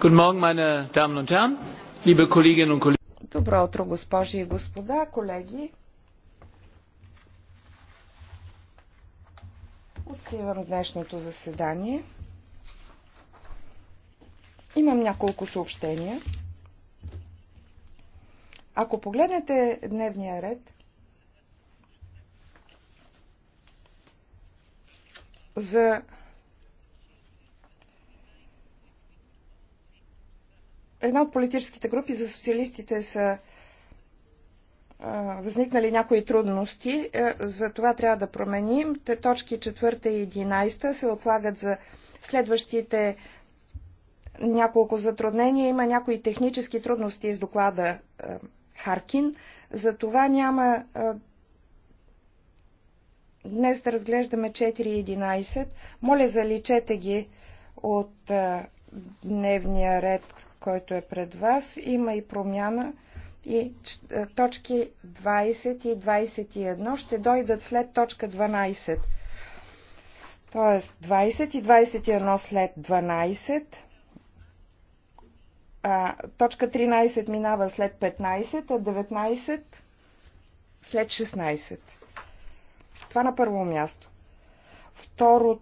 Добро утро, госпожи и господа, колеги. Откривам днешното заседание. Имам няколко съобщения. Ако погледнете дневния ред, за една от политическите групи за социалистите са възникнали някои трудности, е, за това трябва да променим. Те точки 4 и 11 се отлагат за следващите няколко затруднения. Има някои технически трудности с доклада е, Харкин. За това няма е, днес да разглеждаме 4 и 11. Моля, заличете ги от дневния ред, който е пред вас, има и промяна и е, точки 20 и 21 ще дойдат след точка 12. Тоест 20 и 21 след 12. А, точка 13 минава след 15, а 19 след 16. Това на първо място. Второ,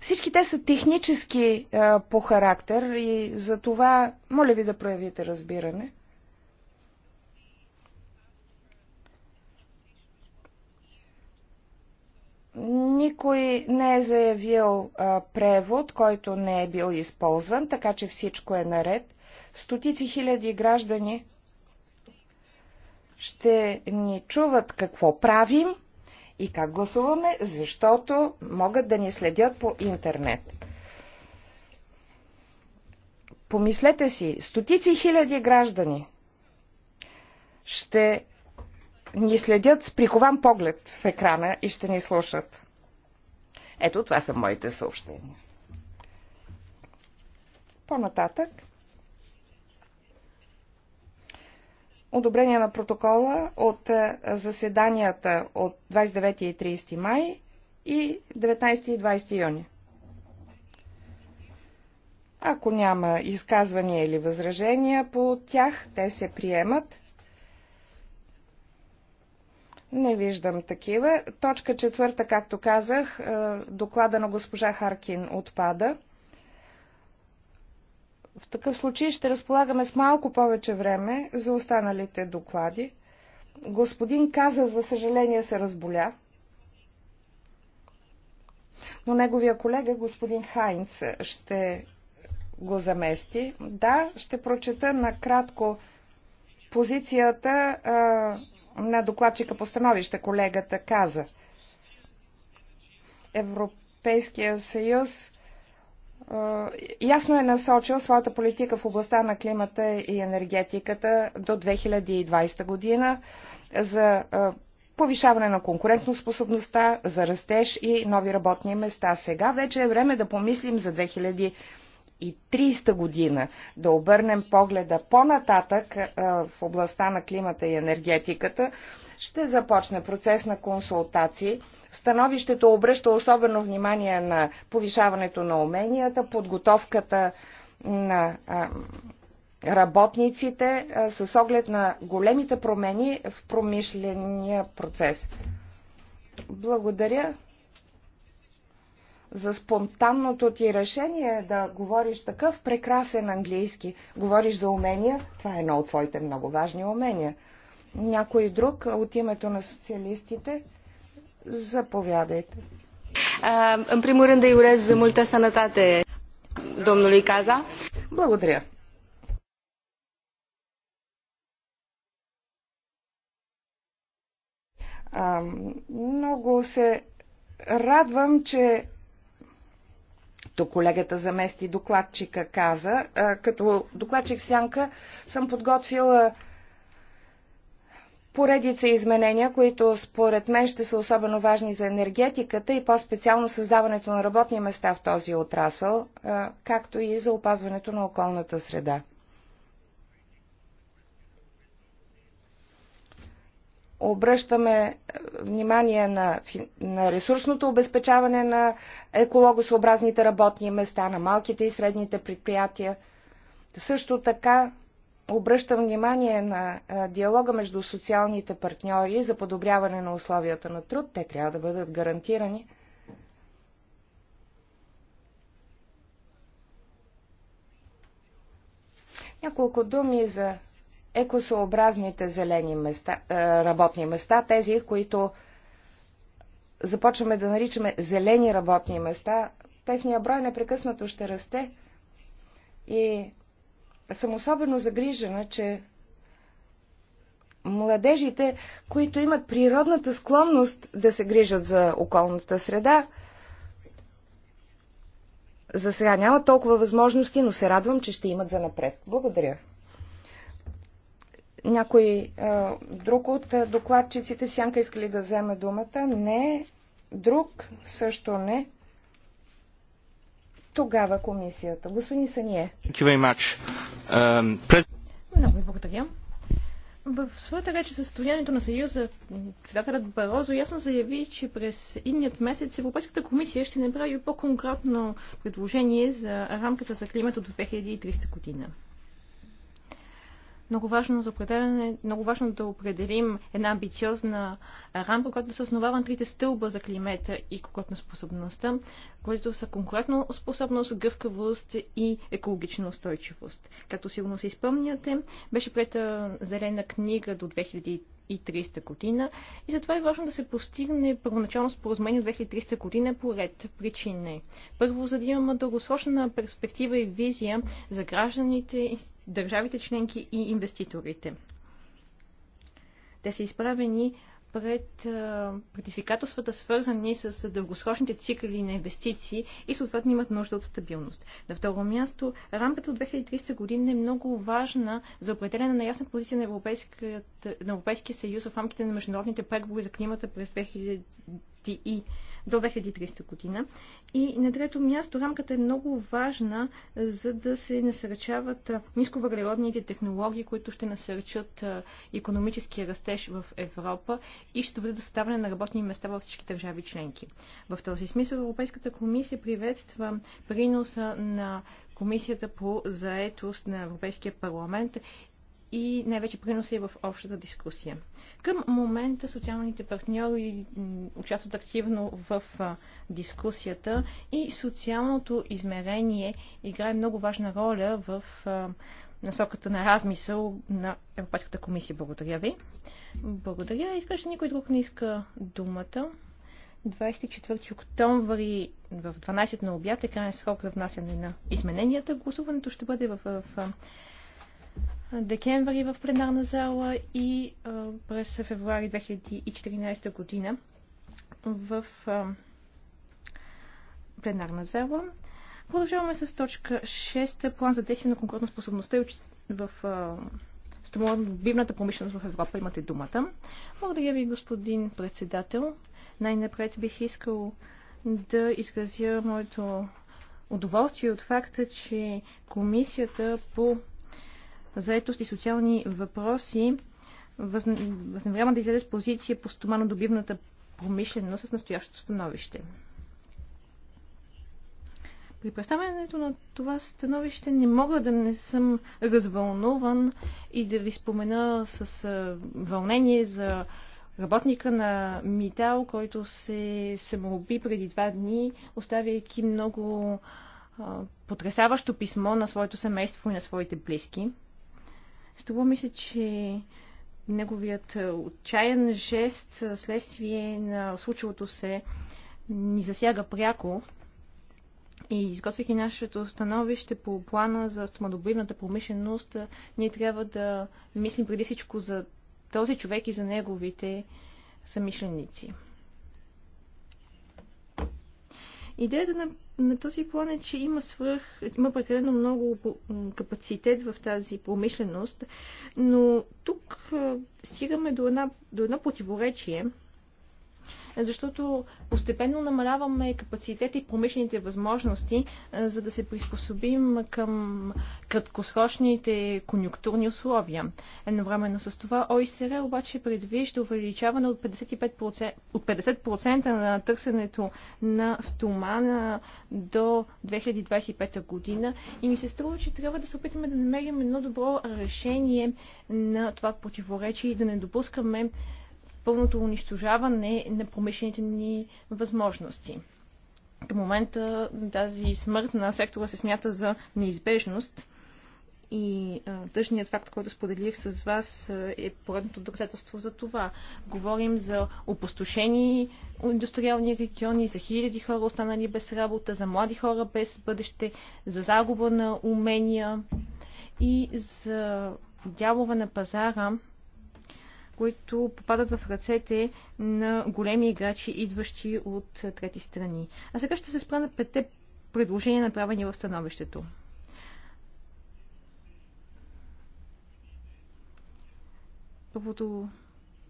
Всички те са технически а, по характер и за това моля ви да проявите разбиране. Никой не е заявил а, превод, който не е бил използван, така че всичко е наред. Стотици хиляди граждани ще ни чуват какво правим и как гласуваме, защото могат да ни следят по интернет. Помислете си, стотици хиляди граждани ще ни следят с прикован поглед в екрана и ще ни слушат. Ето това са моите съобщения. По-нататък одобрение на протокола от е, заседанията от 29 и 30 май и 19 и 20 юни. Ако няма изказвания или възражения по тях, те се приемат. Не виждам такива. Точка четвърта, както казах, е, доклада на госпожа Харкин отпада. В такъв случай ще разполагаме с малко повече време за останалите доклади. Господин Каза, за съжаление, се разболя, но неговия колега, господин Хайнц, ще го замести. Да, ще прочета накратко позицията а, на докладчика по становище, колегата Каза. Европейския съюз е, ясно е насочил своята политика в областта на климата и енергетиката до 2020 година за е, повишаване на конкурентоспособността, за растеж и нови работни места. Сега вече е време да помислим за 2030 година, да обърнем погледа по-нататък е, в областта на климата и енергетиката. Ще започне процес на консултации – Становището обръща особено внимание на повишаването на уменията, подготовката на работниците с оглед на големите промени в промишления процес. Благодаря за спонтанното ти решение да говориш такъв прекрасен английски. Говориш за умения, това е едно от твоите много важни умения. Някой друг от името на социалистите? Заповядайте. În primul rând îi urez multă sănătate domnului каза. Благодаря. много се радвам, че тук колегата замести докладчика каза, като докладчик Сянка съм подготвила поредица изменения, които според мен ще са особено важни за енергетиката и по-специално създаването на работни места в този отрасъл, както и за опазването на околната среда. Обръщаме внимание на, на ресурсното обезпечаване на екологосъобразните работни места, на малките и средните предприятия. Също така обръщам внимание на диалога между социалните партньори за подобряване на условията на труд. Те трябва да бъдат гарантирани. Няколко думи за екосъобразните зелени места, работни места, тези, които започваме да наричаме зелени работни места. Техния брой непрекъснато ще расте и съм особено загрижена, че младежите, които имат природната склонност да се грижат за околната среда, за сега няма толкова възможности, но се радвам, че ще имат за напред. Благодаря. Някой а, друг от докладчиците в сянка искали да вземе думата? Не. Друг също не тогава комисията. Господин Сание. Um, Много ви благодаря. В своята реч за състоянието на Съюза, председателят Барозо ясно заяви, че през идният месец Европейската комисия ще направи по-конкретно предложение за рамката за климата до 2300 година много важно, за определене, много важно да определим една амбициозна рамка, която да се основава на трите стълба за климата и способността, които са конкретно способност, гъвкавост и екологична устойчивост. Както сигурно се изпълняте, беше прета зелена книга до 2000 2030 година и затова е важно да се постигне първоначално споразумение от 2030 година по ред причини. Първо, за да имаме дългосрочна перспектива и визия за гражданите, държавите членки и инвеститорите. Те са изправени пред предизвикателствата, свързани с дългосрочните цикли на инвестиции и съответно имат нужда от стабилност. На второ място, рамката от 2300 година е много важна за определяне на ясна позиция на, Европейския, на Европейския съюз в рамките на международните преговори за климата през 2000 и до 2300 година. И на трето място рамката е много важна, за да се насърчават нисковъглеродните технологии, които ще насърчат економическия растеж в Европа и ще доведат до съставане на работни места във всички държави членки. В този смисъл Европейската комисия приветства приноса на Комисията по заетост на Европейския парламент и най-вече приноса е в общата дискусия. Към момента социалните партньори участват активно в дискусията и социалното измерение играе много важна роля в насоката на размисъл на Европейската комисия. Благодаря ви. Благодаря. Изглежда никой друг не иска думата. 24 октомври в 12 на обяд е крайен срок за внасяне на измененията. Гласуването ще бъде в, в, в декември в пленарна зала и през февруари 2014 година в пленарна зала. Продължаваме с точка 6. План за действие на способността в стомолобивната промишленост в Европа. Имате думата. Благодаря ви, господин председател. Най-напред бих искал да изразя моето удоволствие от факта, че комисията по заетост и социални въпроси възнамерява да излезе с позиция по стоманодобивната промишленост с настоящото становище. При представянето на това становище не мога да не съм развълнуван и да ви спомена с вълнение за работника на Митал, който се самоуби преди два дни, оставяйки много потрясаващо писмо на своето семейство и на своите близки. Струва ми се, че неговият е, отчаян жест, е, следствие на случилото се, ни засяга пряко. И изготвяйки нашето становище по плана за стомадобивната промишленост, е, ние трябва да мислим преди всичко за този човек и за неговите съмишленици. Идеята на, на този план е, че има, свръх, има прекалено много капацитет в тази промишленост, но тук стигаме до, една, до едно противоречие – защото постепенно намаляваме капацитета и промишлените възможности, е, за да се приспособим към краткосрочните конъюнктурни условия. Едновременно с това ОИСР обаче предвижда увеличаване от 55%, от 50% на търсенето на стомана до 2025 година и ми се струва, че трябва да се опитаме да намерим едно добро решение на това противоречие и да не допускаме пълното унищожаване на промишлените ни възможности. Към момента тази смърт на сектора се смята за неизбежност и а, тъжният факт, който споделих с вас, е поредното доказателство за това. Говорим за опустошени индустриални региони, за хиляди хора останали без работа, за млади хора без бъдеще, за загуба на умения и за дялове на пазара, които попадат в ръцете на големи играчи, идващи от трети страни. А сега ще се спра на петте предложения, направени в становището. Първото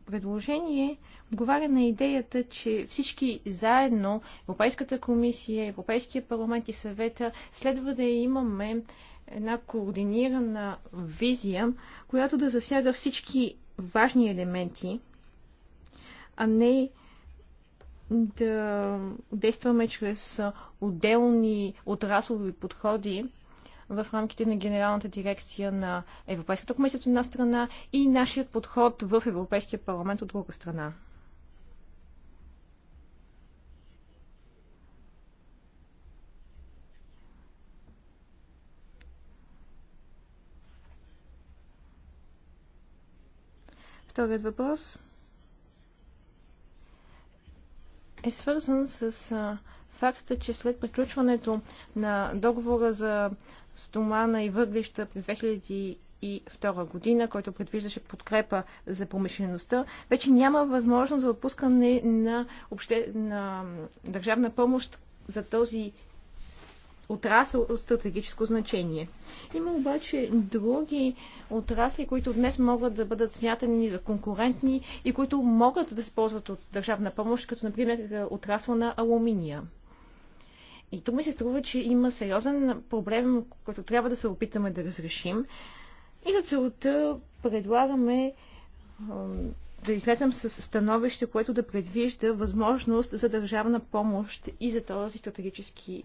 предложение отговаря на идеята, че всички заедно, Европейската комисия, Европейския парламент и съвета, следва да имаме една координирана визия, която да засяга всички важни елементи, а не да действаме чрез отделни отраслови подходи в рамките на Генералната дирекция на Европейската комисия от една страна и нашият подход в Европейския парламент от друга страна. Вторият въпрос е свързан с факта, че след приключването на договора за стомана и въглища през 2002 година, който предвиждаше подкрепа за промишлеността, вече няма възможност за отпускане на, обще... на държавна помощ за този отрасъл от стратегическо значение. Има обаче други отрасли, които днес могат да бъдат смятани за конкурентни и които могат да се ползват от държавна помощ, като например отрасъл на алуминия. И тук ми се струва, че има сериозен проблем, който трябва да се опитаме да разрешим. И за целта предлагаме да излезем с становище, което да предвижда възможност за държавна помощ и за този стратегически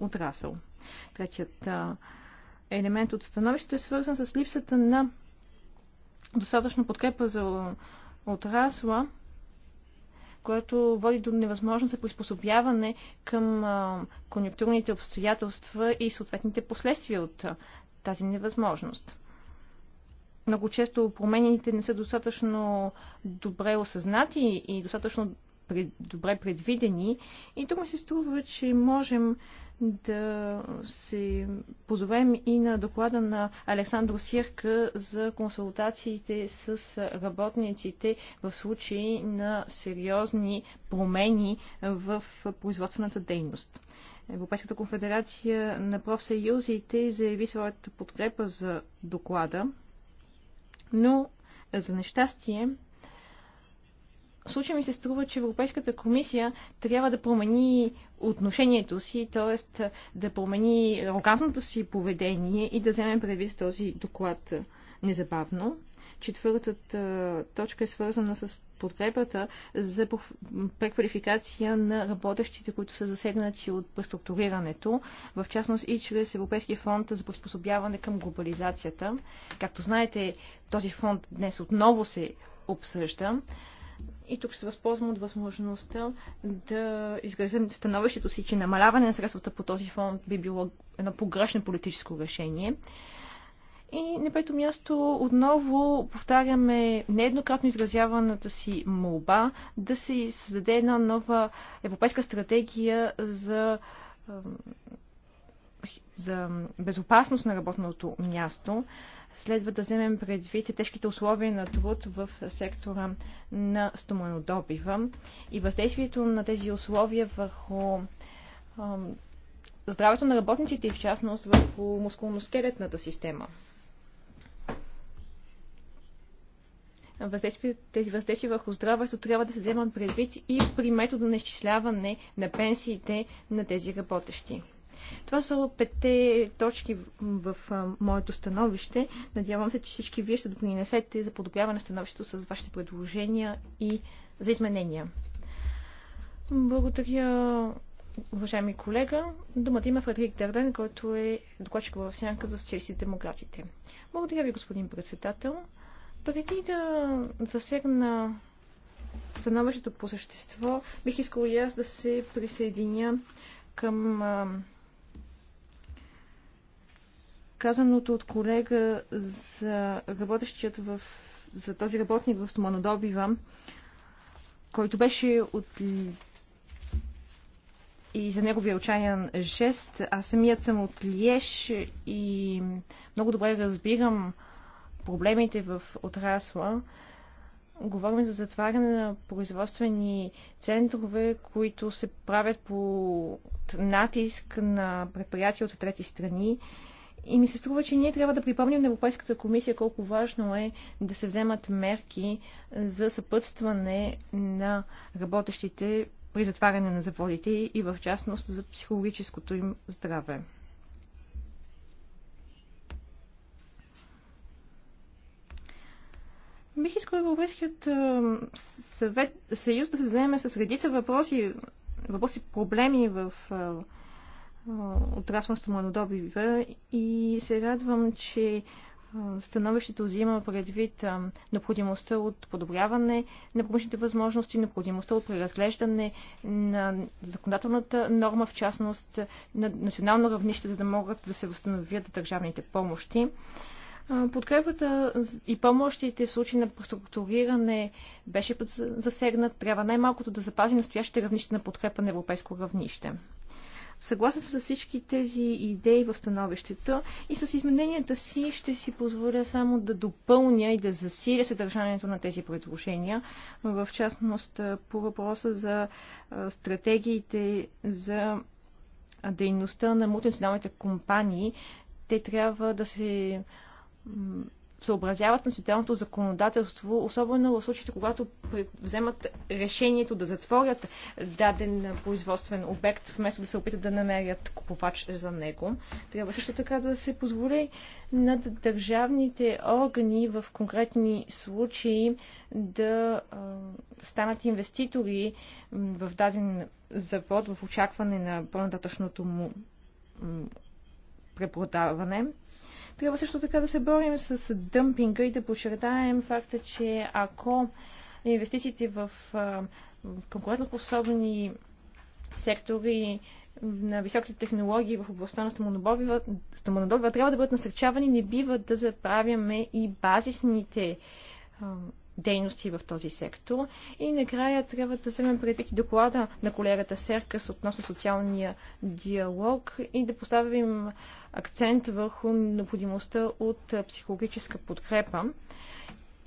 отрасъл. Третият елемент от становището е свързан с липсата на достатъчно подкрепа за отрасла, което води до невъзможност за приспособяване към конъюнктурните обстоятелства и съответните последствия от тази невъзможност. Много често промените не са достатъчно добре осъзнати и достатъчно добре предвидени и тук ми се струва, че можем да се позовем и на доклада на Александро Сирка за консултациите с работниците в случай на сериозни промени в производствената дейност. Европейската конфедерация на профсъюзите заяви своята подкрепа за доклада, но за нещастие случай ми се струва, че Европейската комисия трябва да промени отношението си, т.е. да промени рогатното си поведение и да вземе предвид този доклад незабавно. Четвъртата точка е свързана с подкрепата за преквалификация на работещите, които са засегнати от преструктурирането, в частност и чрез Европейския фонд за приспособяване към глобализацията. Както знаете, този фонд днес отново се обсъжда. И тук се възползвам от възможността да изгледам становището си, че намаляване на средствата по този фонд би било едно погрешно политическо решение. И на пето място отново повтаряме нееднократно изразяваната си молба да се създаде една нова европейска стратегия за, за безопасност на работното място следва да вземем предвид тежките условия на труд в сектора на стоманодобива и въздействието на тези условия върху здравето на работниците и в частност върху мускулно-скелетната система. тези въздействия върху здравето трябва да се вземат предвид и при метода на изчисляване на пенсиите на тези работещи. Това са петте точки в моето становище. Надявам се, че всички вие ще допринесете за подобряване становището с вашите предложения и за изменения. Благодаря, уважаеми колега. Думата има Фредерик Дерден, който е докладчик в сянка за социалисти демократите. Благодаря ви, господин председател. Преди да засегна становището по същество, бих искал и аз да се присъединя към казаното от колега за работещият в, за този работник в Стоманодобива, който беше от и за неговия отчаян жест. Аз самият съм от Лиеж и много добре разбирам проблемите в отрасла. Говорим за затваряне на производствени центрове, които се правят по натиск на предприятия от трети страни и ми се струва, че ние трябва да припомним на Европейската комисия колко важно е да се вземат мерки за съпътстване на работещите при затваряне на заводите и в частност за психологическото им здраве. Бих искал Европейският съвет, съюз да се заеме с редица въпроси, въпроси проблеми в отрасъл на стоманодобива и се радвам, че становището взима предвид необходимостта от подобряване на промишлените възможности, необходимостта от преразглеждане на законодателната норма, в частност на национално равнище, за да могат да се възстановят държавните помощи. Подкрепата и помощите в случай на преструктуриране беше засегнат. Трябва най-малкото да запази настоящите равнища на подкрепа на европейско равнище. Съгласен съм с всички тези идеи в становището и с измененията си ще си позволя само да допълня и да засиля съдържанието на тези предложения, в частност по въпроса за стратегиите за дейността на мултинационалните компании. Те трябва да се съобразяват националното законодателство, особено в случаите, когато вземат решението да затворят даден производствен обект, вместо да се опитат да намерят купувач за него. Трябва също така да се позволи на държавните органи в конкретни случаи да а, станат инвеститори в даден завод в очакване на по-нататъчното му препродаване. Трябва също така да се борим с дъмпинга и да подчертаем факта, че ако инвестициите в конкурентоспособни сектори на високите технологии в областта на стамонодобива, трябва да бъдат насърчавани, не бива да забравяме и базисните дейности в този сектор. И накрая трябва да вземем предвид и доклада на колегата Серкас относно социалния диалог и да поставим акцент върху необходимостта от психологическа подкрепа.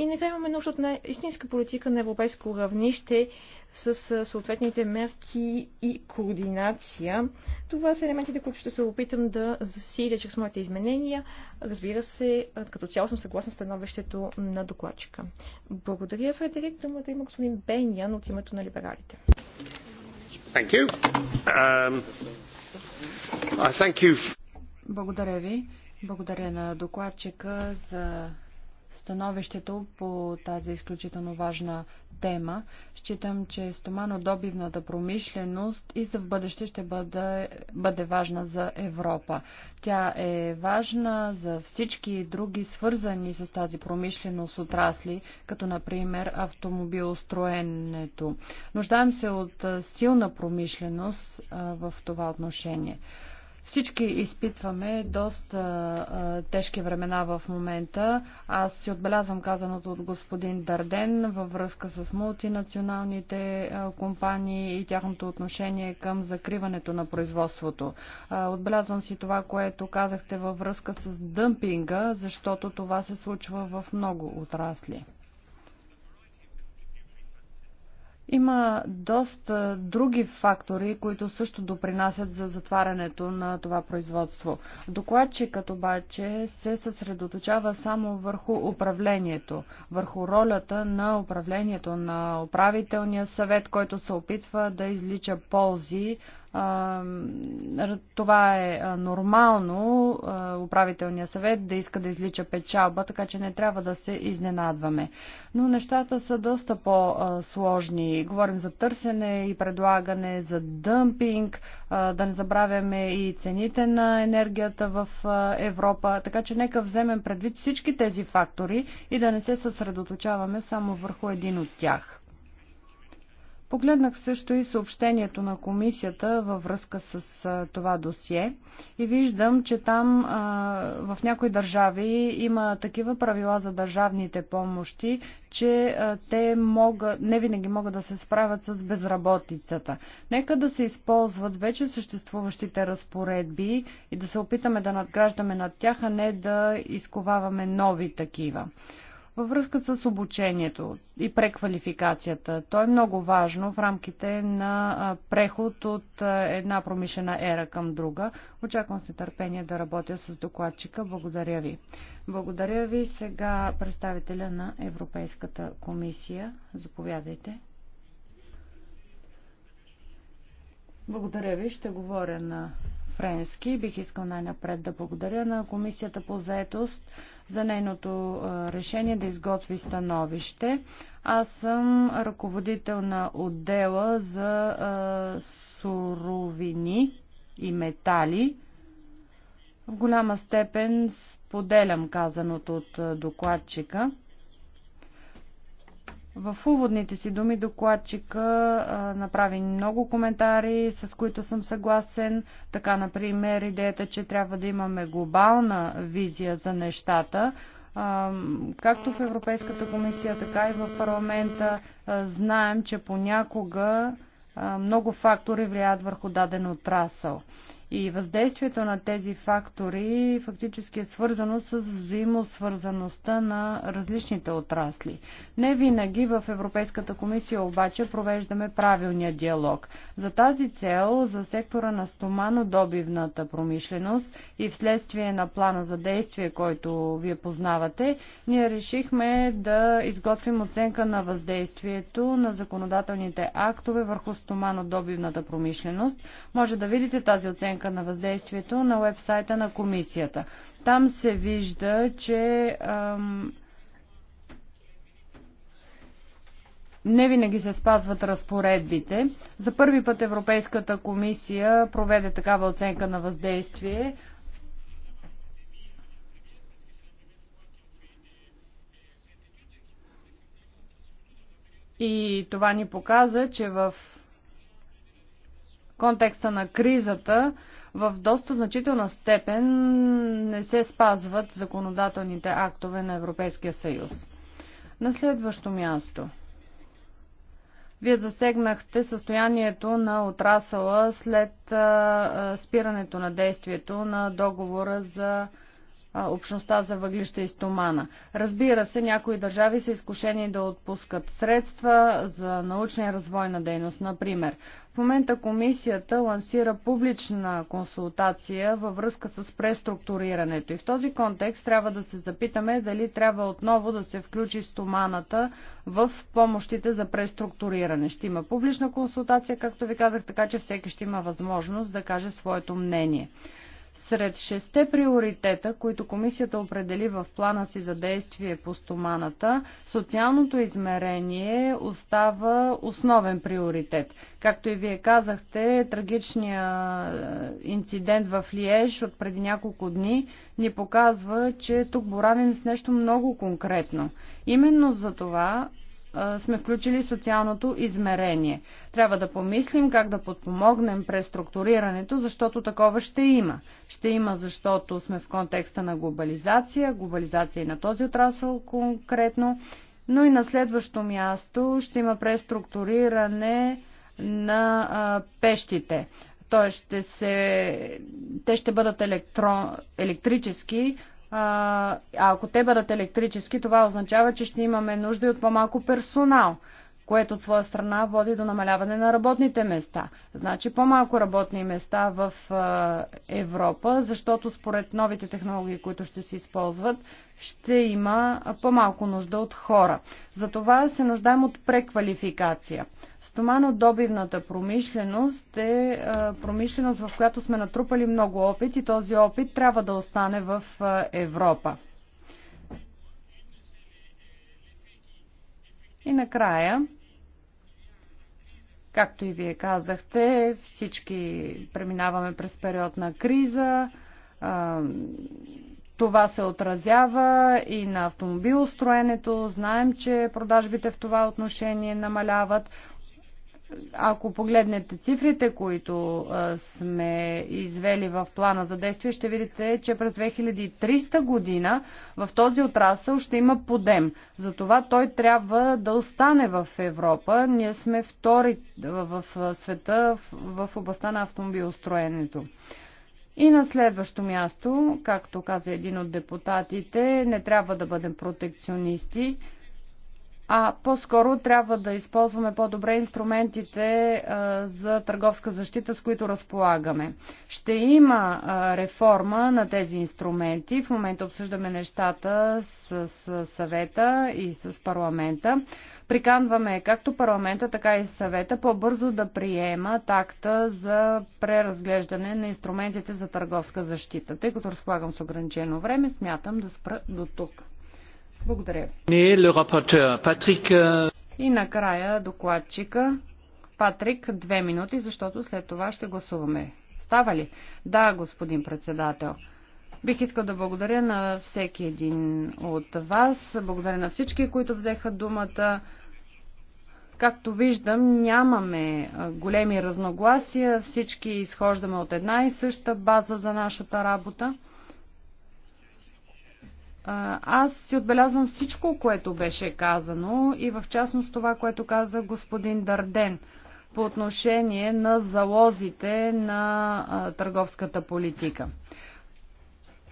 И накрая имаме нужда от истинска политика на европейско равнище с съответните мерки и координация. Това са елементите, които ще се опитам да засиля чрез моите изменения. Разбира се, като цяло съм съгласна с становището на докладчика. Благодаря, Фредерик. Думата да има господин Бенян от името на либералите. Um, Благодаря ви. Благодаря на докладчика за становището по тази изключително важна тема. Считам, че стоманодобивната промишленост и за в бъдеще ще бъде, бъде важна за Европа. Тя е важна за всички други свързани с тази промишленост отрасли, като например автомобилостроенето. Нуждаем се от силна промишленост а, в това отношение. Всички изпитваме доста а, тежки времена в момента. Аз си отбелязвам казаното от господин Дарден във връзка с мултинационалните а, компании и тяхното отношение към закриването на производството. А, отбелязвам си това, което казахте във връзка с дъмпинга, защото това се случва в много отрасли. Има доста други фактори, които също допринасят за затварянето на това производство. Докладчикът обаче се съсредоточава само върху управлението, върху ролята на управлението на управителния съвет, който се опитва да излича ползи това е нормално управителният съвет да иска да излича печалба, така че не трябва да се изненадваме. Но нещата са доста по-сложни. Говорим за търсене и предлагане, за дъмпинг, да не забравяме и цените на енергията в Европа, така че нека вземем предвид всички тези фактори и да не се съсредоточаваме само върху един от тях. Погледнах също и съобщението на комисията във връзка с това досие и виждам, че там в някои държави има такива правила за държавните помощи, че те могат, не винаги могат да се справят с безработицата. Нека да се използват вече съществуващите разпоредби и да се опитаме да надграждаме над тях, а не да изковаваме нови такива. Във връзка с обучението и преквалификацията, то е много важно в рамките на преход от една промишлена ера към друга. Очаквам с нетърпение да работя с докладчика. Благодаря ви. Благодаря ви. Сега представителя на Европейската комисия. Заповядайте. Благодаря ви. Ще говоря на френски. Бих искал най-напред да благодаря на Комисията по заетост за нейното решение да изготви становище. Аз съм ръководител на отдела за суровини и метали. В голяма степен споделям казаното от докладчика. В уводните си думи докладчика а, направи много коментари, с които съм съгласен. Така, например, идеята, че трябва да имаме глобална визия за нещата. А, както в Европейската комисия, така и в парламента а, знаем, че понякога много фактори влияят върху даден отрасъл. И въздействието на тези фактори фактически е свързано с взаимосвързаността на различните отрасли. Не винаги в Европейската комисия обаче провеждаме правилния диалог. За тази цел, за сектора на стоманодобивната промишленост и вследствие на плана за действие, който вие познавате, ние решихме да изготвим оценка на въздействието на законодателните актове върху стоманодобивната промишленост. Може да видите тази оценка оценка на въздействието на вебсайта на комисията. Там се вижда, че ам, не винаги се спазват разпоредбите. За първи път Европейската комисия проведе такава оценка на въздействие. И това ни показа, че в контекста на кризата в доста значителна степен не се спазват законодателните актове на Европейския съюз. На следващо място. Вие засегнахте състоянието на отрасъла след спирането на действието на договора за общността за въглища и стомана. Разбира се, някои държави са изкушени да отпускат средства за научна и развойна дейност, например. В момента комисията лансира публична консултация във връзка с преструктурирането и в този контекст трябва да се запитаме дали трябва отново да се включи стоманата в помощите за преструктуриране. Ще има публична консултация, както ви казах, така че всеки ще има възможност да каже своето мнение. Сред шесте приоритета, които комисията определи в плана си за действие по стоманата, социалното измерение остава основен приоритет. Както и вие казахте, трагичният е, инцидент в Лиеж от преди няколко дни ни показва, че тук боравим с нещо много конкретно. Именно за това сме включили социалното измерение. Трябва да помислим как да подпомогнем преструктурирането, защото такова ще има. Ще има, защото сме в контекста на глобализация, глобализация и на този отрасъл конкретно, но и на следващо място ще има преструктуриране на а, пещите. Тоест ще се... те ще бъдат електро... електрически, а ако те бъдат електрически, това означава, че ще имаме нужда и от по-малко персонал което от своя страна води до намаляване на работните места. Значи по-малко работни места в Европа, защото според новите технологии, които ще се използват, ще има по-малко нужда от хора. Затова се нуждаем от преквалификация. Стоманодобивната промишленост е, е промишленост, в която сме натрупали много опит и този опит трябва да остане в е, Европа. И накрая, както и вие казахте, всички преминаваме през период на криза. Е, това се отразява и на автомобилостроенето. Знаем, че продажбите в това отношение намаляват. Ако погледнете цифрите, които сме извели в плана за действие, ще видите, че през 2300 година в този отрасъл ще има подем. Затова той трябва да остане в Европа. Ние сме втори в света в областта на автомобилостроенето. И на следващо място, както каза един от депутатите, не трябва да бъдем протекционисти а по-скоро трябва да използваме по-добре инструментите а, за търговска защита, с които разполагаме. Ще има а, реформа на тези инструменти. В момента обсъждаме нещата с, с съвета и с парламента. Приканваме както парламента, така и съвета по-бързо да приема такта за преразглеждане на инструментите за търговска защита. Тъй като разполагам с ограничено време, смятам да спра до тук. Благодаря ви. Е, е, и накрая докладчика Патрик, две минути, защото след това ще гласуваме. Става ли? Да, господин председател. Бих искал да благодаря на всеки един от вас. Благодаря на всички, които взеха думата. Както виждам, нямаме е, големи разногласия. Всички изхождаме от една и съща база за нашата работа. Аз си отбелязвам всичко, което беше казано и в частност това, което каза господин Дарден по отношение на залозите на търговската политика.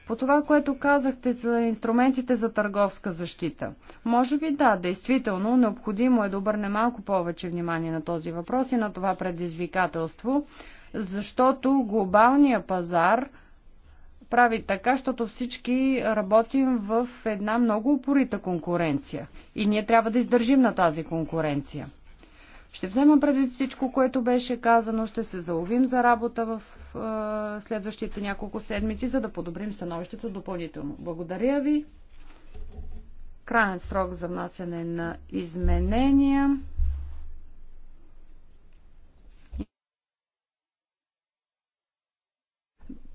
По това, което казахте за инструментите за търговска защита. Може би да, действително, необходимо е да обърне малко повече внимание на този въпрос и на това предизвикателство, защото глобалния пазар – прави така, защото всички работим в една много упорита конкуренция. И ние трябва да издържим на тази конкуренция. Ще взема предвид всичко, което беше казано, ще се заловим за работа в е, следващите няколко седмици, за да подобрим становището допълнително. Благодаря ви. Крайен срок за внасяне на изменения.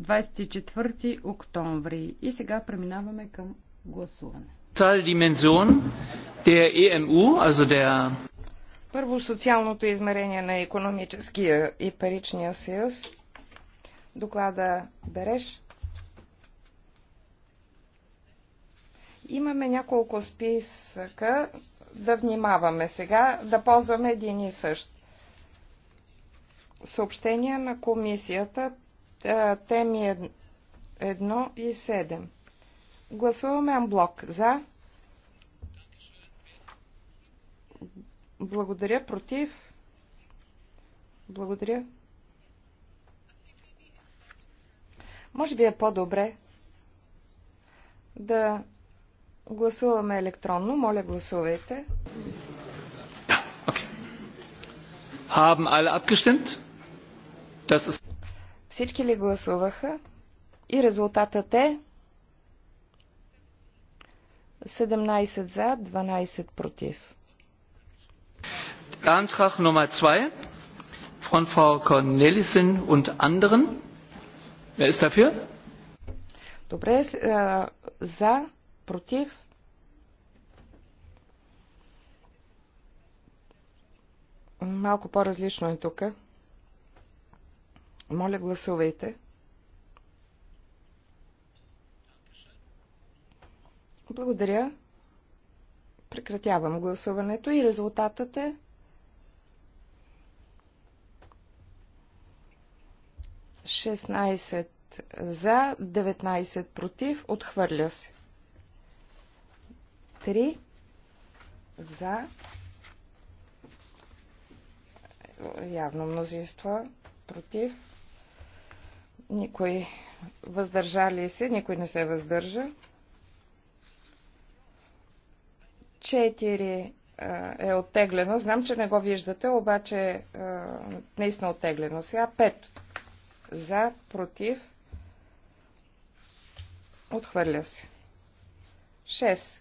24 октомври. И сега преминаваме към гласуване. Е Първо социалното измерение на економическия и паричния съюз. Доклада Береш. Имаме няколко списъка да внимаваме сега, да ползваме един и същ. Съобщение на комисията теми 1 е и 7. Гласуваме анблок. За. Благодаря. Против. Благодаря. Може би е по-добре да гласуваме електронно. Моля, гласувайте. Haben alle abgestimmt? Das ist всички ли гласуваха? И резултатът е 17 за, 12 против. Antrag Nummer 2 von Frau Cornelissen und anderen. Wer ist dafür? Добре, за, против. Малко по-различно е тук. Моля, гласувайте. Благодаря. Прекратявам гласуването и резултатът е 16 за, 19 против, отхвърля се. 3 за, явно мнозинство, против, никой въздържали се, никой не се въздържа. 4 е оттеглено. Знам, че не го виждате, обаче наистина оттеглено. Сега 5. За, против, отхвърля се. 6.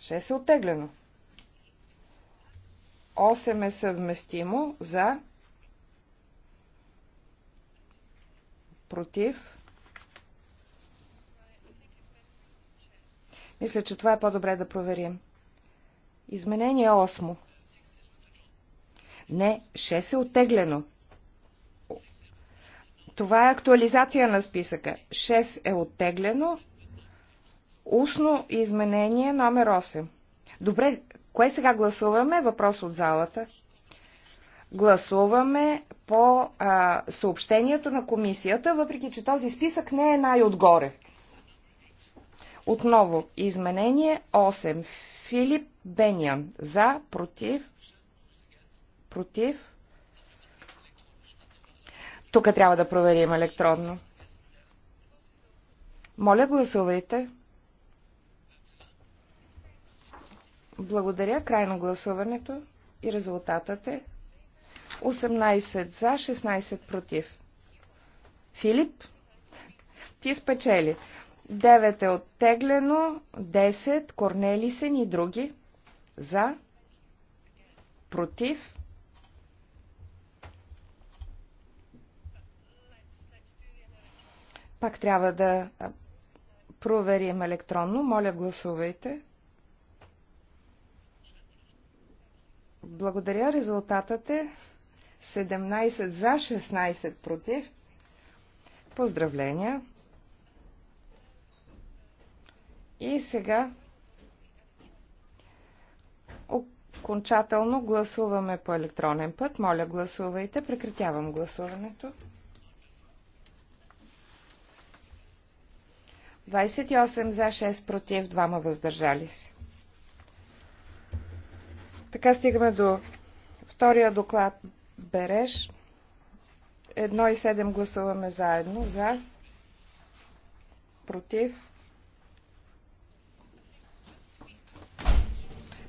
6 е оттеглено. 8 е съвместимо за, Против. Мисля, че това е по-добре да проверим. Изменение 8. Не, 6 е оттеглено. Това е актуализация на списъка. 6 е оттеглено. Устно изменение номер 8. Добре, кое сега гласуваме? Въпрос от залата. Гласуваме по а, съобщението на комисията, въпреки че този списък не е най-отгоре. Отново, изменение 8. Филип Бениан. За, против, против. Тук трябва да проверим електронно. Моля, гласувайте. Благодаря. Край на гласуването и резултатът е 18 за, 16 против. Филип, ти спечели. 9 е оттеглено, 10 Корнелисен и други. За, против. Пак трябва да проверим електронно. Моля, гласувайте. Благодаря. Резултатът е 17 за, 16 против. Поздравления! И сега окончателно гласуваме по електронен път. Моля, гласувайте. Прекратявам гласуването. 28 за 6 против, 2 въздържали се. Така стигаме до втория доклад Береш. едно и седем гласуваме заедно. За. Против.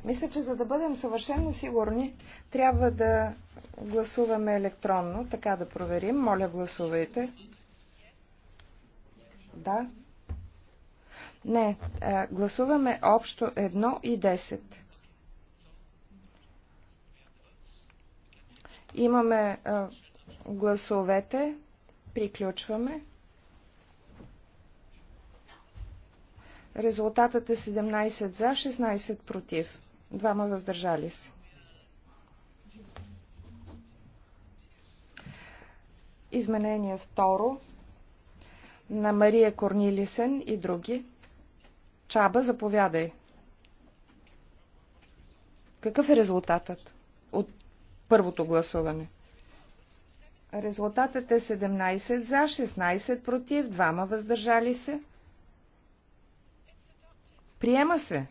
Мисля, че за да бъдем съвършенно сигурни, трябва да гласуваме електронно, така да проверим. Моля, гласувайте. Да. Не, е, гласуваме общо 1 и 10. Имаме гласовете. Приключваме. Резултатът е 17 за, 16 против. Двама въздържали се. Изменение второ на Мария Корнилисен и други. Чаба, заповядай. Какъв е резултатът? първото гласуване. Резултатът е 17 за, 16 против, 2 въздържали се. Приема се.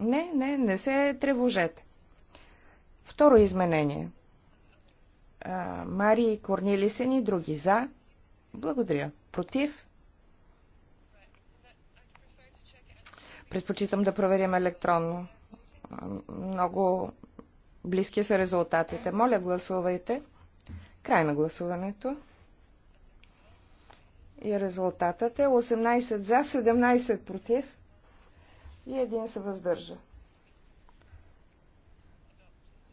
Не, не, не се тревожете. Второ изменение. А, Корнили Корнилисен и други за. Благодаря. Против. Предпочитам да проверим електронно. Много близки са резултатите. Моля, гласувайте. Край на гласуването. И резултатът е 18 за, 17 против и един се въздържа.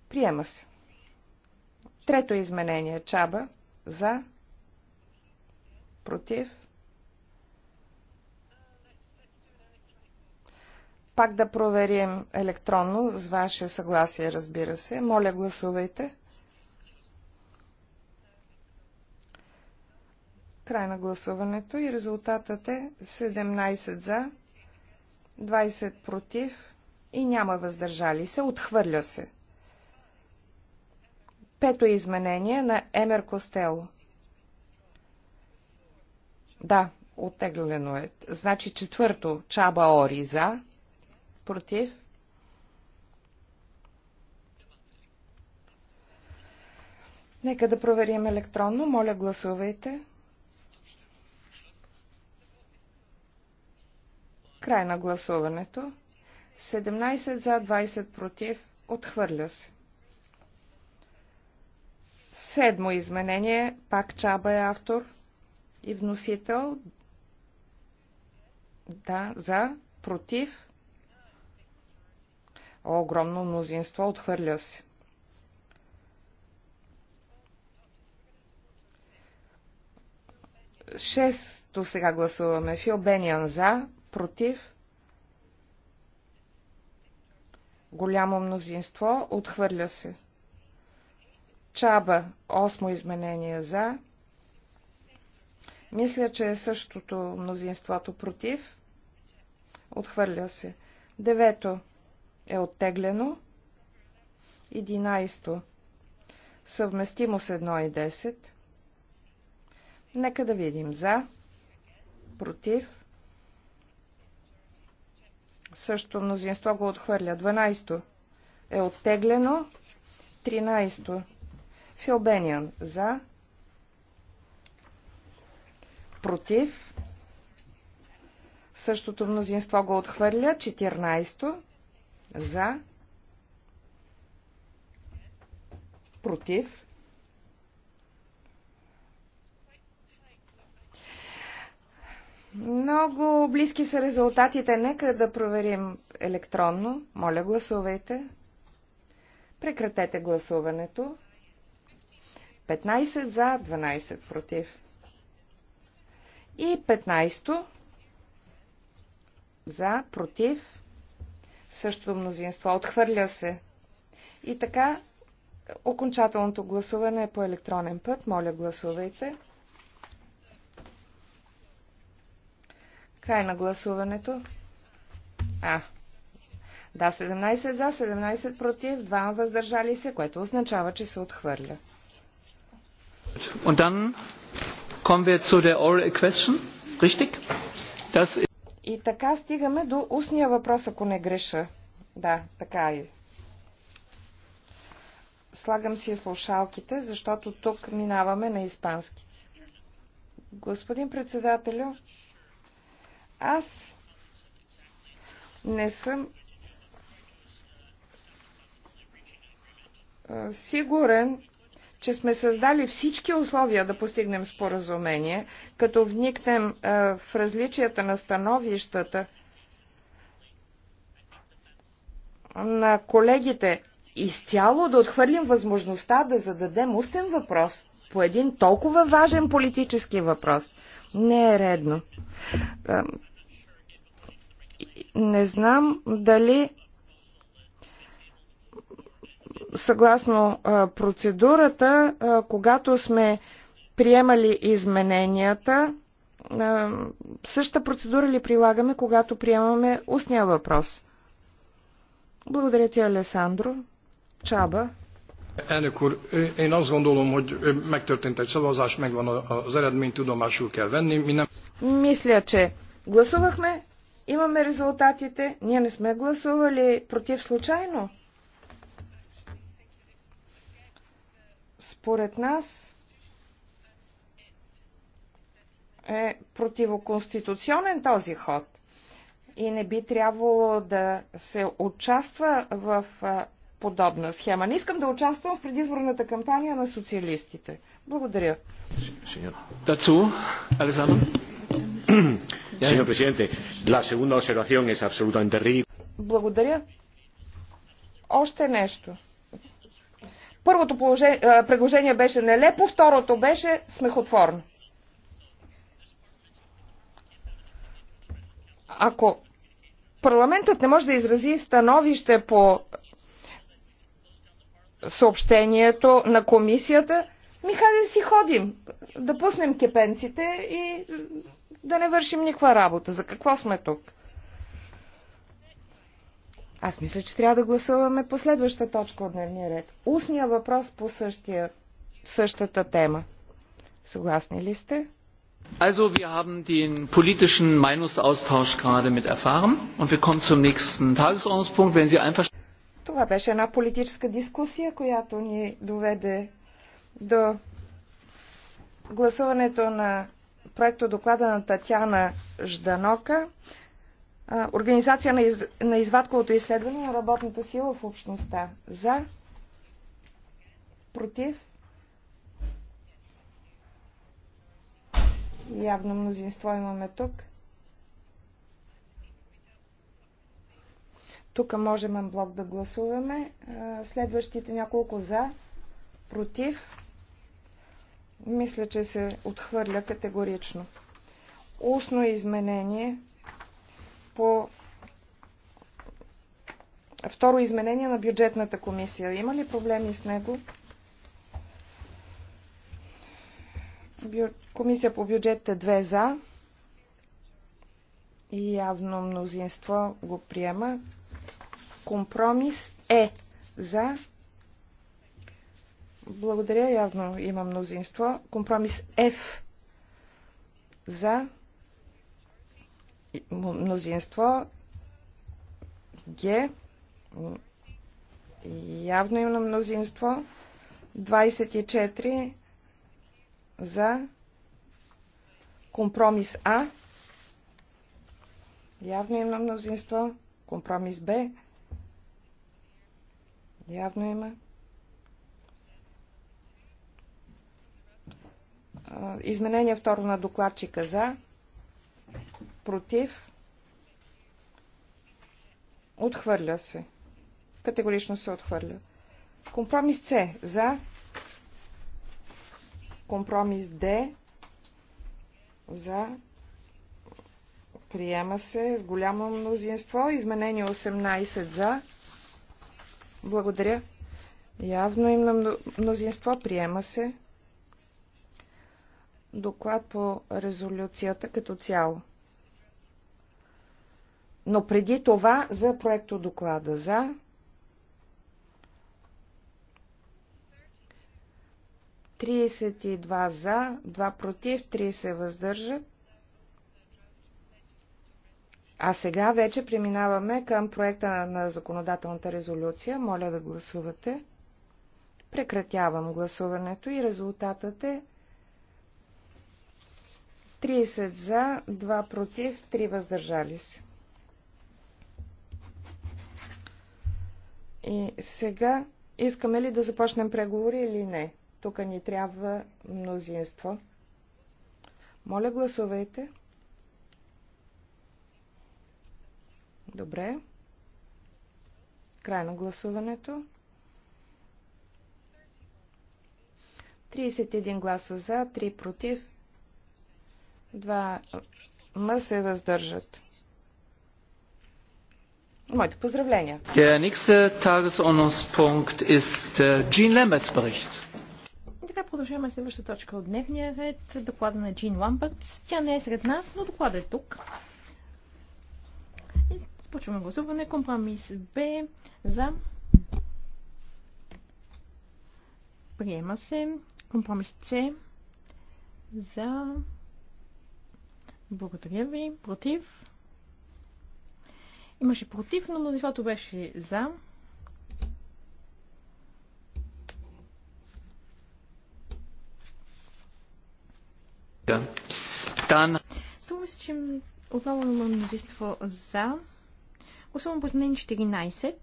Приема се. Трето изменение. Чаба. За. Против. Пак да проверим електронно, с ваше съгласие, разбира се. Моля, гласувайте. Край на гласуването и резултатът е 17 за, 20 против и няма въздържали се. Отхвърля се. Пето изменение на Емер Костело. Да, оттеглено е. Значи четвърто Чаба Ори за, Против? Нека да проверим електронно. Моля, гласувайте. Край на гласуването. 17 за, 20 против. Отхвърля се. Седмо изменение. Пак Чаба е автор и вносител. Да, за, против огромно мнозинство отхвърля се. Шесто сега гласуваме. Фил Бениан за, против, голямо мнозинство, отхвърля се. Чаба, осмо изменение за. Мисля, че е същото мнозинството против. Отхвърля се. Девето е оттеглено. 11. Съвместимо с 1 и 10. Нека да видим за, против. Също мнозинство го отхвърля. 12. Е оттеглено. 13. Филбениан за, против. Същото мнозинство го отхвърля. 14. За. Против. Много близки са резултатите. Нека да проверим електронно. Моля, гласувайте. Прекратете гласуването. 15 за, 12 против. И 15 за, против, Същото мнозинство. Отхвърля се. И така, окончателното гласуване е по електронен път. Моля, гласувайте. Край на гласуването. А. Да, 17 за, 17 против, 2 въздържали се, което означава, че се отхвърля. Und dann kommen wir zu der oral question, richtig? Das и така стигаме до устния въпрос, ако не греша. Да, така е. Слагам си слушалките, защото тук минаваме на испански. Господин председателю, аз не съм сигурен че сме създали всички условия да постигнем споразумение, като вникнем е, в различията на становищата на колегите, изцяло да отхвърлим възможността да зададем устен въпрос по един толкова важен политически въпрос. Не е редно. Не знам дали съгласно процедурата, когато сме приемали измененията, същата процедура ли прилагаме, когато приемаме устния въпрос? Благодаря ти, Алесандро. Чаба. Elnök úr, én azt gondolom, hogy megtörtént egy szavazás, megvan az eredmény, tudomásul kell venni. Mi nem... Мисля, че гласувахме, имаме резултатите, ние не сме гласували против случайно. според нас е противоконституционен този ход и не би трябвало да се участва в подобна схема. Не искам да участвам в предизборната кампания на социалистите. Благодаря. Тацу, Александър. Señor presidente, la segunda observación es absolutamente ridícula. Благодаря. Още нещо. Първото предложение беше нелепо, второто беше смехотворно. Ако парламентът не може да изрази становище по съобщението на комисията, ми хайде да си ходим, да пуснем кепенците и да не вършим никаква работа. За какво сме тук? Аз мисля, че трябва да гласуваме последваща точка от дневния ред. Устния въпрос по същия, същата тема. Съгласни ли сте? Also, wir haben den politischen Meinungsaustausch gerade mit erfahren und wir kommen zum nächsten Tagesordnungspunkt, wenn Sie einfach... Това беше една политическа дискусия, която ни доведе до гласуването на проекто доклада на Татяна Жданока Организация на, из... на извадковото изследване на работната сила в общността. За? Против? Явно мнозинство имаме тук. Тук можем блок да гласуваме. Следващите няколко за, против. Мисля, че се отхвърля категорично. Устно изменение по второ изменение на бюджетната комисия. Има ли проблеми с него? Комисия по е 2 за. И явно мнозинство го приема. Компромис е за. Благодаря, явно има мнозинство. Компромис F за мнозинство Г. Явно има мнозинство. 24 за компромис А. Явно има мнозинство. Компромис Б. Явно има. Изменение второ на докладчика за против, отхвърля се. Категорично се отхвърля. Компромис С за, компромис Д за, приема се с голямо мнозинство, изменение 18 за, благодаря. Явно им на мнозинство приема се доклад по резолюцията като цяло. Но преди това за проекто доклада за 32 за, 2 против, 3 се въздържат. А сега вече преминаваме към проекта на законодателната резолюция. Моля да гласувате. Прекратявам гласуването и резултатът е 30 за, 2 против, 3 въздържали се. И сега искаме ли да започнем преговори или не? Тук ни трябва мнозинство. Моля, гласувайте. Добре. Край на гласуването. 31 гласа за, 3 против, 2 ма се въздържат. Моите поздравления. Der nächste Tagesordnungspunkt ist äh, Jean Lamberts Bericht. И така продължаваме следващата точка от дневния ред. Доклада на Джин Ламбърт. Тя не е сред нас, но докладът е тук. И започваме гласуване. Компромис Б за. Приема се. Компромис С за. Благодаря ви. Против. Имаше против, но мнозинството беше за. Да. Тан. Само мисля, че отново има мнозинство за. Особено познание 14.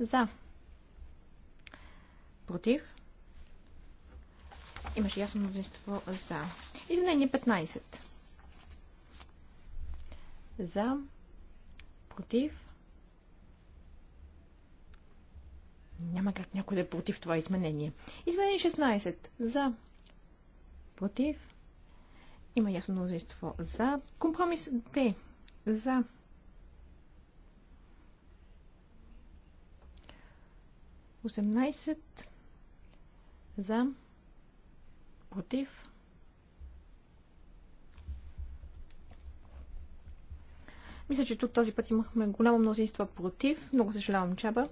За. Против. Имаше ясно мнозинство за. Извинение 15. За. Против? Няма как някой да е против това изменение. Изменение 16. За. Против. Има ясно мнозинство. За. Компромис Д. За. Осемнайсет. За. Против. Мисля, че тук този път имахме голямо мнозинство против. Много съжалявам, Чаба.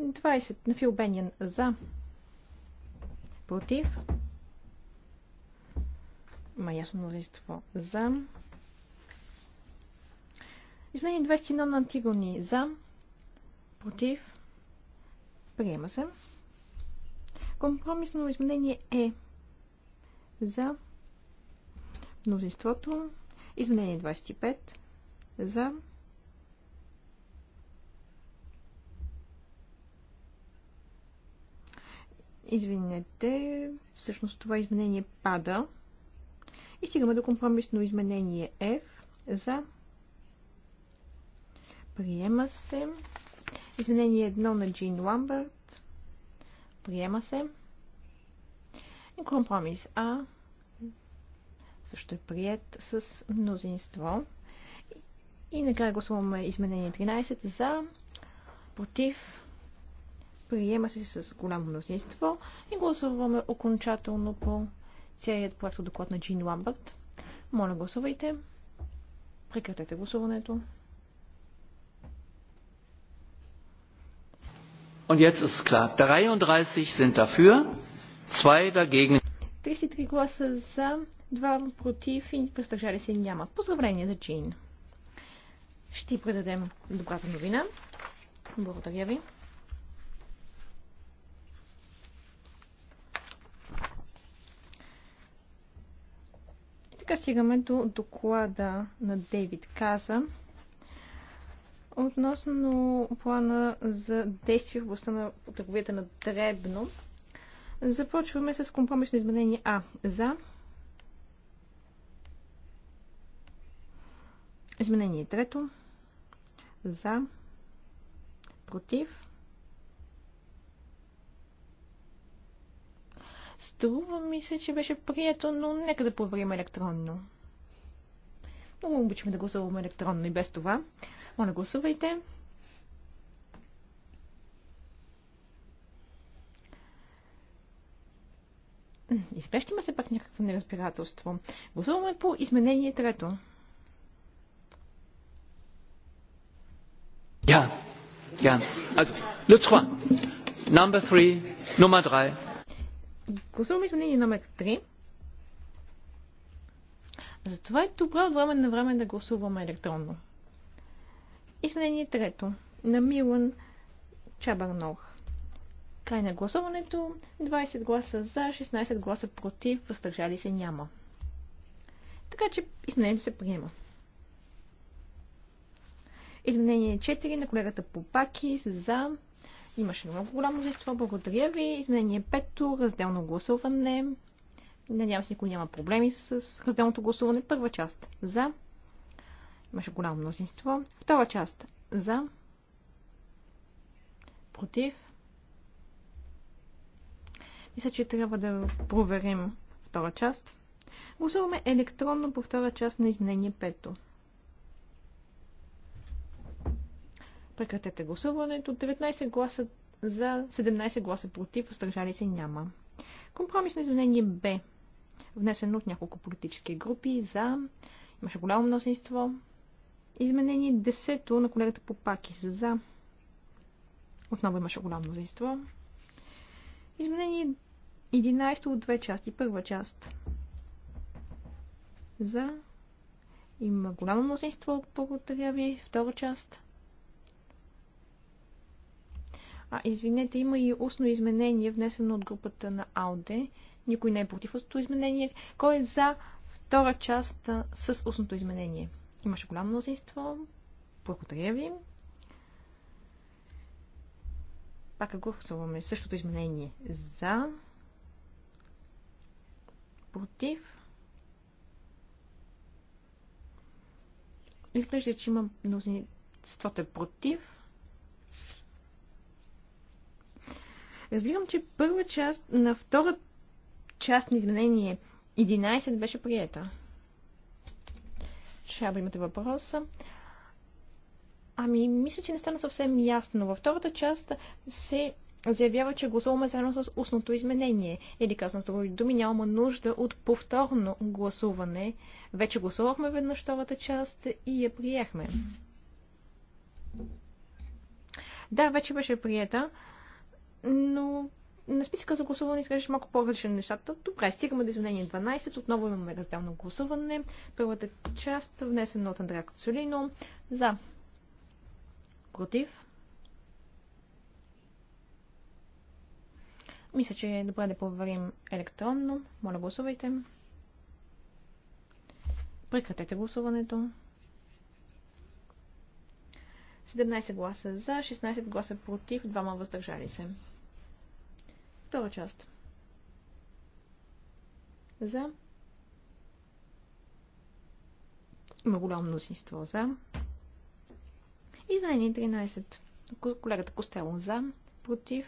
20 на Фил Бениан за. Против. Ма ясно мнозинство за. Изменение 21 на Антигони за. Против. Приема се. Компромисно изменение е за мнозинството. Изменение 25 за Извинете, всъщност това изменение пада. И стигаме до компромисно изменение F за Приема се. Изменение 1 на Джин Ламбърт. Приема се. И компромис А също е прият с мнозинство. И накрая гласуваме изменение 13 за, против, приема се с голямо мнозинство и гласуваме окончателно по целият проект доклад на Джин Ламбърт. Моля гласувайте. Прекратете гласуването. Und jetzt ist klar, 33 sind dafür, 2 dagegen. 33 гласа за, 2 против и въздържали се няма. Поздравление за Джин ще предадем добрата новина. Благодаря ви. И така стигаме до доклада на Дейвид Каза относно плана за действие в областта на търговията на Дребно. Започваме с компромисно изменение А. За. Изменение трето за, против. Струва ми се, че беше прието, но нека да проверим електронно. Много обичаме да гласуваме електронно и без това. Моля, гласувайте. Изпрещаме се пак някакво неразбирателство. Гласуваме по изменение трето. Ja, ja. Also, le Number three, Nummer 3. Гласуваме изменение номер 3. Затова е добре от време на време да гласуваме електронно. Изменение трето. На Милан Чабарнох. Край на гласуването. 20 гласа за, 16 гласа против, въздържали се няма. Така че изменението се приема. Изменение 4 на колегата Попаки за. Имаше много голямо мнозинство. Благодаря ви. Изменение 5. Разделно гласуване. Надявам се, никой няма проблеми с разделното гласуване. Първа част за. Имаше голямо мнозинство. Втора част за. Против. Мисля, че трябва да проверим втора част. Гласуваме електронно по втора част на изменение 5. Прекратете гласуването. 19 гласа за, 17 гласа против, въздържали се няма. Компромисно изменение Б, внесено от няколко политически групи за, имаше голямо мнозинство. Изменение 10 на колегата Попаки за, отново имаше голямо мнозинство. Изменение 11 от две части. Първа част за има голямо мнозинство, благодаря ви. Втора част а, извинете, има и устно изменение, внесено от групата на АУДЕ. Никой не е против устното изменение. Кой е за втора част с устното изменение? Имаше голямо мнозинство. Благодаря ви. Пак гласуваме същото изменение. За. Против. Изглежда, че има мнозинството против. Разбирам, че първа част на втора част на изменение 11 беше приета. Шаба, имате въпроса. Ами, мисля, че не стана съвсем ясно. Във втората част се заявява, че гласуваме заедно с устното изменение. Или казвам с други думи, нямаме нужда от повторно гласуване. Вече гласувахме веднъж втората част и я приехме. Да, вече беше приета, но на списъка за гласуване изглеждаше малко по-различни нещата. Добре, стигаме до изменение 12. Отново имаме разделно гласуване. Първата част, внесена от Андрея Кацолино. За. Против. Мисля, че е добре да проверим електронно. Моля, гласувайте. Прекратете гласуването. 17 гласа за, 16 гласа против, 2 въздържали се. Втора част. За. Има голямо мнозинство за. Изменение 13. Колегата Костело за. Против.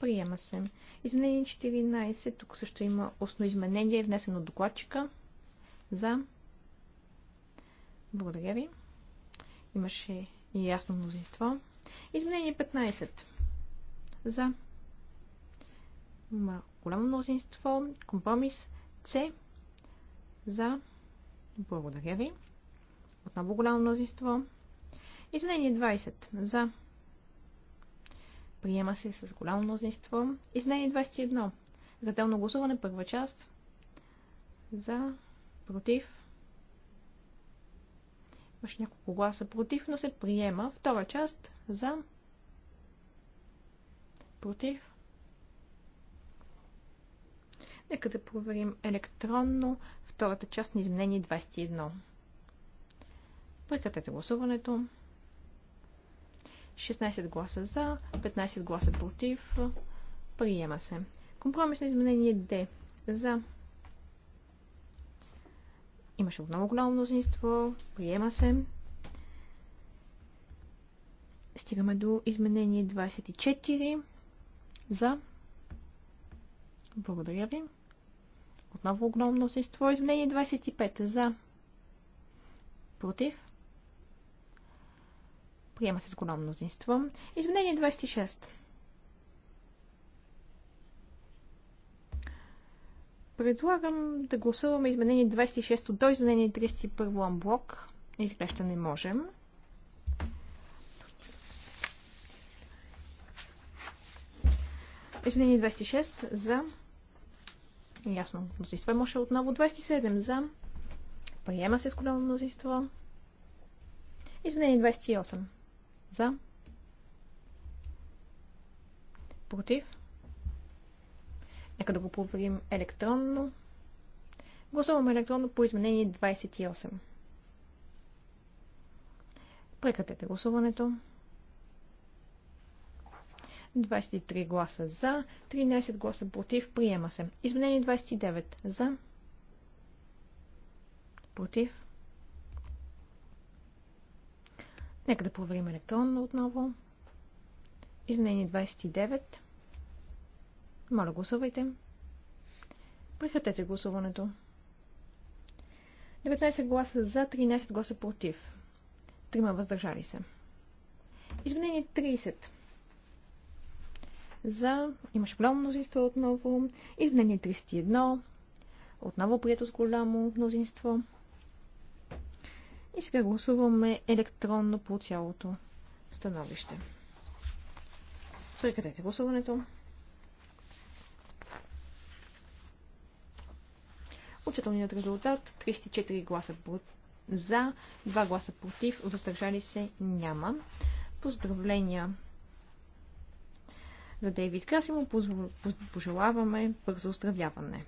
Приема се. Изменение 14. Тук също има основно изменение, внесено от докладчика. За. Благодаря ви. Имаше и ясно мнозинство. Изменение 15. За. Има голямо мнозинство. Компромис С. За. Благодаря ви. Отново голямо мнозинство. Изменение 20. За. Приема се с голямо мнозинство. Изменение 21. Разделно гласуване. Първа част. За. Против. Имаше няколко гласа против, но се приема. Втора част. За. Против. Нека да проверим електронно втората част на изменение 21. Прекратете гласуването. 16 гласа за, 15 гласа против. Приема се. Компромисно изменение Д. За. Имаше отново голямо мнозинство. Приема се. Стигаме до изменение 24. За. Благодаря ви. Отново огромно мнозинство. Изменение 25. За. Против. Приема се с огромно мнозинство. Изменение 26. Предлагам да гласуваме изменение 26 до изменение 31 амблок. Изглежда не можем. Изменение 26 за Ясно. Мнозинство имаше отново 27 за. Приема се с голямо мнозинство. Изменение 28. За. Против. Нека да го проверим електронно. Гласуваме електронно по изменение 28. Прекратете гласуването. 23 гласа за, 13 гласа против, приема се. Изменение 29 за, против. Нека да проверим електронно отново. Изменение 29. Моля, гласувайте. Прекратете гласуването. 19 гласа за, 13 гласа против. Трима въздържали се. Изменение 30 за, имаше голямо мнозинство отново, изменение 31, отново прието с голямо мнозинство. И сега гласуваме електронно по цялото становище. Прекратете гласуването. Учителният резултат 34 гласа за, 2 гласа против, въздържали се няма. Поздравления за Дейвид Каси му пожелаваме бързо оздравяване.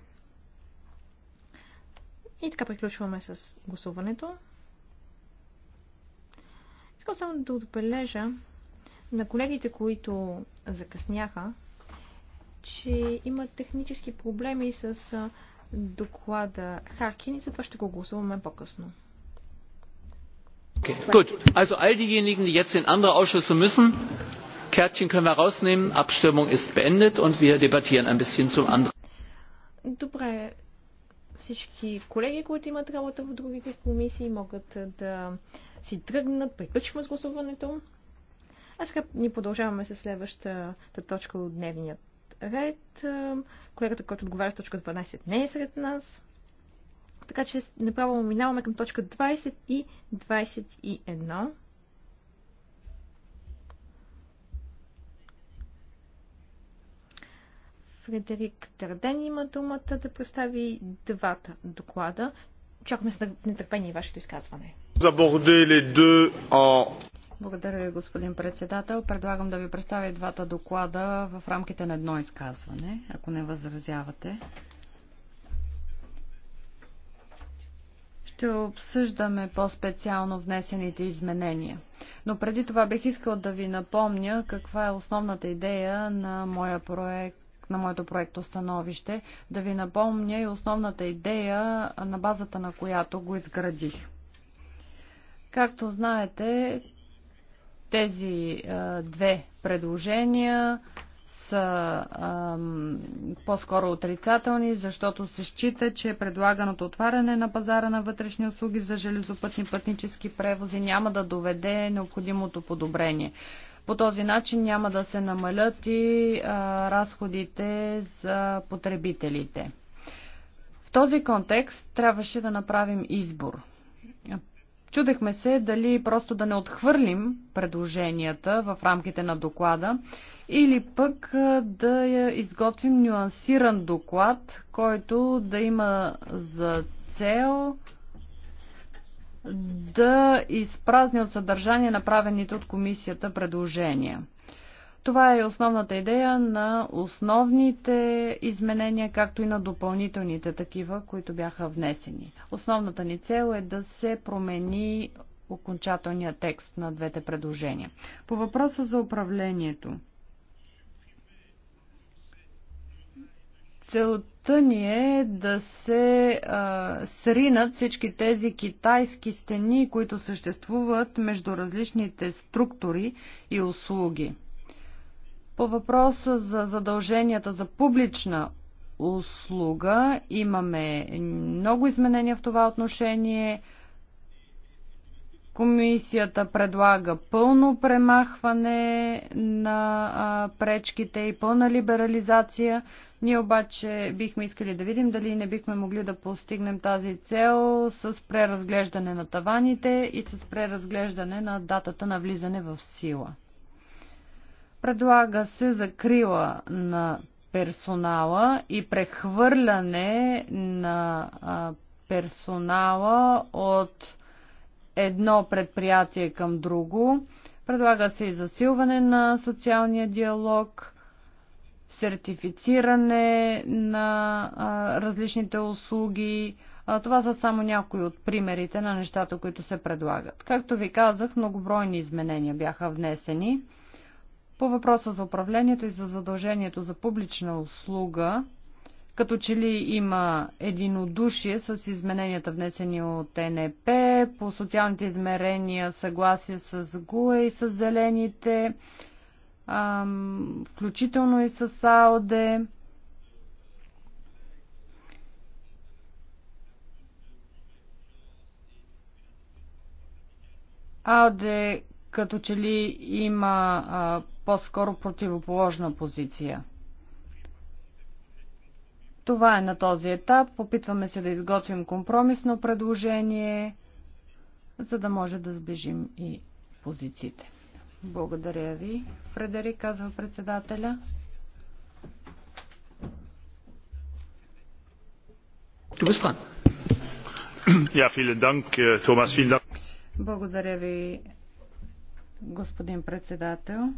И така приключваме с гласуването. Искам само да отбележа на колегите, които закъсняха, че има технически проблеми с доклада Харкин и затова ще го гласуваме по-късно. Gut, also all diejenigen, die jetzt in andere Ausschüsse müssen, Kärtchen können wir rausnehmen. Abstimmung ist beendet und wir debattieren ein bisschen zum anderen. Добре, всички колеги, които имат работа в другите комисии, могат да си тръгнат. Приключихме с гласуването. А сега ни продължаваме с следващата точка от дневния ред. Колегата, който отговаря с точка 12, не е сред нас. Така че направо минаваме към точка 20 и 21. Фредерик Търден има думата да представи двата доклада. Чакаме с нетърпение вашето изказване. Благодаря ви, господин председател. Предлагам да ви представя двата доклада в рамките на едно изказване, ако не възразявате. ще обсъждаме по-специално внесените изменения. Но преди това бих искал да ви напомня каква е основната идея на моя проект на моето проекто становище, да ви напомня и основната идея, на базата на която го изградих. Както знаете, тези а, две предложения са по-скоро отрицателни, защото се счита, че предлаганото отваряне на пазара на вътрешни услуги за железопътни пътнически превози няма да доведе необходимото подобрение. По този начин няма да се намалят и а, разходите за потребителите. В този контекст трябваше да направим избор. Чудехме се дали просто да не отхвърлим предложенията в рамките на доклада или пък да изготвим нюансиран доклад, който да има за цел да изпразни от съдържание направените от комисията предложения. Това е основната идея на основните изменения, както и на допълнителните такива, които бяха внесени. Основната ни цел е да се промени окончателния текст на двете предложения. По въпроса за управлението. Целта Целта ни е да се а, сринат всички тези китайски стени, които съществуват между различните структури и услуги. По въпроса за задълженията за публична услуга имаме много изменения в това отношение – Комисията предлага пълно премахване на а, пречките и пълна либерализация. Ние обаче бихме искали да видим дали не бихме могли да постигнем тази цел с преразглеждане на таваните и с преразглеждане на датата на влизане в сила. Предлага се закрила на персонала и прехвърляне на а, персонала от едно предприятие към друго. Предлага се и засилване на социалния диалог, сертифициране на а, различните услуги. А, това са само някои от примерите на нещата, които се предлагат. Както ви казах, многобройни изменения бяха внесени. По въпроса за управлението и за задължението за публична услуга, като че ли има единодушие с измененията внесени от НП, по социалните измерения съгласие с ГУЕ и с зелените, включително и с АОДЕ. АОДЕ като че ли има по-скоро противоположна позиция. Това е на този етап. Опитваме се да изготвим компромисно предложение, за да може да сближим и позициите. Благодаря ви, Фредери, казва председателя. Äh, Благодаря ви, господин председател.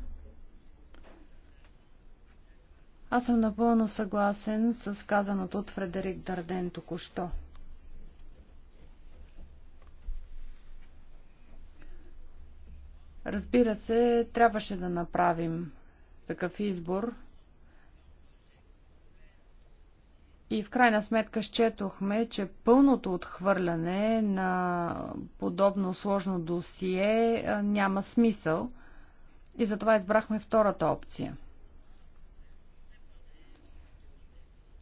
Аз съм напълно съгласен с казаното от Фредерик Дарден току-що. Разбира се, трябваше да направим такъв избор. И в крайна сметка счетохме, че пълното отхвърляне на подобно сложно досие няма смисъл. И затова избрахме втората опция –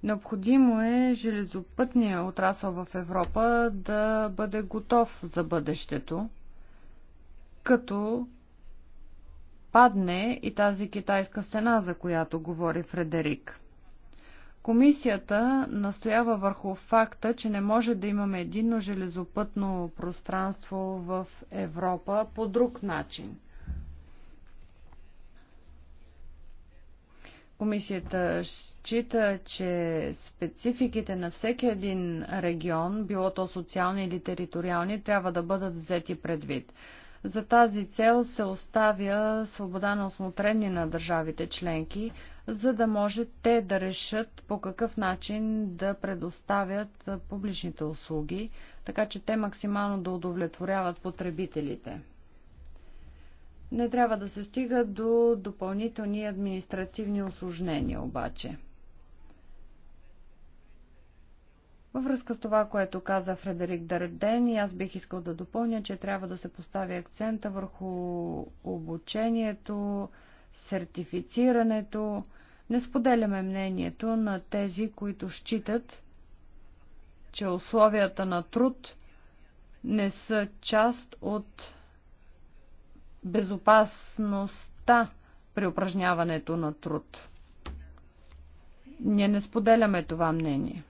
Необходимо е железопътния отрасъл в Европа да бъде готов за бъдещето, като падне и тази китайска стена, за която говори Фредерик. Комисията настоява върху факта, че не може да имаме единно железопътно пространство в Европа по друг начин. Комисията ще счита, че спецификите на всеки един регион, било то социални или териториални, трябва да бъдат взети предвид. За тази цел се оставя свобода на осмотрение на държавите членки, за да може те да решат по какъв начин да предоставят публичните услуги, така че те максимално да удовлетворяват потребителите. Не трябва да се стига до допълнителни административни осложнения обаче. Във връзка с това, което каза Фредерик Дарден, и аз бих искал да допълня, че трябва да се постави акцента върху обучението, сертифицирането. Не споделяме мнението на тези, които считат, че условията на труд не са част от безопасността при упражняването на труд. Ние не споделяме това мнение.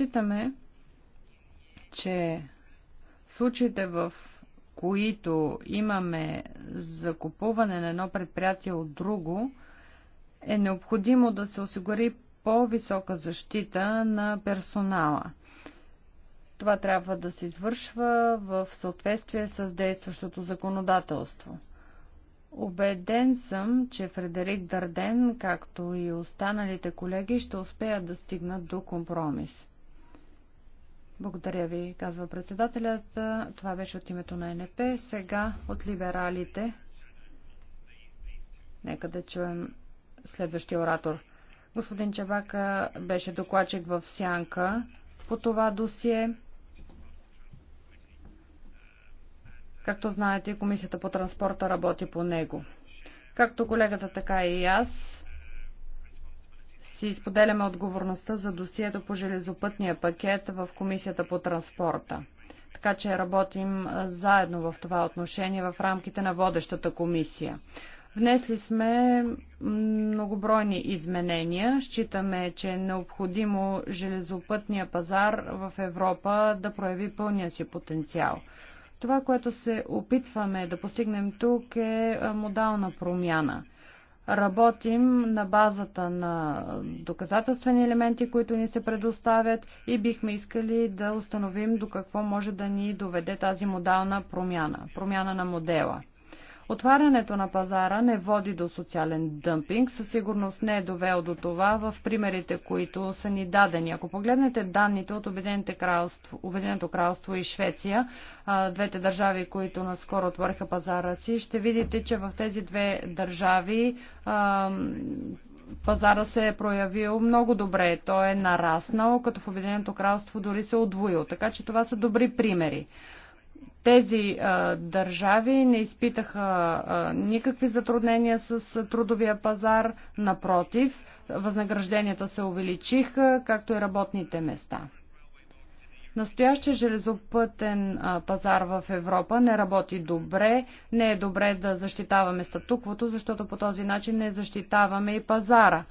Считаме, че случаите в които имаме закупуване на едно предприятие от друго, е необходимо да се осигури по-висока защита на персонала. Това трябва да се извършва в съответствие с действащото законодателство. Обеден съм, че Фредерик Дарден, както и останалите колеги, ще успеят да стигнат до компромис. Благодаря ви, казва председателят. Това беше от името на НП. Сега от либералите. Нека да чуем следващия оратор. Господин Чабака беше докладчик в Сянка по това досие. Както знаете, Комисията по транспорта работи по него. Както колегата, така и аз си изподеляме отговорността за досието по железопътния пакет в Комисията по транспорта. Така че работим заедно в това отношение в рамките на водещата комисия. Внесли сме многобройни изменения. Считаме, че е необходимо железопътния пазар в Европа да прояви пълния си потенциал. Това, което се опитваме да постигнем тук е модална промяна – Работим на базата на доказателствени елементи, които ни се предоставят и бихме искали да установим до какво може да ни доведе тази модална промяна, промяна на модела. Отварянето на пазара не води до социален дъмпинг, със сигурност не е довел до това в примерите, които са ни дадени. Ако погледнете данните от Обединеното кралство, Обединеното кралство и Швеция, двете държави, които наскоро отвориха пазара си, ще видите, че в тези две държави пазара се е проявил много добре. Той е нараснал, като в Обединеното кралство дори се е отвоил. Така че това са добри примери. Тези а, държави не изпитаха а, никакви затруднения с а, трудовия пазар, напротив, възнагражденията се увеличиха, както и работните места. Настоящия железопътен а, пазар в Европа не работи добре. Не е добре да защитаваме статуквото, защото по този начин не защитаваме и пазара.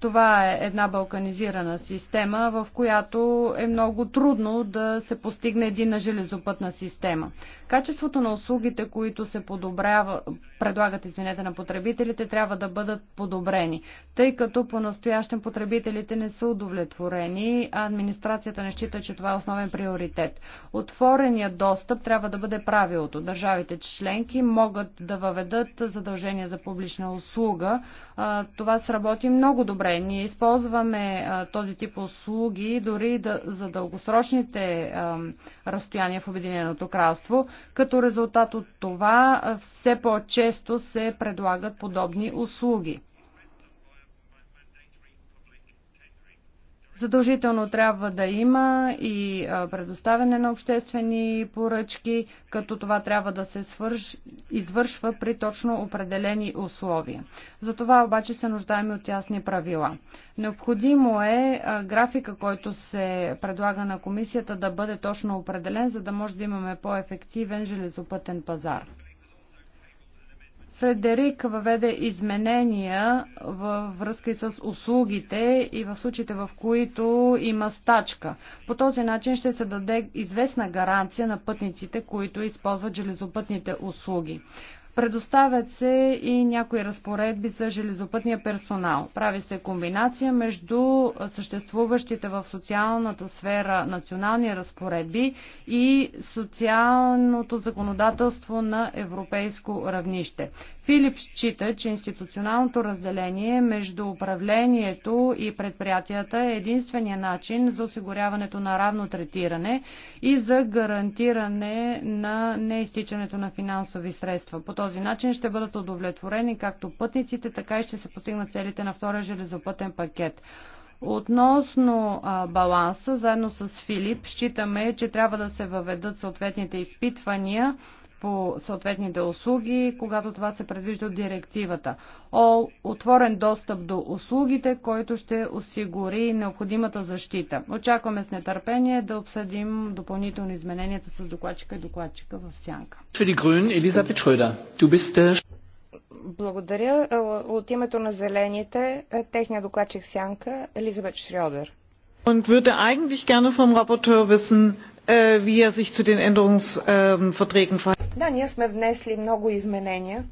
Това е една балканизирана система, в която е много трудно да се постигне единна железопътна система. Качеството на услугите, които се подобрява, предлагат извинете, на потребителите, трябва да бъдат подобрени, тъй като по-настоящен потребителите не са удовлетворени, а администрацията не счита, че това е основен приоритет. Отвореният достъп трябва да бъде правилото. Държавите членки могат да въведат задължения за публична услуга. Това сработи много добре добре. Ние използваме а, този тип услуги дори да, за дългосрочните а, разстояния в Обединеното кралство. Като резултат от това а, все по-често се предлагат подобни услуги. Задължително трябва да има и предоставяне на обществени поръчки, като това трябва да се свърж, извършва при точно определени условия. За това обаче се нуждаем от ясни правила. Необходимо е графика, който се предлага на комисията да бъде точно определен, за да може да имаме по-ефективен железопътен пазар. Фредерик въведе изменения във връзка и с услугите и в случаите, в които има стачка. По този начин ще се даде известна гаранция на пътниците, които използват железопътните услуги. Предоставят се и някои разпоредби за железопътния персонал. Прави се комбинация между съществуващите в социалната сфера национални разпоредби и социалното законодателство на европейско равнище. Филип счита, че институционалното разделение между управлението и предприятията е единствения начин за осигуряването на равно третиране и за гарантиране на неизтичането на финансови средства. По този начин ще бъдат удовлетворени както пътниците, така и ще се постигнат целите на втория железопътен пакет. Относно а, баланса, заедно с Филип, считаме, че трябва да се въведат съответните изпитвания по съответните услуги, когато това се предвижда от директивата. О, отворен достъп до услугите, който ще осигури необходимата защита. Очакваме с нетърпение да обсъдим допълнително измененията с докладчика и докладчика в сянка. Благодаря. От името на зелените, е, техният докладчик сянка Елизабет Шрёдер. Und würde eigentlich gerne vom Rapporteur wissen, äh, wie er sich zu den Änderungsverträgen verhält. Да, ние сме внесли много изменения.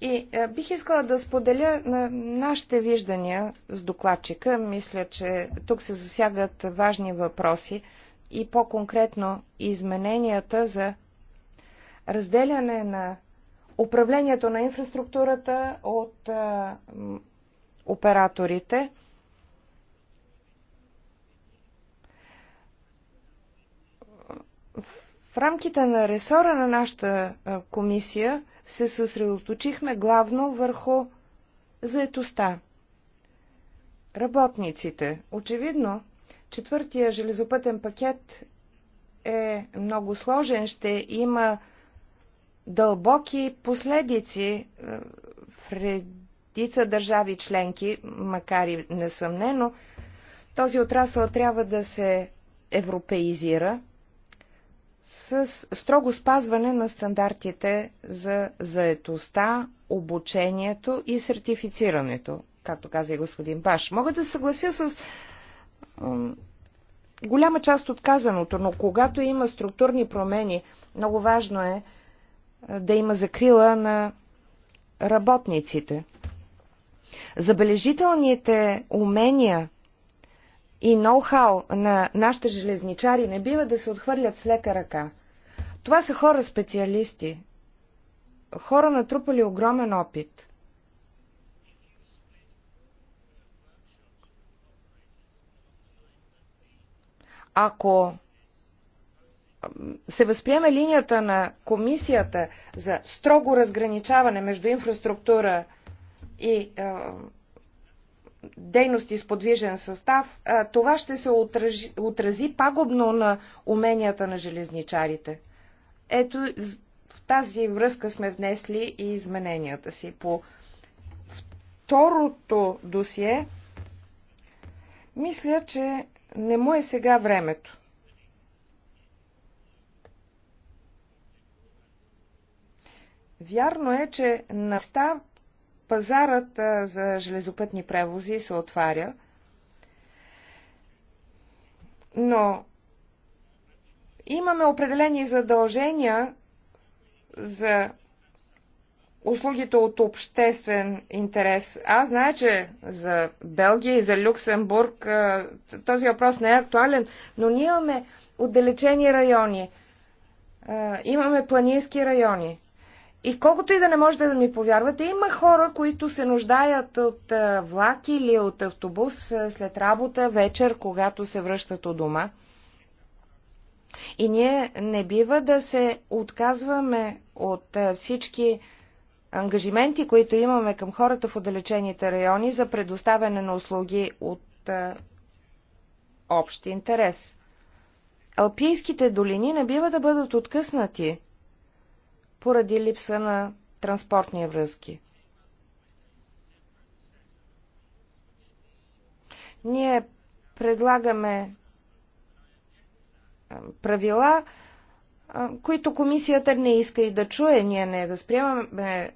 И е, бих искала да споделя на нашите виждания с докладчика. Мисля, че тук се засягат важни въпроси и по-конкретно измененията за разделяне на управлението на инфраструктурата от а, операторите. В рамките на ресора на нашата комисия се съсредоточихме главно върху заетостта. Работниците. Очевидно, четвъртия железопътен пакет е много сложен, ще има дълбоки последици е, в редица държави членки, макар и несъмнено. Този отрасъл трябва да се европеизира с строго спазване на стандартите за заетостта, обучението и сертифицирането, както каза и господин Баш. Мога да съглася с голяма част от казаното, но когато има структурни промени, много важно е да има закрила на работниците. Забележителните умения и ноу-хау на нашите железничари не бива да се отхвърлят с лека ръка. Това са хора специалисти, хора натрупали огромен опит. Ако се възприеме линията на комисията за строго разграничаване между инфраструктура и е, дейности с подвижен състав, е, това ще се отрази, отрази пагубно на уменията на железничарите. Ето, в тази връзка сме внесли и измененията си. По второто досие, мисля, че не му е сега времето. Вярно е, че на ста пазарът за железопътни превози се отваря, но имаме определени задължения за услугите от обществен интерес. Аз знае, че за Белгия и за Люксембург този въпрос не е актуален, но ние имаме отдалечени райони, имаме планински райони. И колкото и да не можете да ми повярвате, има хора, които се нуждаят от влак или от автобус след работа вечер, когато се връщат от дома. И ние не бива да се отказваме от всички ангажименти, които имаме към хората в отдалечените райони за предоставяне на услуги от общ интерес. Алпийските долини не бива да бъдат откъснати поради липса на транспортни връзки. Ние предлагаме правила, които комисията не иска и да чуе. Ние не да сприемаме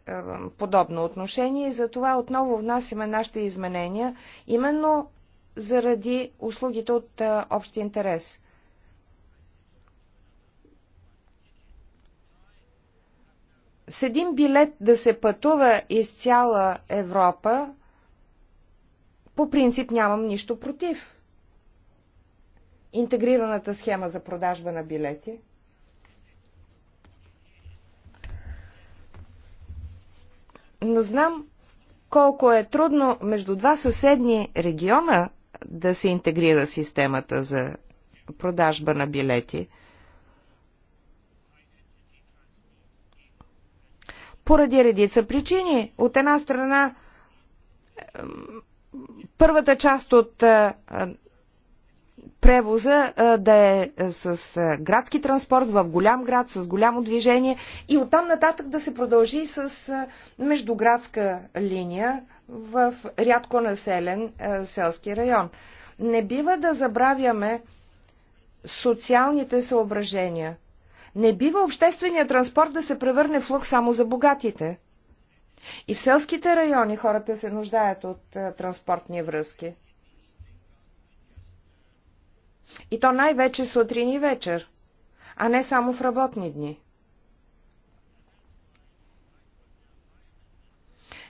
подобно отношение и затова отново внасяме нашите изменения, именно заради услугите от общ интерес – С един билет да се пътува из цяла Европа, по принцип нямам нищо против. Интегрираната схема за продажба на билети. Но знам колко е трудно между два съседни региона да се интегрира системата за продажба на билети – поради редица причини. От една страна, първата част от е, е, превоза е, да е с градски транспорт в голям град, с голямо движение и оттам нататък да се продължи с междуградска линия в рядко населен селски район. Не бива да забравяме социалните съображения – не бива обществения транспорт да се превърне в лук само за богатите. И в селските райони хората се нуждаят от е, транспортни връзки. И то най-вече сутрин и вечер, а не само в работни дни.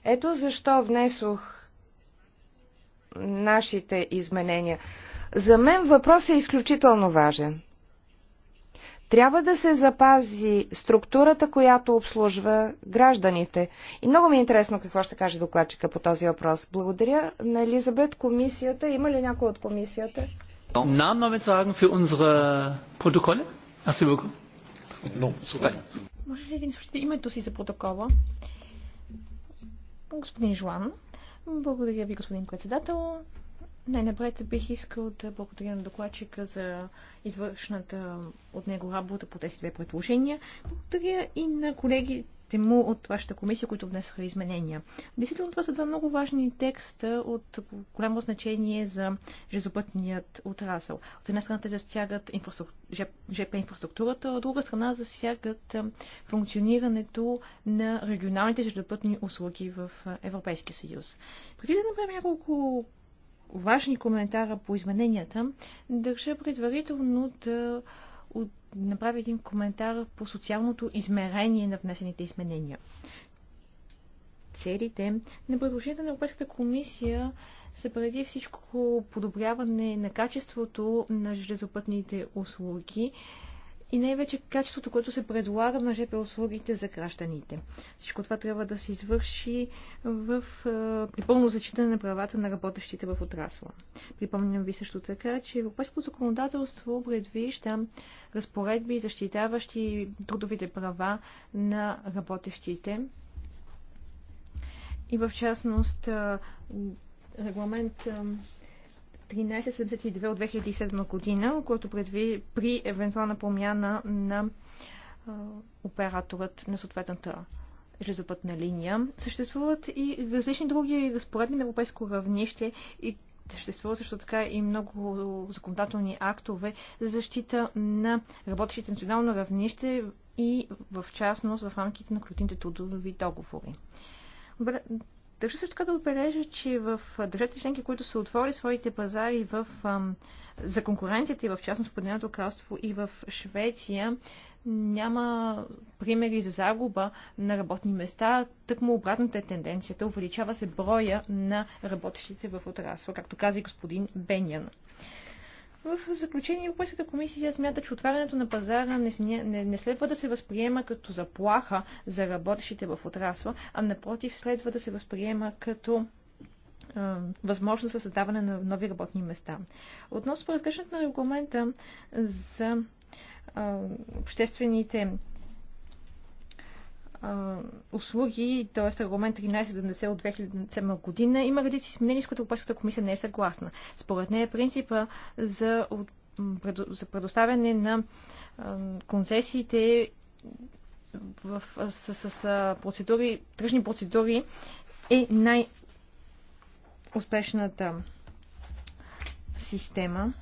Ето защо внесох нашите изменения. За мен въпросът е изключително важен. Трябва да се запази структурата, която обслужва гражданите. И много ми е интересно какво ще каже докладчика по този въпрос. Благодаря на Елизабет комисията. Има ли някой от комисията? Нам damit sagen für unsere Може ли да ни името си за протокола? Господин Жуан. Благодаря ви, господин председател. Най-напред бих искал да благодаря на докладчика за извършната от него работа по тези две предложения. Благодаря и на колегите му от вашата комисия, които внесоха изменения. Действително това са два много важни текста от голямо значение за железопътният отрасъл. От една страна те застягат инфраструк... ЖП инфраструктурата, от друга страна засягат функционирането на регионалните железопътни услуги в Европейския съюз. Преди да направим няколко важни коментара по измененията, държа предварително да направя един коментар по социалното измерение на внесените изменения. Целите на предложението на Европейската комисия са преди всичко подобряване на качеството на железопътните услуги, и най-вече качеството, което се предлага на ЖП услугите за гражданите. Всичко това трябва да се извърши в, е, при пълно зачитане на правата на работещите в отрасла. Припомням ви също така, че европейското законодателство предвижда разпоредби, защитаващи трудовите права на работещите и в частност е, регламент е, 1372 от 2007 година, което предви при евентуална промяна на а, операторът на съответната железопътна линия. Съществуват и различни други разпоредби на европейско равнище и съществуват също така и много законодателни актове за защита на работещите национално равнище и в частност в рамките на колективните трудови договори. Държа също така да отбележа, че в държавите членки, които са отворили своите пазари в, за конкуренцията и в частност Поденото кралство и в Швеция, няма примери за загуба на работни места. Тъкмо обратната е тенденцията. Увеличава се броя на работещите в отрасла, както каза и господин Бенян. В заключение, Европейската комисия смята, че отварянето на пазара не, не, не следва да се възприема като заплаха за работещите в отрасла, а напротив следва да се възприема като възможност за създаване на нови работни места. Относно разгръщането на регламента за обществените услуги, т.е. регламент 1370 от 2007 година, има редици изменения, с които Европейската комисия не е съгласна. Според нея принципа за, за предоставяне на концесиите в, с, с, с процедури, тръжни процедури е най-успешната система.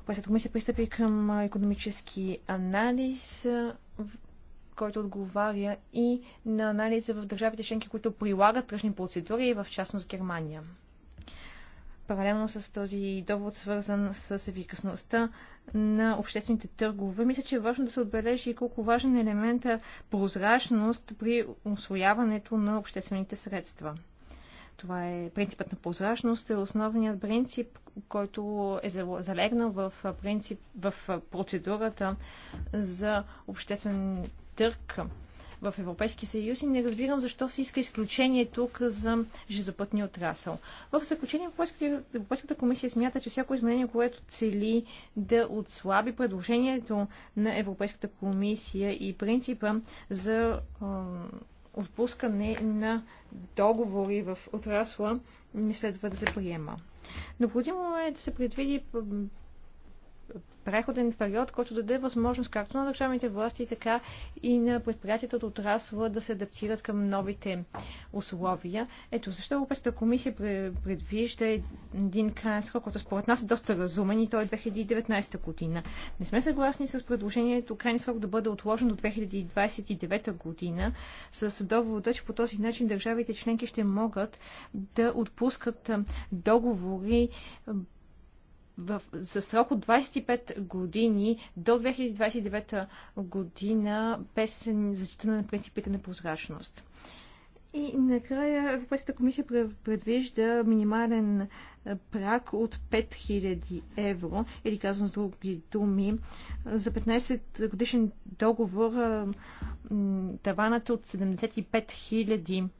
Европейската комисия пристъпи към економически анализ, който отговаря и на анализа в държавите членки, които прилагат тръжни процедури, в частност Германия. Паралелно с този довод, свързан с ефикасността на обществените търгове, мисля, че е важно да се отбележи колко важен елемент е прозрачност при освояването на обществените средства. Това е принципът на прозрачност, е основният принцип, който е залегнал в, принцип, в процедурата за обществен търк в Европейски съюз и не разбирам защо се иска изключение тук за железопътния отрасъл. В заключение Европейската, Европейската комисия смята, че всяко изменение, което цели да отслаби предложението на Европейската комисия и принципа за отпускане на договори в отрасла не следва да се приема. Необходимо е да се предвиди преходен период, който даде възможност както на държавните власти, така и на предприятията от отрасла да се адаптират към новите условия. Ето защо Европейската комисия предвижда един крайен срок, който според нас е доста разумен и той е 2019 година. Не сме съгласни с предложението крайен срок да бъде отложен до 2029 година с довода, че по този начин държавите членки ще могат да отпускат договори в, за срок от 25 години до 2029 година без зачитане на принципите на прозрачност. И накрая Европейската комисия предвижда минимален прак от 5000 евро, или казвам с други думи, за 15 годишен договор таванът е от 75 000 евро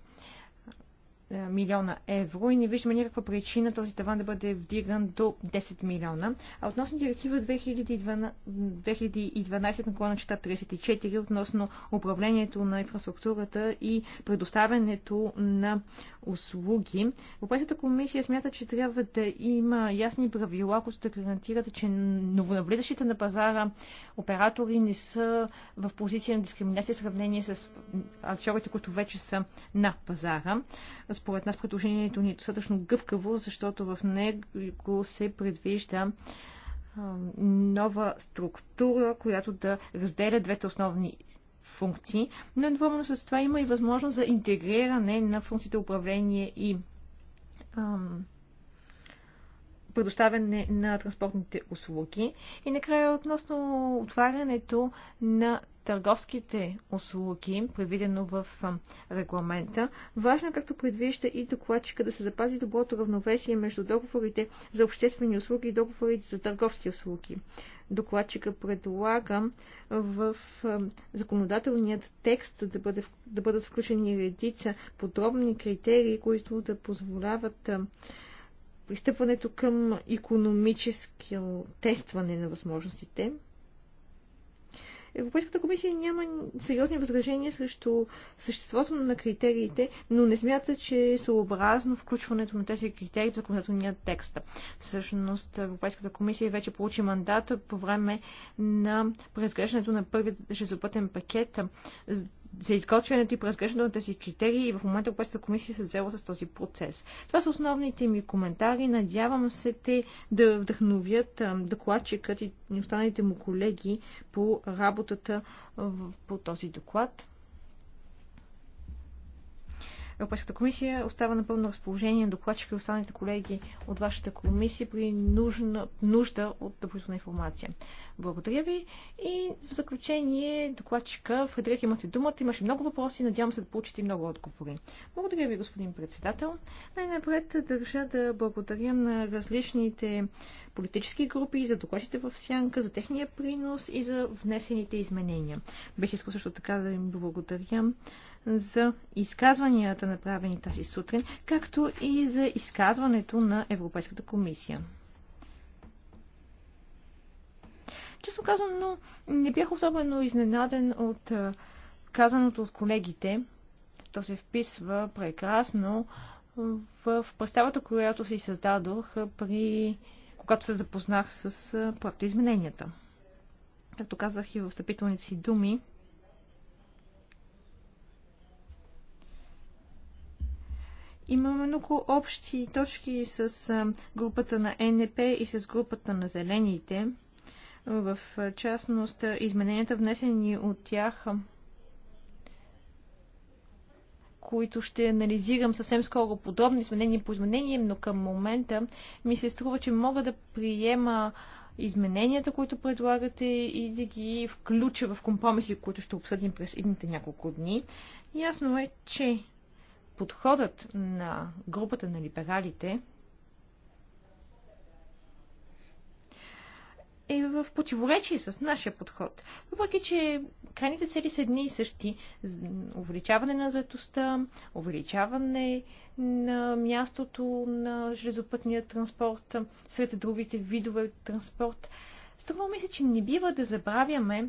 е, милиона евро и не виждаме никаква причина този таван да бъде вдиган до 10 милиона. А относно директива 2012, на клона 34 относно управлението на инфраструктурата и предоставянето на услуги, Европейската комисия смята, че трябва да има ясни правила, които да гарантират, че новонавлизащите на пазара оператори не са в позиция на дискриминация в сравнение с актьорите, които вече са на пазара според нас предложението ни е достатъчно гъвкаво, защото в него се предвижда нова структура, която да разделя двете основни функции, но едновременно с това има и възможност за интегриране на функциите управление и ам, предоставяне на транспортните услуги. И накрая относно отварянето на търговските услуги, предвидено в регламента. Важно, е, както предвижда и докладчика, да се запази доброто равновесие между договорите за обществени услуги и договорите за търговски услуги. Докладчика предлага в законодателният текст да, бъде, да бъдат включени редица подробни критерии, които да позволяват пристъпването към економическо тестване на възможностите. Европейската комисия няма сериозни възражения срещу съществото на критериите, но не смята, че е съобразно включването на тези критерии в законодателния текст. Всъщност Европейската комисия вече получи мандат по време на преразглеждането на първият железопътен пакет за изготвянето и преразглеждането на тези критерии и в момента Европейската комисия се взела с този процес. Това са основните ми коментари. Надявам се те да вдъхновят докладчикът и останалите му колеги по работата по този доклад. Европейската комисия остава на пълно разположение на докладчика и останалите колеги от вашата комисия при нужна, нужда от допълнителна информация. Благодаря ви и в заключение докладчика Фредерик имате думата. Имаше много въпроси, надявам се да получите много отговори. Благодаря ви, господин председател. Най-напред държа да благодаря на различните политически групи за докладите в Сянка, за техния принос и за внесените изменения. Бих искал също така да им благодаря за изказванията, направени тази сутрин, както и за изказването на Европейската комисия. Честно казано, не бях особено изненаден от казаното от колегите. То се вписва прекрасно в представата, която си създадох при когато се запознах с проектоизмененията. Както казах и в встъпителните си думи, Имаме много общи точки с групата на НП и с групата на зелените. В частност, измененията внесени от тях, които ще анализирам съвсем скоро подробни изменения по изменение, но към момента ми се струва, че мога да приема измененията, които предлагате и да ги включа в компромиси, които ще обсъдим през идните няколко дни. Ясно е, че подходът на групата на либералите е в противоречие с нашия подход. Въпреки, че крайните цели са едни и същи. Увеличаване на заетостта, увеличаване на мястото на железопътния транспорт, сред другите видове транспорт. Струва ми се, че не бива да забравяме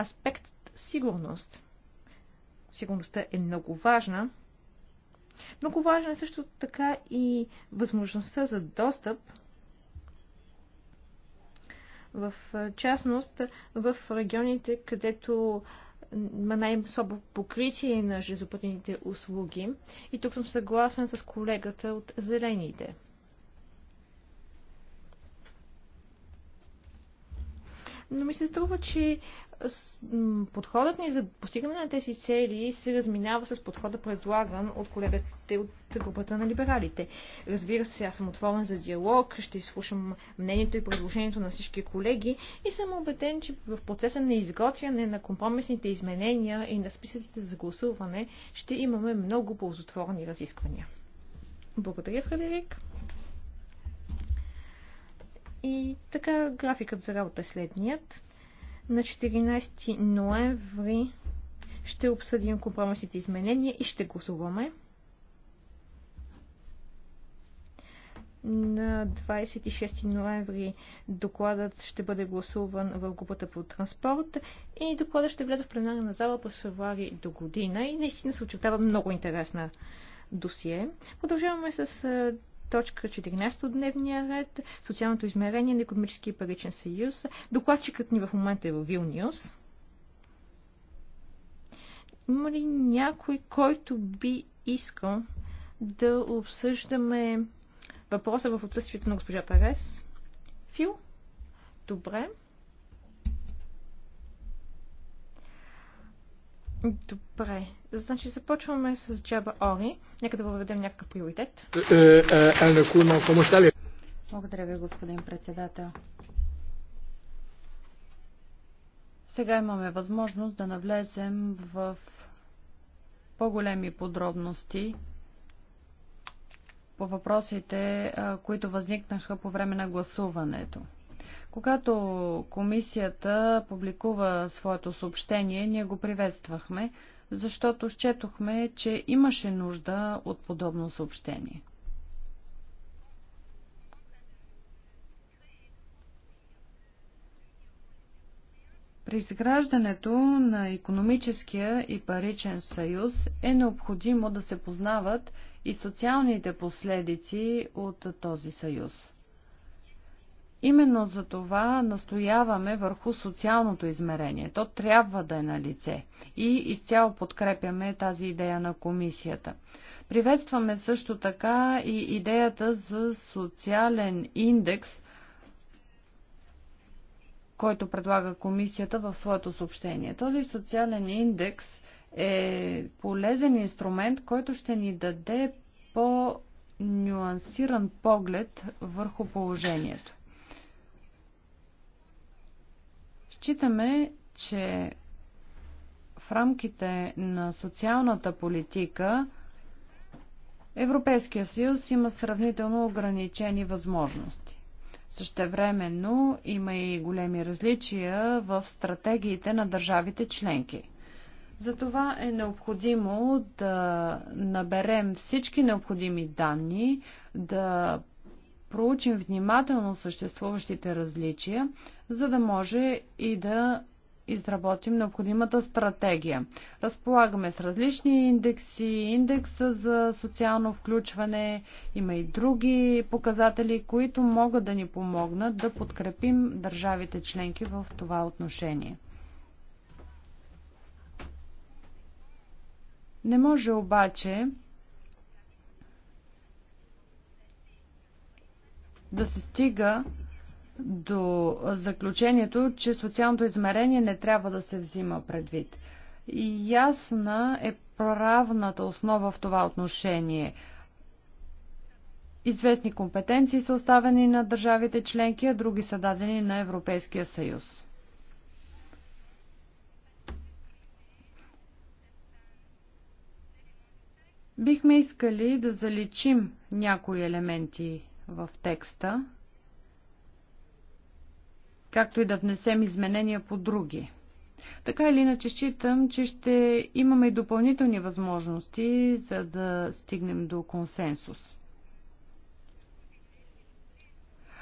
аспект сигурност. Сигурността е много важна, много важна е също така и възможността за достъп в частност в регионите, където има най-слабо покритие на железопътните услуги. И тук съм съгласен с колегата от Зелените – но ми се струва, че подходът ни за постигане на тези цели се разминава с подхода предлаган от колегите от групата на либералите. Разбира се, аз съм отворен за диалог, ще изслушам мнението и предложението на всички колеги и съм убеден, че в процеса на изготвяне на компромисните изменения и на списъците за гласуване ще имаме много ползотворни разисквания. Благодаря, Фредерик. И така графикът за работа е следният. На 14 ноември ще обсъдим компромисните изменения и ще гласуваме. На 26 ноември докладът ще бъде гласуван в групата по транспорт и докладът ще влезе в пленарна зала през февруари до година и наистина се очертава много интересна досие. Продължаваме с точка 14 от дневния ред, социалното измерение на економически и паричен съюз. Докладчикът ни в момента е в Вилниус. Има ли някой, който би искал да обсъждаме въпроса в отсъствието на госпожа Парес? Фил? Добре. Добре. Значи започваме с Джаба Ори. Нека да въведем някакъв приоритет. Е, е, е, Благодаря ви, господин председател. Сега имаме възможност да навлезем в по-големи подробности по въпросите, които възникнаха по време на гласуването. Когато комисията публикува своето съобщение, ние го приветствахме, защото счетохме, че имаше нужда от подобно съобщение. При изграждането на економическия и паричен съюз е необходимо да се познават и социалните последици от този съюз. Именно за това настояваме върху социалното измерение. То трябва да е на лице. И изцяло подкрепяме тази идея на комисията. Приветстваме също така и идеята за социален индекс, който предлага комисията в своето съобщение. Този социален индекс е полезен инструмент, който ще ни даде по-нюансиран поглед върху положението. Считаме, че в рамките на социалната политика Европейския съюз има сравнително ограничени възможности. Същевременно има и големи различия в стратегиите на държавите членки. Затова е необходимо да наберем всички необходими данни, да проучим внимателно съществуващите различия, за да може и да изработим необходимата стратегия. Разполагаме с различни индекси, индекса за социално включване, има и други показатели, които могат да ни помогнат да подкрепим държавите членки в това отношение. Не може обаче да се стига до заключението, че социалното измерение не трябва да се взима предвид. И ясна е правната основа в това отношение. Известни компетенции са оставени на държавите членки, а други са дадени на Европейския съюз. Бихме искали да заличим някои елементи в текста, както и да внесем изменения по други. Така или иначе считам, че ще имаме и допълнителни възможности, за да стигнем до консенсус.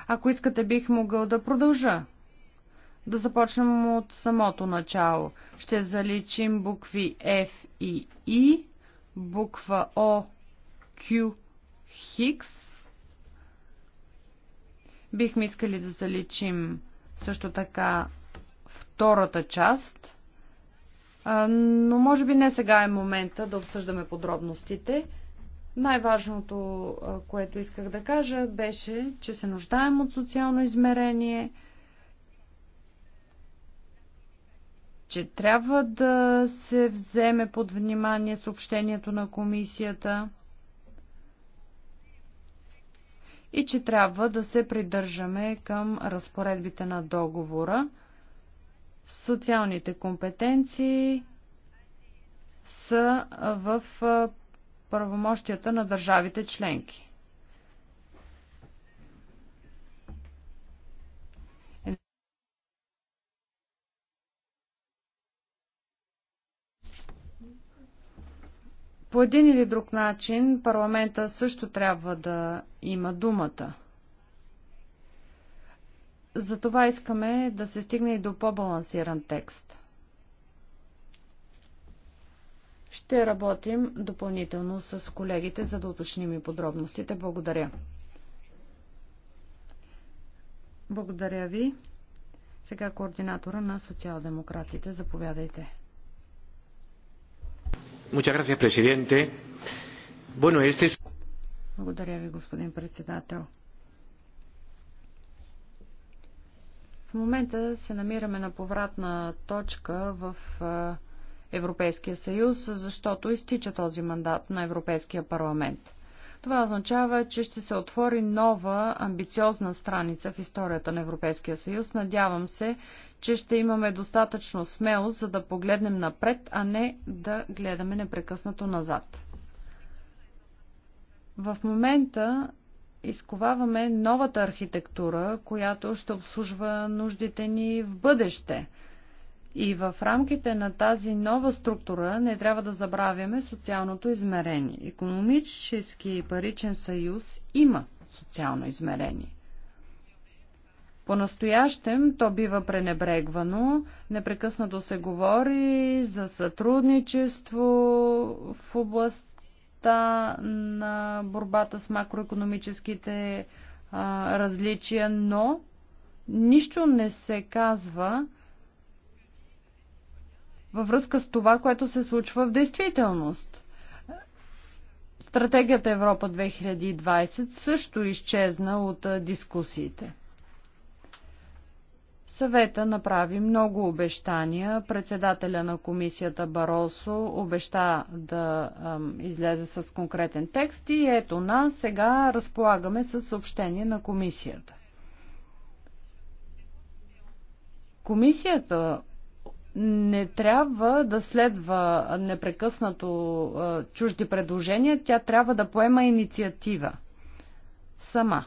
Ако искате, бих могъл да продължа. Да започнем от самото начало. Ще заличим букви F и I, буква O, Q, Хикс, Бихме искали да заличим също така втората част, но може би не сега е момента да обсъждаме подробностите. Най-важното, което исках да кажа, беше, че се нуждаем от социално измерение, че трябва да се вземе под внимание съобщението на комисията и че трябва да се придържаме към разпоредбите на договора. Социалните компетенции са в правомощията на държавите членки. По един или друг начин парламента също трябва да има думата. Затова искаме да се стигне и до по-балансиран текст. Ще работим допълнително с колегите, за да уточним и подробностите. Благодаря. Благодаря ви. Сега координатора на социал-демократите. Заповядайте. Благодаря ви, господин председател. В момента се намираме на повратна точка в Европейския съюз, защото изтича този мандат на Европейския парламент. Това означава, че ще се отвори нова амбициозна страница в историята на Европейския съюз. Надявам се, че ще имаме достатъчно смелост, за да погледнем напред, а не да гледаме непрекъснато назад. В момента изковаваме новата архитектура, която ще обслужва нуждите ни в бъдеще – и в рамките на тази нова структура не трябва да забравяме социалното измерение. Економически и паричен съюз има социално измерение. По-настоящем то бива пренебрегвано, непрекъснато се говори за сътрудничество в областта на борбата с макроекономическите а, различия, но нищо не се казва във връзка с това, което се случва в действителност. Стратегията Европа 2020 също изчезна от дискусиите. Съвета направи много обещания. Председателя на комисията Баросо обеща да ам, излезе с конкретен текст и ето нас сега разполагаме с съобщение на комисията. Комисията не трябва да следва непрекъснато чужди предложения, тя трябва да поема инициатива сама.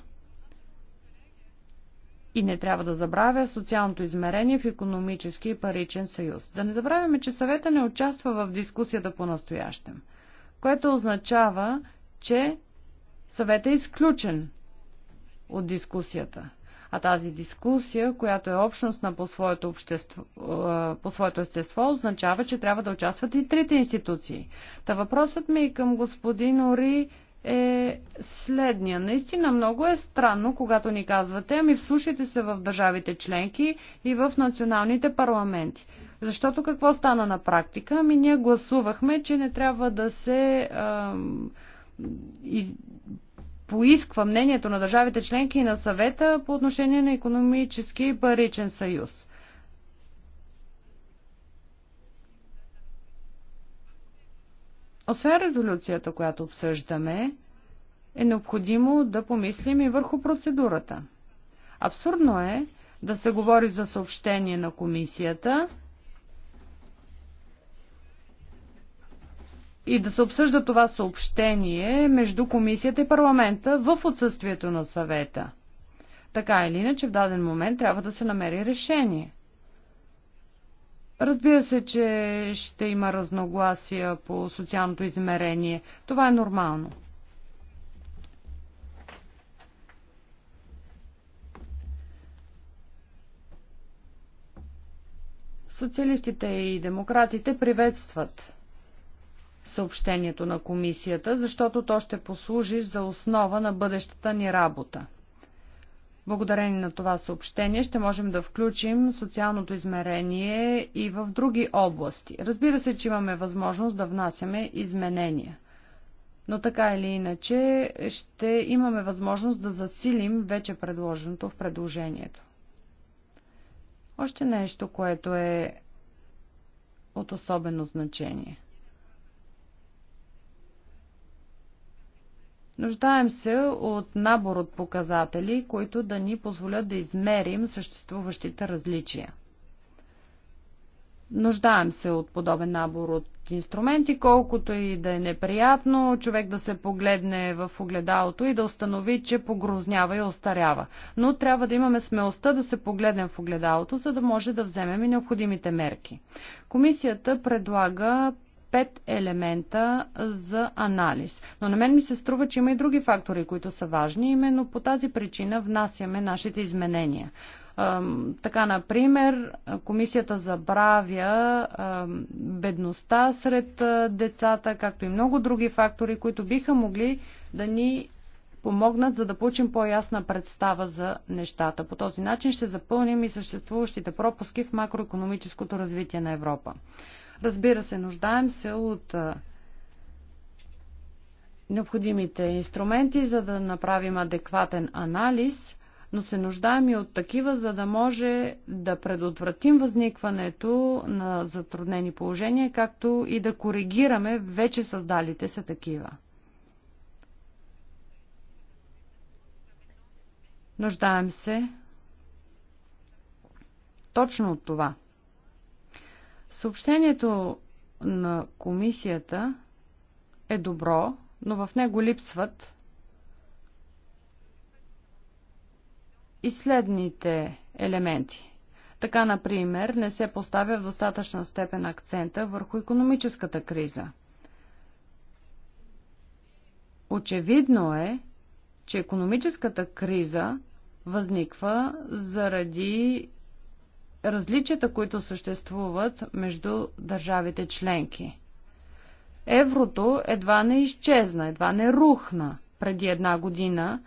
И не трябва да забравя социалното измерение в економически и паричен съюз. Да не забравяме, че съвета не участва в дискусията по-настоящем, което означава, че съвета е изключен от дискусията. А тази дискусия, която е общностна по своето, общество, по своето естество, означава, че трябва да участват и трите институции. Та въпросът ми към господин Ори е следния. Наистина много е странно, когато ни казвате, ами вслушайте се в държавите членки и в националните парламенти. Защото какво стана на практика? Ами ние гласувахме, че не трябва да се ам, из, поисква мнението на държавите членки и на съвета по отношение на економически и паричен съюз. Освен резолюцията, която обсъждаме, е необходимо да помислим и върху процедурата. Абсурдно е да се говори за съобщение на комисията – и да се обсъжда това съобщение между комисията и парламента в отсъствието на съвета. Така или иначе, в даден момент трябва да се намери решение. Разбира се, че ще има разногласия по социалното измерение. Това е нормално. Социалистите и демократите приветстват съобщението на комисията, защото то ще послужи за основа на бъдещата ни работа. Благодарение на това съобщение ще можем да включим социалното измерение и в други области. Разбира се, че имаме възможност да внасяме изменения. Но така или иначе ще имаме възможност да засилим вече предложеното в предложението. Още нещо, което е от особено значение. Нуждаем се от набор от показатели, които да ни позволят да измерим съществуващите различия. Нуждаем се от подобен набор от инструменти, колкото и да е неприятно човек да се погледне в огледалото и да установи, че погрознява и остарява. Но трябва да имаме смелостта да се погледнем в огледалото, за да може да вземем и необходимите мерки. Комисията предлага пет елемента за анализ. Но на мен ми се струва, че има и други фактори, които са важни. Именно по тази причина внасяме нашите изменения. Така, например, комисията забравя бедността сред децата, както и много други фактори, които биха могли да ни помогнат, за да получим по-ясна представа за нещата. По този начин ще запълним и съществуващите пропуски в макроекономическото развитие на Европа. Разбира се, нуждаем се от необходимите инструменти, за да направим адекватен анализ, но се нуждаем и от такива, за да може да предотвратим възникването на затруднени положения, както и да коригираме вече създалите се такива. Нуждаем се точно от това. Съобщението на комисията е добро, но в него липсват и следните елементи. Така, например, не се поставя в достатъчна степен акцента върху економическата криза. Очевидно е, че економическата криза възниква заради различията, които съществуват между държавите членки. Еврото едва не изчезна, едва не рухна преди една година,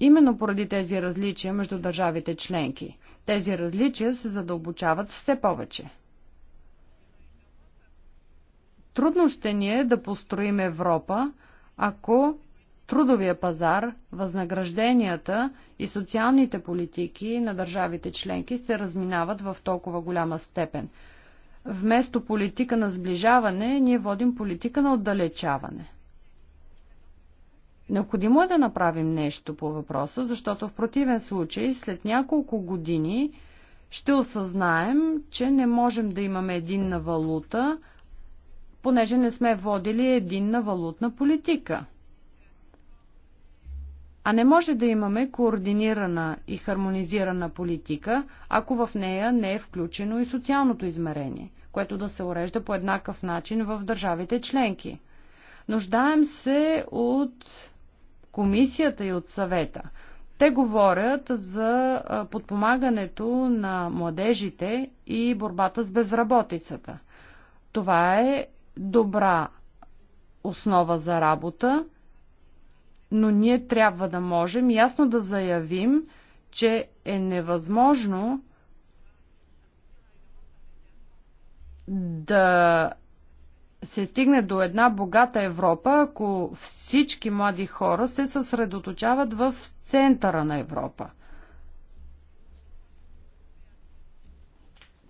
именно поради тези различия между държавите членки. Тези различия се задълбочават все повече. Трудно ще ни е да построим Европа, ако трудовия пазар, възнагражденията и социалните политики на държавите членки се разминават в толкова голяма степен. Вместо политика на сближаване, ние водим политика на отдалечаване. Необходимо е да направим нещо по въпроса, защото в противен случай след няколко години ще осъзнаем, че не можем да имаме единна валута, понеже не сме водили единна валутна политика. А не може да имаме координирана и хармонизирана политика, ако в нея не е включено и социалното измерение, което да се урежда по еднакъв начин в държавите членки. Нуждаем се от комисията и от съвета. Те говорят за подпомагането на младежите и борбата с безработицата. Това е добра основа за работа, но ние трябва да можем ясно да заявим, че е невъзможно да се стигне до една богата Европа, ако всички млади хора се съсредоточават в центъра на Европа.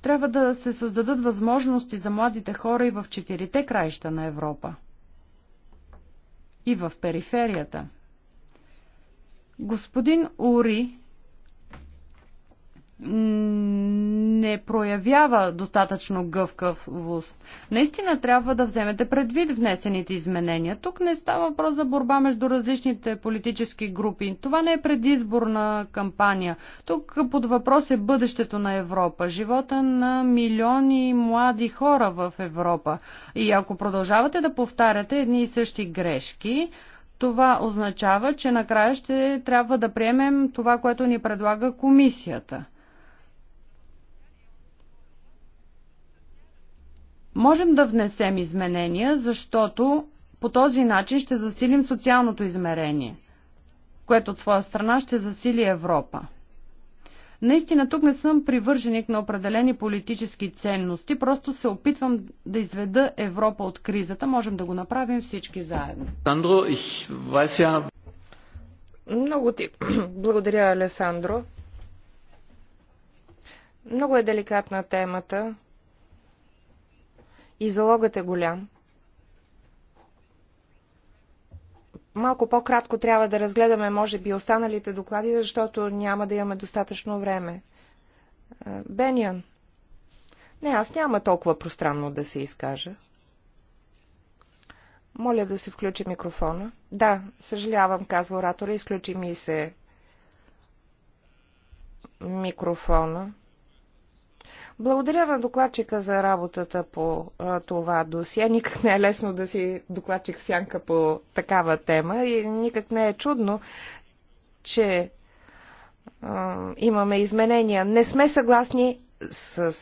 Трябва да се създадат възможности за младите хора и в четирите краища на Европа и в периферията. Господин Ури не проявява достатъчно гъвкавост. Наистина трябва да вземете предвид внесените изменения. Тук не става въпрос за борба между различните политически групи. Това не е предизборна кампания. Тук под въпрос е бъдещето на Европа, живота на милиони млади хора в Европа. И ако продължавате да повтаряте едни и същи грешки, това означава, че накрая ще трябва да приемем това, което ни предлага комисията. Можем да внесем изменения, защото по този начин ще засилим социалното измерение, което от своя страна ще засили Европа. Наистина тук не съм привърженик на определени политически ценности, просто се опитвам да изведа Европа от кризата. Можем да го направим всички заедно. Сандро, ich weiß ja... Много ти благодаря, Алесандро. Много е деликатна темата и залогът е голям. Малко по-кратко трябва да разгледаме, може би, останалите доклади, защото няма да имаме достатъчно време. Бениан. Не, аз няма толкова пространно да се изкажа. Моля да се включи микрофона. Да, съжалявам, казва оратора, изключи ми се микрофона. Благодаря на докладчика за работата по а, това досие. Никак не е лесно да си докладчик в сянка по такава тема и никак не е чудно, че а, имаме изменения. Не сме съгласни с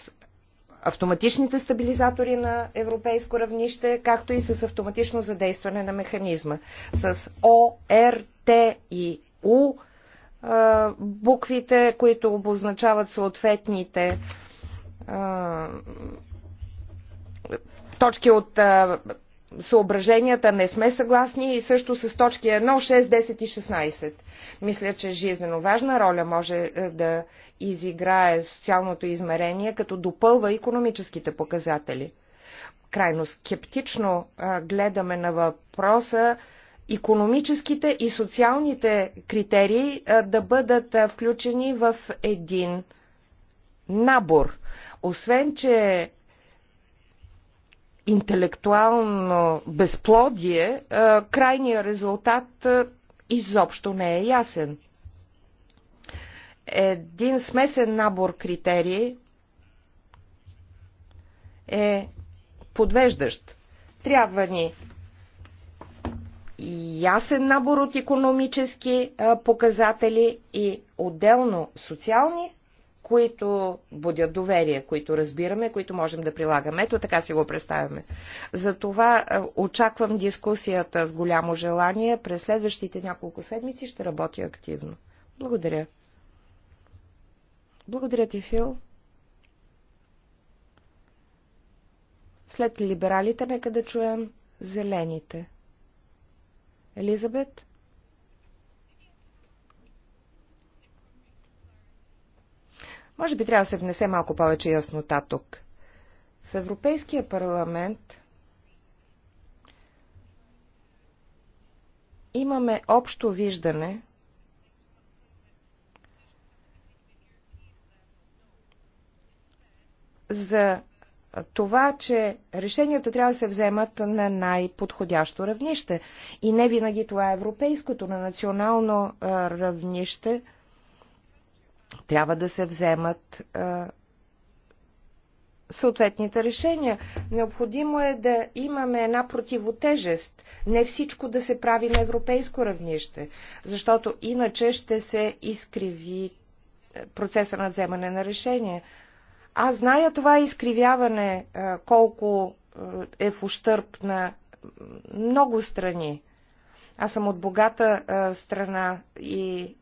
автоматичните стабилизатори на европейско равнище, както и с автоматично задействане на механизма. С О, Р, Т и У буквите, които обозначават съответните точки от съображенията не сме съгласни и също с точки 1, 6, 10 и 16. Мисля, че жизненно важна роля може да изиграе социалното измерение, като допълва економическите показатели. Крайно скептично гледаме на въпроса економическите и социалните критерии да бъдат включени в един набор. Освен, че интелектуално безплодие, е, крайният резултат е, изобщо не е ясен. Един смесен набор критерии е подвеждащ. Трябва ни ясен набор от економически е, показатели и отделно социални които будят доверие, които разбираме, които можем да прилагаме. Ето така си го представяме. Затова е, очаквам дискусията с голямо желание. През следващите няколко седмици ще работя активно. Благодаря. Благодаря ти, Фил. След либералите, нека да чуем зелените. Елизабет? Може би трябва да се внесе малко повече яснота тук. В Европейския парламент имаме общо виждане, за това, че решенията трябва да се вземат на най-подходящо равнище. И не винаги това е европейското, на национално равнище – трябва да се вземат а, съответните решения. Необходимо е да имаме една противотежест, не всичко да се прави на европейско равнище, защото иначе ще се изкриви е, процеса на вземане на решение. Аз зная това изкривяване е, колко е, е в ущърп на много страни. Аз съм от богата страна и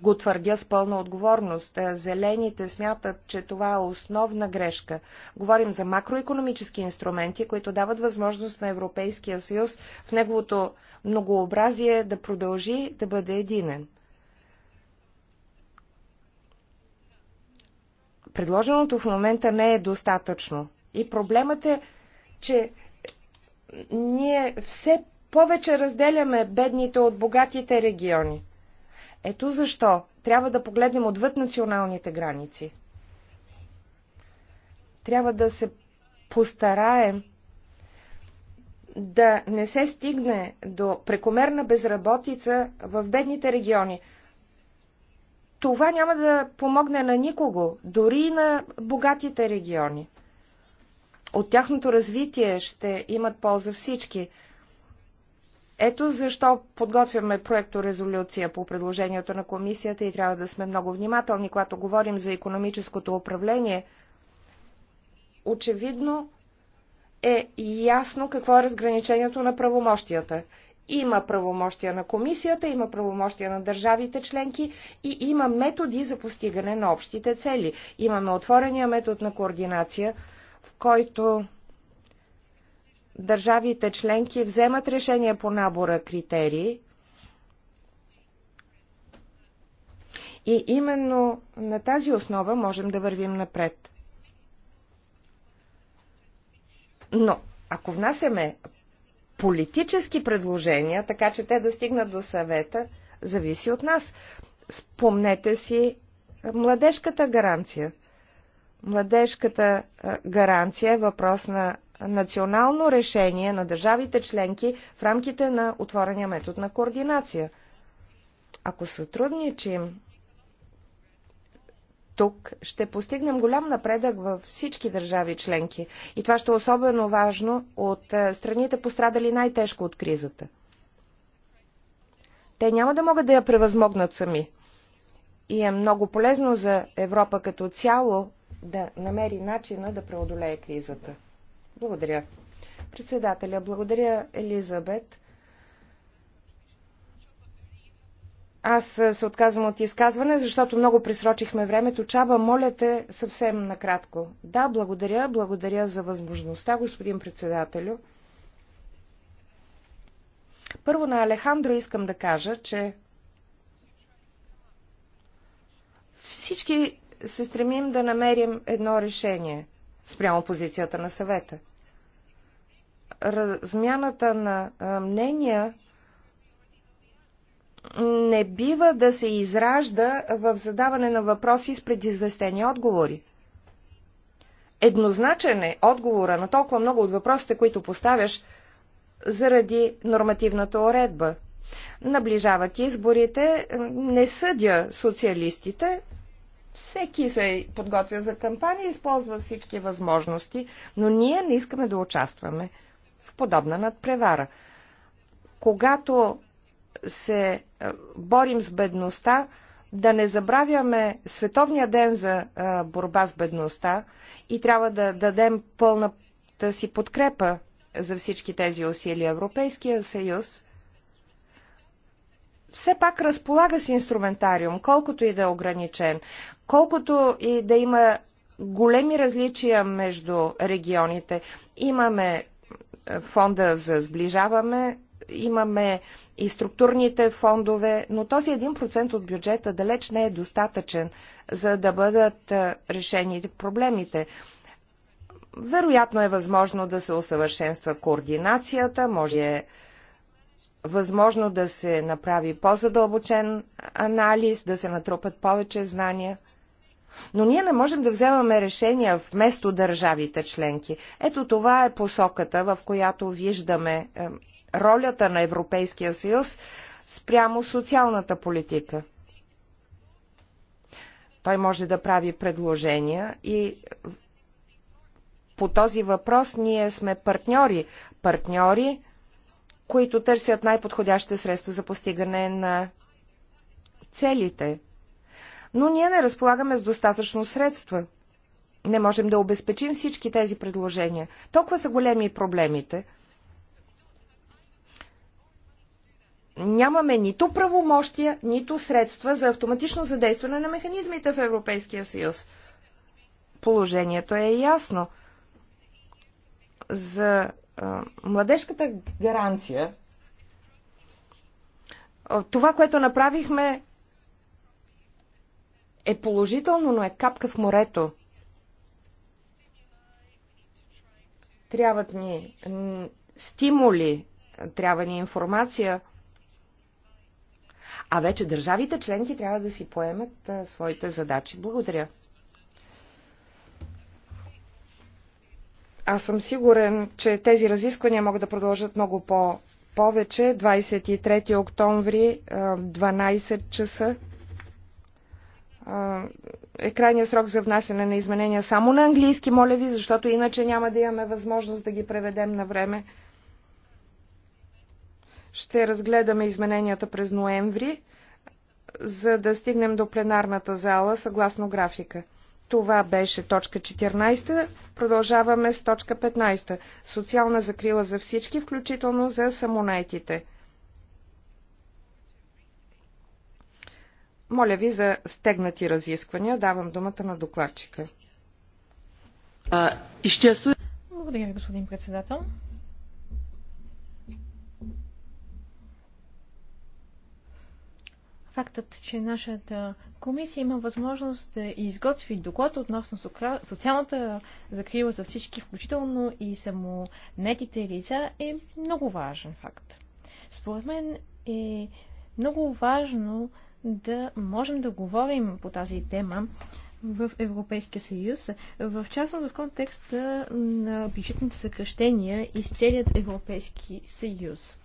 го твърдя с пълна отговорност. Е, зелените смятат, че това е основна грешка. Говорим за макроекономически инструменти, които дават възможност на Европейския съюз в неговото многообразие да продължи да бъде единен. Предложеното в момента не е достатъчно. И проблемът е, че ние все повече разделяме бедните от богатите региони. Ето защо трябва да погледнем отвъд националните граници. Трябва да се постараем да не се стигне до прекомерна безработица в бедните региони. Това няма да помогне на никого, дори и на богатите региони. От тяхното развитие ще имат полза всички – ето защо подготвяме резолюция по предложението на комисията и трябва да сме много внимателни, когато говорим за економическото управление. Очевидно е ясно какво е разграничението на правомощията. Има правомощия на комисията, има правомощия на държавите членки и има методи за постигане на общите цели. Имаме отворения метод на координация, в който държавите членки вземат решение по набора критерии и именно на тази основа можем да вървим напред. Но ако внасяме политически предложения, така че те да стигнат до съвета, зависи от нас. Спомнете си младежката гаранция. Младежката гаранция е въпрос на национално решение на държавите членки в рамките на отворения метод на координация. Ако сътрудничим тук, ще постигнем голям напредък във всички държави членки. И това ще е особено важно от е, страните пострадали най-тежко от кризата. Те няма да могат да я превъзмогнат сами. И е много полезно за Европа като цяло да намери начина да преодолее кризата. Благодаря. Председателя, благодаря Елизабет. Аз е, се отказвам от изказване, защото много присрочихме времето. Чаба, моля те съвсем накратко. Да, благодаря, благодаря за възможността, господин председателю. Първо на Алехандро искам да кажа, че всички се стремим да намерим едно решение спрямо позицията на съвета размяната на мнения не бива да се изражда в задаване на въпроси с предизвестени отговори. Еднозначен е отговора на толкова много от въпросите, които поставяш, заради нормативната уредба. Наближават изборите, не съдя социалистите, всеки се подготвя за кампания, използва всички възможности, но ние не искаме да участваме подобна надпревара. Когато се е, борим с бедността, да не забравяме Световния ден за е, борба с бедността и трябва да дадем пълната си подкрепа за всички тези усилия. Европейския съюз все пак разполага с инструментариум, колкото и да е ограничен, колкото и да има големи различия между регионите. Имаме фонда за сближаваме, имаме и структурните фондове, но този 1% от бюджета далеч не е достатъчен, за да бъдат решени проблемите. Вероятно е възможно да се усъвършенства координацията, може е възможно да се направи по-задълбочен анализ, да се натрупат повече знания. Но ние не можем да вземаме решения вместо държавите членки. Ето това е посоката, в която виждаме е, ролята на Европейския съюз спрямо социалната политика. Той може да прави предложения и по този въпрос ние сме партньори. Партньори, които търсят най-подходящите средства за постигане на целите но ние не разполагаме с достатъчно средства. Не можем да обезпечим всички тези предложения. Толкова са големи проблемите. Нямаме нито правомощия, нито средства за автоматично задействане на механизмите в Европейския съюз. Положението е ясно. За а, младежката гаранция, това, което направихме, е положително, но е капка в морето. Трябват ни стимули, трябва ни информация, а вече държавите членки трябва да си поемат своите задачи. Благодаря. Аз съм сигурен, че тези разисквания могат да продължат много по повече. 23 октомври, 12 часа е крайния срок за внасяне на изменения само на английски, моля ви, защото иначе няма да имаме възможност да ги преведем на време. Ще разгледаме измененията през ноември, за да стигнем до пленарната зала съгласно графика. Това беше точка 14. Продължаваме с точка 15. Социална закрила за всички, включително за самонайтите. Моля ви за стегнати разисквания. Давам думата на докладчика. Благодаря ви, господин председател. фактът, че нашата комисия има възможност да изготви доклад относно социалната закрила за всички, включително и самонетите лица, е много важен факт. Според мен е много важно да можем да говорим по тази тема в Европейския съюз, в частност в контекста на бюджетните съкръщения из целият Европейски съюз.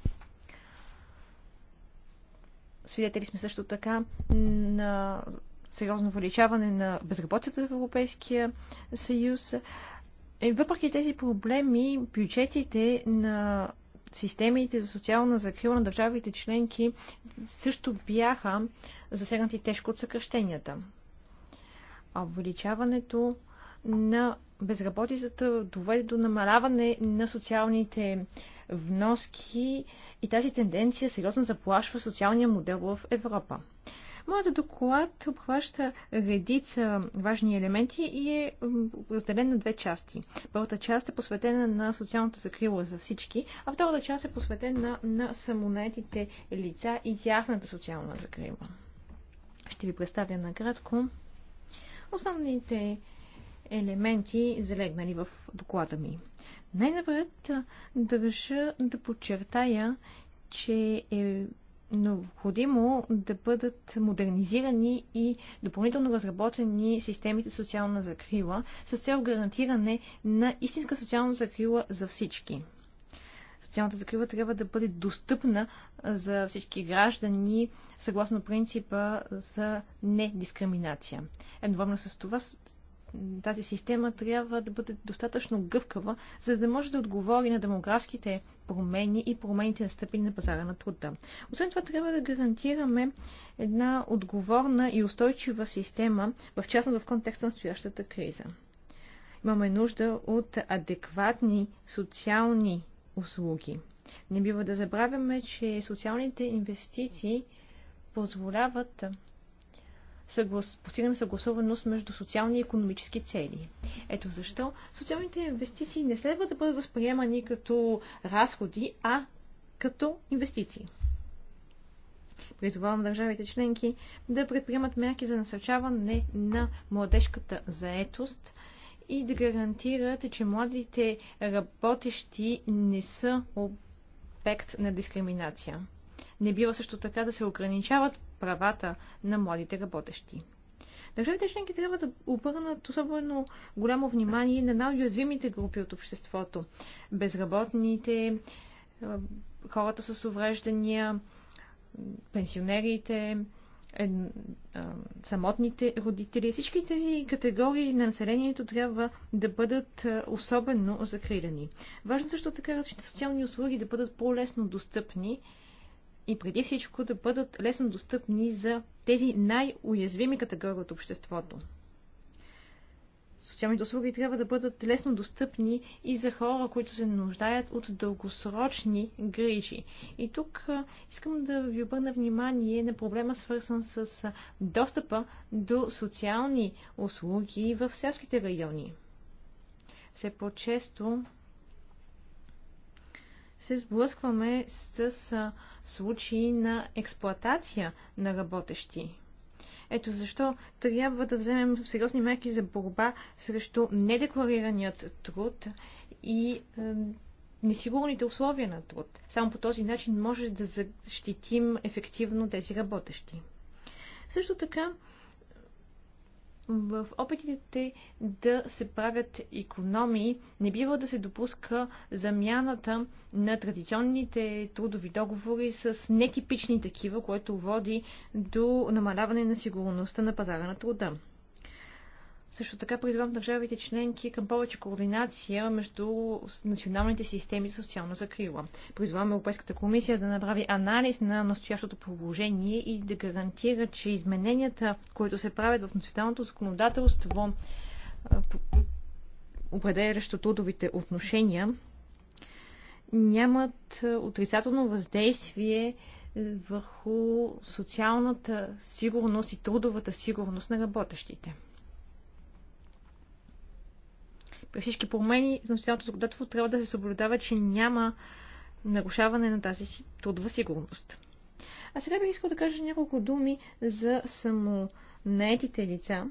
Свидетели сме също така на сериозно увеличаване на безработицата в Европейския съюз. И е, въпреки тези проблеми, бюджетите на системите за социална закрила на държавите членки също бяха засегнати тежко от съкръщенията. А увеличаването на безработицата доведе до намаляване на социалните вноски и тази тенденция сериозно заплашва социалния модел в Европа. Моят доклад обхваща редица важни елементи и е разделен на две части. Първата част е посветена на социалната закрила за всички, а втората част е посветена на самонетите лица и тяхната социална закрила. Ще ви представя накратко основните елементи, залегнали в доклада ми. Най-напред държа да подчертая, че е необходимо да бъдат модернизирани и допълнително разработени системите социална закрила с цел гарантиране на истинска социална закрила за всички. Социалната закрива трябва да бъде достъпна за всички граждани, съгласно принципа за недискриминация. Едновременно с това тази система трябва да бъде достатъчно гъвкава, за да може да отговори на демографските промени и промените настъпили на пазара на труда. Освен това, трябва да гарантираме една отговорна и устойчива система, в частност в контекста на стоящата криза. Имаме нужда от адекватни социални услуги. Не бива да забравяме, че социалните инвестиции позволяват съглас... постигнем съгласуваност между социални и економически цели. Ето защо социалните инвестиции не следва да бъдат възприемани като разходи, а като инвестиции. Призовавам държавите членки да предприемат мерки за насърчаване на младежката заетост и да гарантират, че младите работещи не са обект на дискриминация. Не бива също така да се ограничават правата на младите работещи. Държавите членки трябва да обърнат особено голямо внимание на най-уязвимите групи от обществото. Безработните, хората с увреждания, пенсионерите, самотните родители. Всички тези категории на населението трябва да бъдат особено закрилени. Важно също така различните социални услуги да бъдат по-лесно достъпни и преди всичко да бъдат лесно достъпни за тези най-уязвими категории от обществото. Социалните услуги трябва да бъдат лесно достъпни и за хора, които се нуждаят от дългосрочни грижи. И тук искам да ви обърна внимание на проблема, свързан с достъпа до социални услуги в селските райони. Все по-често се сблъскваме с случаи на експлоатация на работещи. Ето защо трябва да вземем сериозни мерки за борба срещу недекларираният труд и несигурните условия на труд. Само по този начин може да защитим ефективно тези работещи. Също така в опитите да се правят економии не бива да се допуска замяната на традиционните трудови договори с нетипични такива, което води до намаляване на сигурността на пазара на труда. Също така призвам държавите членки към повече координация между националните системи за социална закрила. Призвам Европейската комисия да направи анализ на настоящото положение и да гарантира, че измененията, които се правят в националното законодателство, определящо трудовите отношения, нямат отрицателно въздействие върху социалната сигурност и трудовата сигурност на работещите при всички промени в националното законодателство трябва да се съблюдава, че няма нарушаване на тази трудова сигурност. А сега бих искал да кажа няколко думи за самонаетите лица.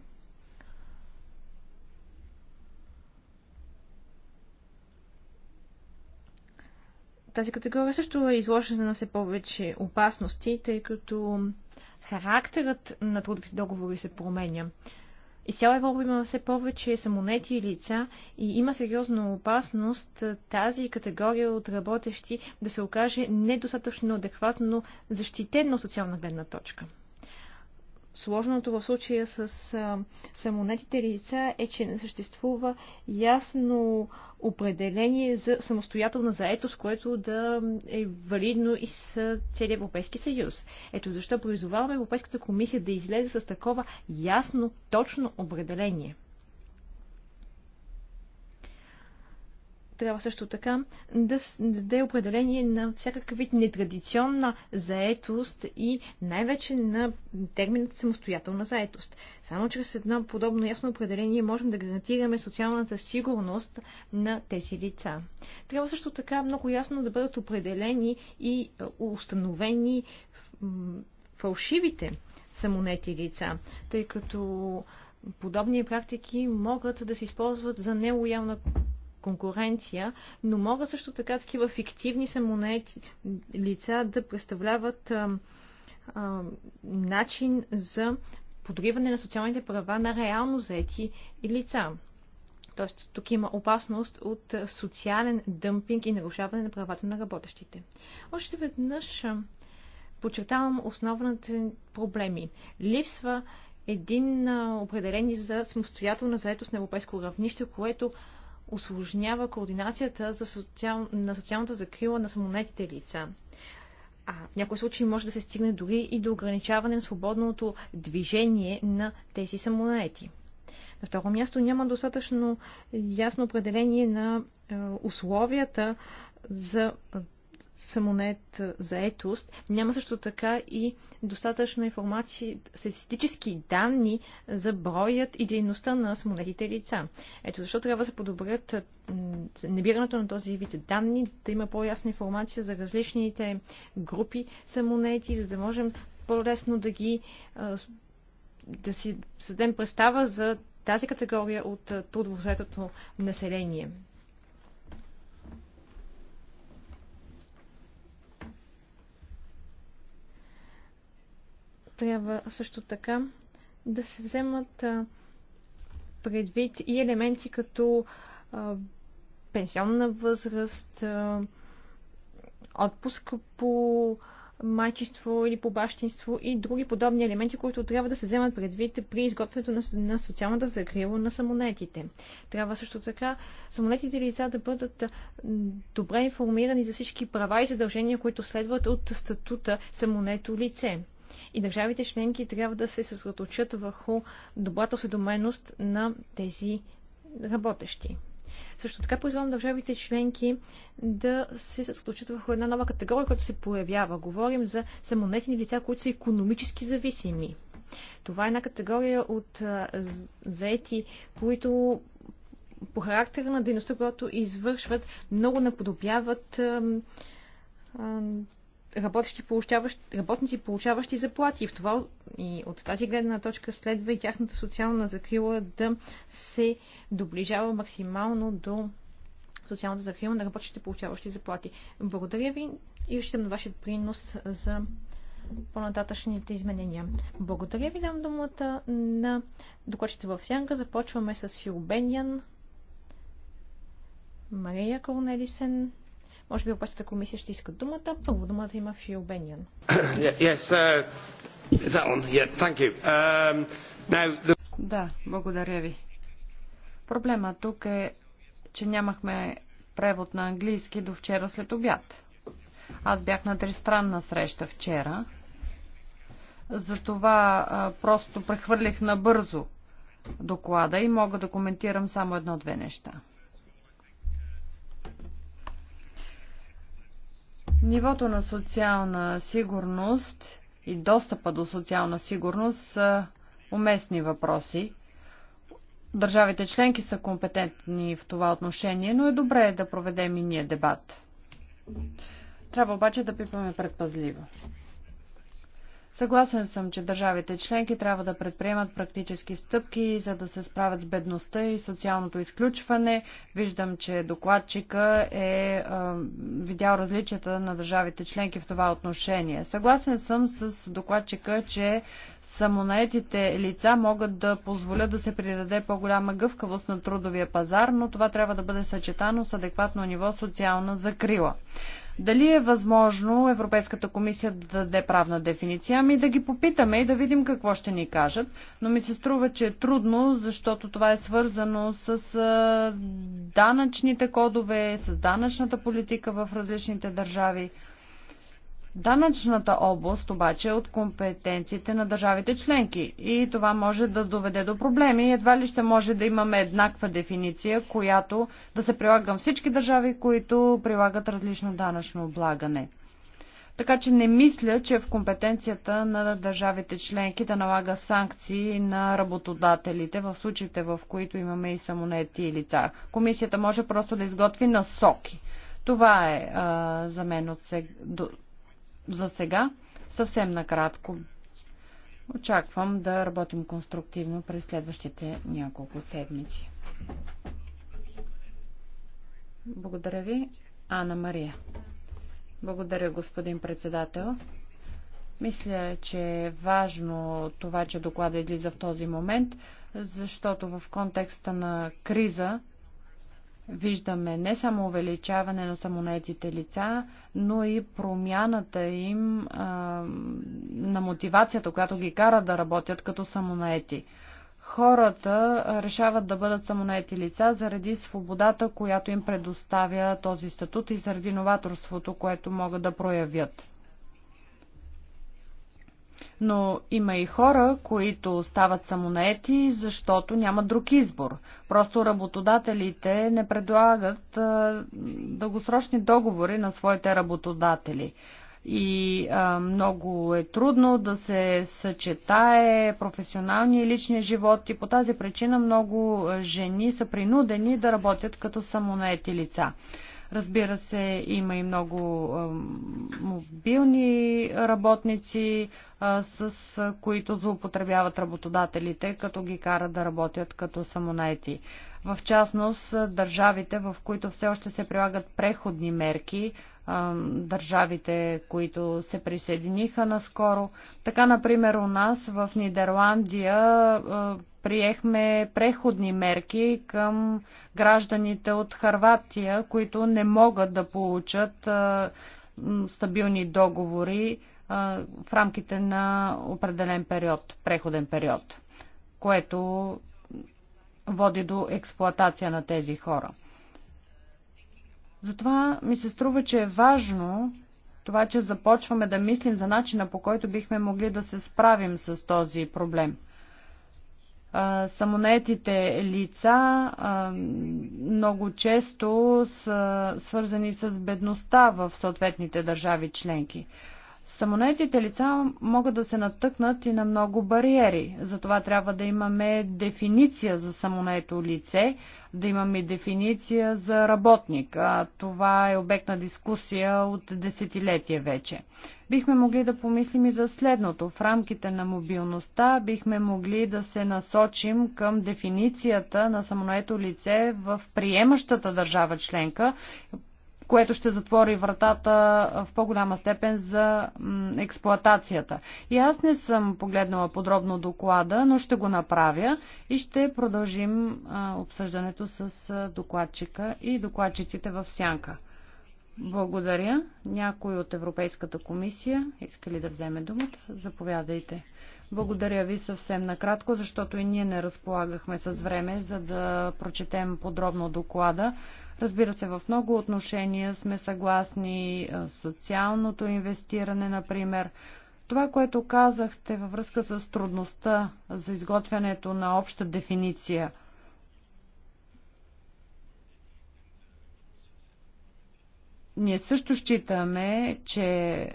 Тази категория също е изложена на все повече опасности, тъй като характерът на трудовите договори се променя. И цяла Европа има все повече самонети лица и има сериозна опасност тази категория от работещи да се окаже недостатъчно адекватно защитено социална гледна точка сложното в случая с а, самонетите лица е, че не съществува ясно определение за самостоятелна заетост, което да е валидно и с целия Европейски съюз. Ето защо призоваваме Европейската комисия да излезе с такова ясно, точно определение. трябва също така да даде определение на всякакъв вид нетрадиционна заетост и най-вече на терминът самостоятелна заетост. Само чрез едно подобно ясно определение можем да гарантираме социалната сигурност на тези лица. Трябва също така много ясно да бъдат определени и установени фалшивите самонети лица, тъй като подобни практики могат да се използват за нелоялна конкуренция, но могат също така такива фиктивни самонети лица да представляват а, а, начин за подриване на социалните права на реално заети лица. Тоест, тук има опасност от социален дъмпинг и нарушаване на правата на работещите. Още веднъж подчертавам основните проблеми. Липсва един определени за самостоятелна заетост на европейско равнище, което осложнява координацията за социал... на социалната закрила на самонетите лица. А в някои случаи може да се стигне дори и до ограничаване на свободното движение на тези самонети. На второ място няма достатъчно ясно определение на е, условията за самонет заетост. Няма също така и достатъчно информация, статистически данни за броят и дейността на самонетите лица. Ето защо трябва да се подобрят набирането на този вид данни, да има по-ясна информация за различните групи самонети, за да можем по-лесно да ги да си създадем представа за тази категория от трудово заетото население. Трябва също така да се вземат предвид и елементи като пенсионна възраст, отпуск по майчество или по бащинство и други подобни елементи, които трябва да се вземат предвид при изготвянето на, социалната закрила на самонетите. Трябва също така самонетите лица да бъдат добре информирани за всички права и задължения, които следват от статута самонето лице и държавите членки трябва да се съсредоточат върху добрата осведоменост на тези работещи. Също така призвам държавите членки да се съсредоточат върху една нова категория, която се появява. Говорим за самонетни лица, които са економически зависими. Това е една категория от заети, които по характера на дейността, която извършват, много наподобяват а, а, работещи, получаващи, работници, получаващи заплати. И, в това, и от тази гледна точка следва и тяхната социална закрила да се доближава максимално до социалната закрила на работещите, получаващи заплати. Благодаря ви и разчитам на вашия принос за по-нататъчните изменения. Благодаря ви, дам думата на докладчите в сянка. Започваме с Фил Мария Корнелисен, може би обаче комисия ще иска думата. Първо думата има Фил Бениан. Uh, um, да, благодаря ви. Проблема тук е, че нямахме превод на английски до вчера след обяд. Аз бях на тристранна среща вчера. Затова а, просто прехвърлих набързо доклада и мога да коментирам само едно-две неща. Нивото на социална сигурност и достъпа до социална сигурност са уместни въпроси. Държавите членки са компетентни в това отношение, но е добре да проведем и ние дебат. Трябва обаче да пипаме предпазливо. Съгласен съм, че държавите членки трябва да предприемат практически стъпки, за да се справят с бедността и социалното изключване. Виждам, че докладчика е, е видял различията на държавите членки в това отношение. Съгласен съм с докладчика, че самонаетите лица могат да позволят да се придаде по-голяма гъвкавост на трудовия пазар, но това трябва да бъде съчетано с адекватно ниво социална закрила. Дали е възможно Европейската комисия да даде правна дефиниция? Ами да ги попитаме и да видим какво ще ни кажат. Но ми се струва, че е трудно, защото това е свързано с данъчните кодове, с данъчната политика в различните държави. Данъчната област обаче е от компетенциите на държавите членки и това може да доведе до проблеми. Едва ли ще може да имаме еднаква дефиниция, която да се прилага към всички държави, които прилагат различно данъчно облагане. Така че не мисля, че в компетенцията на държавите членки да налага санкции на работодателите в случаите, в които имаме и самонети и лица. Комисията може просто да изготви насоки. Това е а, за мен от сега, за сега съвсем накратко. Очаквам да работим конструктивно през следващите няколко седмици. Благодаря ви, Ана Мария. Благодаря, господин председател. Мисля, че е важно това, че доклада излиза в този момент, защото в контекста на криза виждаме не само увеличаване на самонетите лица, но и промяната им а, на мотивацията, която ги кара да работят като самонаети. Хората решават да бъдат самонаети лица заради свободата, която им предоставя този статут и заради новаторството, което могат да проявят но има и хора, които стават самонаети, защото няма друг избор. Просто работодателите не предлагат а, дългосрочни договори на своите работодатели. И а, много е трудно да се съчетае професионалния и личния живот и по тази причина много жени са принудени да работят като самонаети лица. Разбира се, има и много мобилни работници, с които злоупотребяват работодателите, като ги карат да работят като самонайти. В частност, държавите, в които все още се прилагат преходни мерки, държавите, които се присъединиха наскоро. Така, например, у нас в Нидерландия приехме преходни мерки към гражданите от Харватия, които не могат да получат стабилни договори в рамките на определен период, преходен период, което води до експлоатация на тези хора. Затова ми се струва, че е важно това, че започваме да мислим за начина по който бихме могли да се справим с този проблем – Самонетите лица много често са свързани с бедността в съответните държави членки. Самонетите лица могат да се натъкнат и на много бариери. Затова трябва да имаме дефиниция за самонето лице, да имаме дефиниция за работник. А това е обект на дискусия от десетилетие вече. Бихме могли да помислим и за следното. В рамките на мобилността бихме могли да се насочим към дефиницията на самонето лице в приемащата държава членка, което ще затвори вратата в по-голяма степен за експлоатацията. И аз не съм погледнала подробно доклада, но ще го направя и ще продължим обсъждането с докладчика и докладчиците в сянка. Благодаря. Някой от Европейската комисия иска ли да вземе думата? Заповядайте. Благодаря ви съвсем накратко, защото и ние не разполагахме с време, за да прочетем подробно доклада. Разбира се, в много отношения сме съгласни социалното инвестиране, например. Това, което казахте във връзка с трудността за изготвянето на обща дефиниция – ние също считаме, че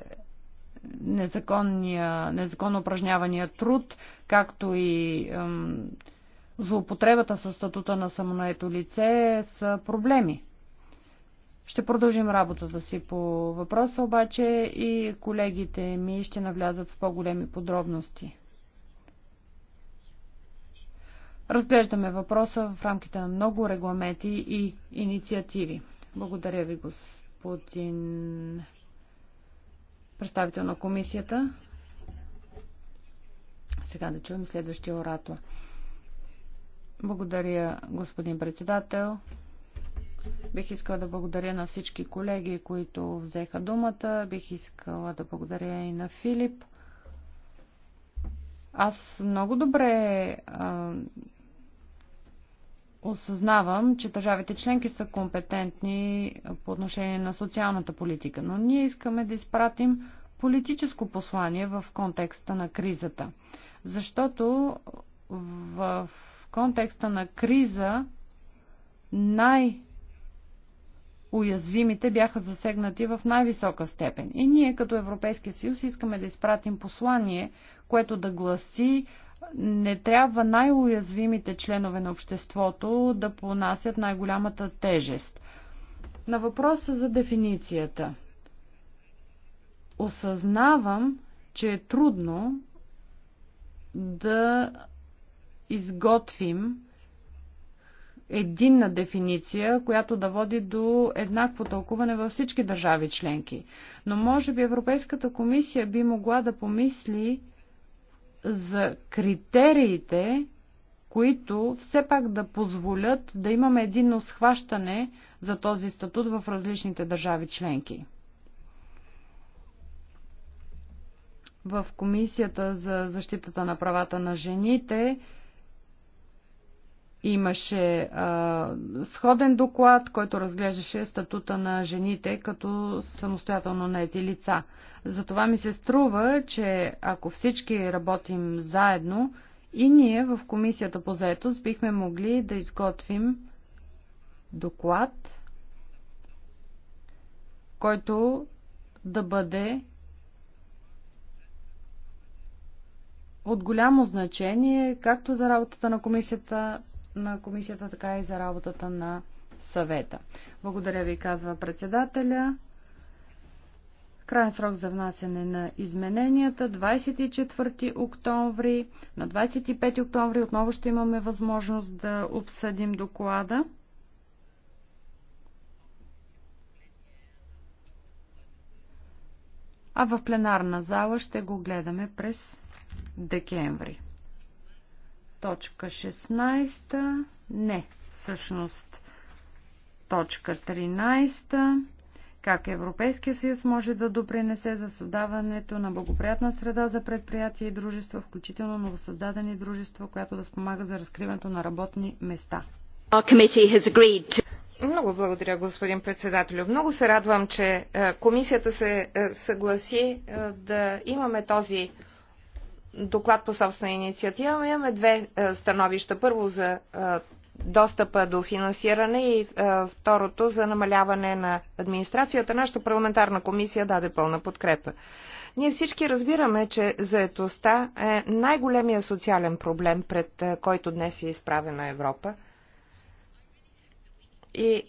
незаконно упражнявания труд, както и ем, злоупотребата с статута на самонаето лице са проблеми. Ще продължим работата си по въпроса, обаче и колегите ми ще навлязат в по-големи подробности. Разглеждаме въпроса в рамките на много регламенти и инициативи. Благодаря ви, господин представител на комисията. Сега да чуем следващия оратор. Благодаря, господин председател. Бих искала да благодаря на всички колеги, които взеха думата. Бих искала да благодаря и на Филип. Аз много добре а, осъзнавам, че държавите членки са компетентни по отношение на социалната политика, но ние искаме да изпратим политическо послание в контекста на кризата. Защото в контекста на криза най- уязвимите бяха засегнати в най-висока степен. И ние като Европейския съюз искаме да изпратим послание, което да гласи не трябва най-уязвимите членове на обществото да понасят най-голямата тежест. На въпроса за дефиницията. Осъзнавам, че е трудно да изготвим единна дефиниция, която да води до еднакво тълкуване във всички държави членки. Но може би Европейската комисия би могла да помисли за критериите, които все пак да позволят да имаме единно схващане за този статут в различните държави членки. В Комисията за защитата на правата на жените Имаше а, сходен доклад, който разглеждаше статута на жените като самостоятелно наети лица. Затова ми се струва, че ако всички работим заедно, и ние в Комисията по заетост бихме могли да изготвим доклад, който да бъде от голямо значение както за работата на комисията, на комисията, така и за работата на съвета. Благодаря ви, казва председателя. Крайен срок за внасяне на измененията 24 октомври. На 25 октомври отново ще имаме възможност да обсъдим доклада. А в пленарна зала ще го гледаме през декември. Точка 16. Не, всъщност. Точка 13. Как Европейския съюз може да допринесе за създаването на благоприятна среда за предприятия и дружества, включително новосъздадени дружества, която да спомага за разкриването на работни места. Много благодаря, господин председателю. Много се радвам, че е, комисията се е, съгласи е, да имаме този доклад по собствена инициатива имаме две е, становища. Първо за е, достъпа до финансиране и е, второто за намаляване на администрацията. Нашата парламентарна комисия даде пълна подкрепа. Ние всички разбираме, че заетостта е най-големия социален проблем, пред който днес е изправена Европа. И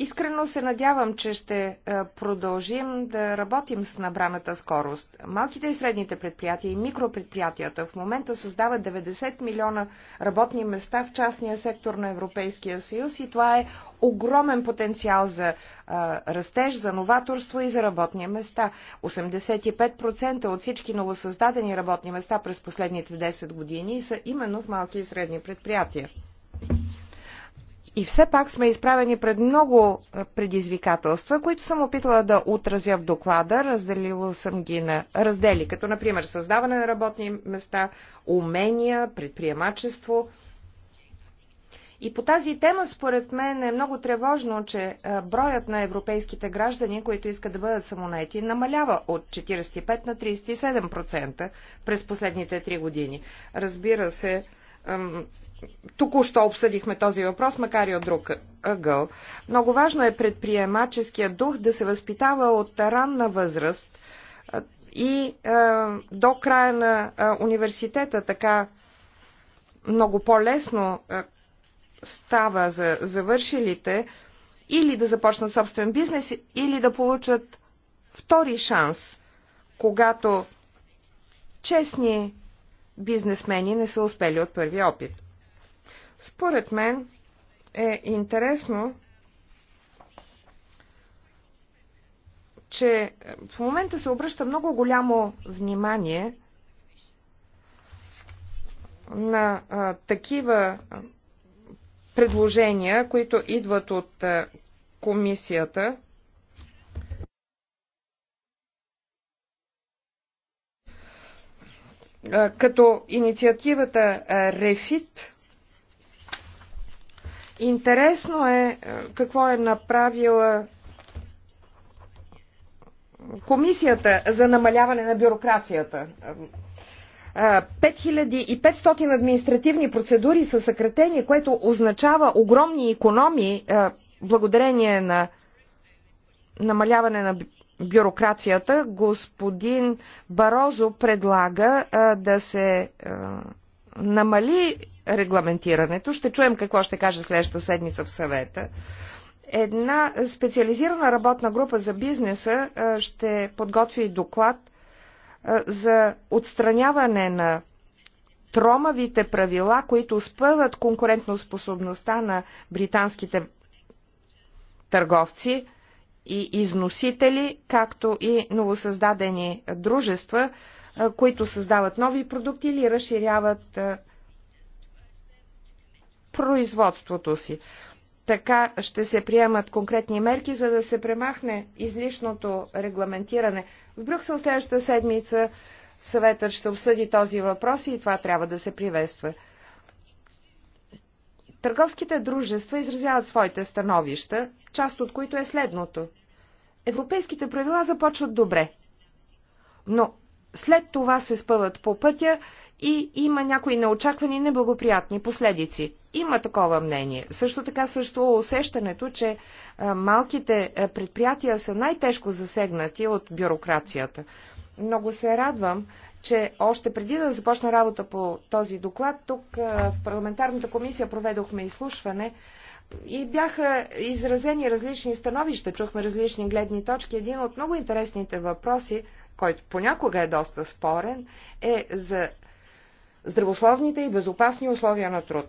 Искрено се надявам, че ще е, продължим да работим с набраната скорост. Малките и средните предприятия и микропредприятията в момента създават 90 милиона работни места в частния сектор на Европейския съюз и това е огромен потенциал за а, е, растеж, за новаторство и за работни места. 85% от всички новосъздадени работни места през последните 10 години са именно в малки и средни предприятия. И все пак сме изправени пред много е, предизвикателства, които съм опитала да отразя в доклада, разделила съм ги на раздели, като например създаване на работни места, умения, предприемачество. И по тази тема, според мен, е много тревожно, че е, броят на европейските граждани, които искат да бъдат самонаети, намалява от 45 на 37% през последните 3 години. Разбира се, Току-що обсъдихме този въпрос, макар и от друг ъгъл. Много важно е предприемаческия дух да се възпитава от ранна възраст и е, до края на е, университета така много по-лесно е, става за завършилите или да започнат собствен бизнес, или да получат втори шанс, когато честни бизнесмени не са успели от първи опит. Според мен е интересно, че в момента се обръща много голямо внимание на а, такива предложения, които идват от а, комисията. като инициативата Рефит Интересно е, е какво е направила комисията за намаляване на бюрокрацията. 5500 е, административни процедури са съкратени, което означава огромни економии е, благодарение на намаляване на бюрокрацията. Господин Барозо предлага да се намали регламентирането. Ще чуем какво ще каже следващата седмица в съвета. Една специализирана работна група за бизнеса ще подготви доклад за отстраняване на тромавите правила, които спъват конкурентоспособността на британските търговци и износители, както и новосъздадени дружества, които създават нови продукти или разширяват производството си. Така ще се приемат конкретни мерки, за да се премахне излишното регламентиране. В Брюксел следващата седмица съветът ще обсъди този въпрос и това трябва да се приветства. Търговските дружества изразяват своите становища, част от които е следното. Европейските правила започват добре, но след това се спъват по пътя и има някои неочаквани неблагоприятни последици. Има такова мнение. Също така също усещането, че е, малките е, предприятия са най-тежко засегнати от бюрокрацията. Много се радвам, че още преди да започна работа по този доклад, тук е, в парламентарната комисия проведохме изслушване и бяха изразени различни становища, чухме различни гледни точки. Един от много интересните въпроси, който понякога е доста спорен, е за здравословните и безопасни условия на труд.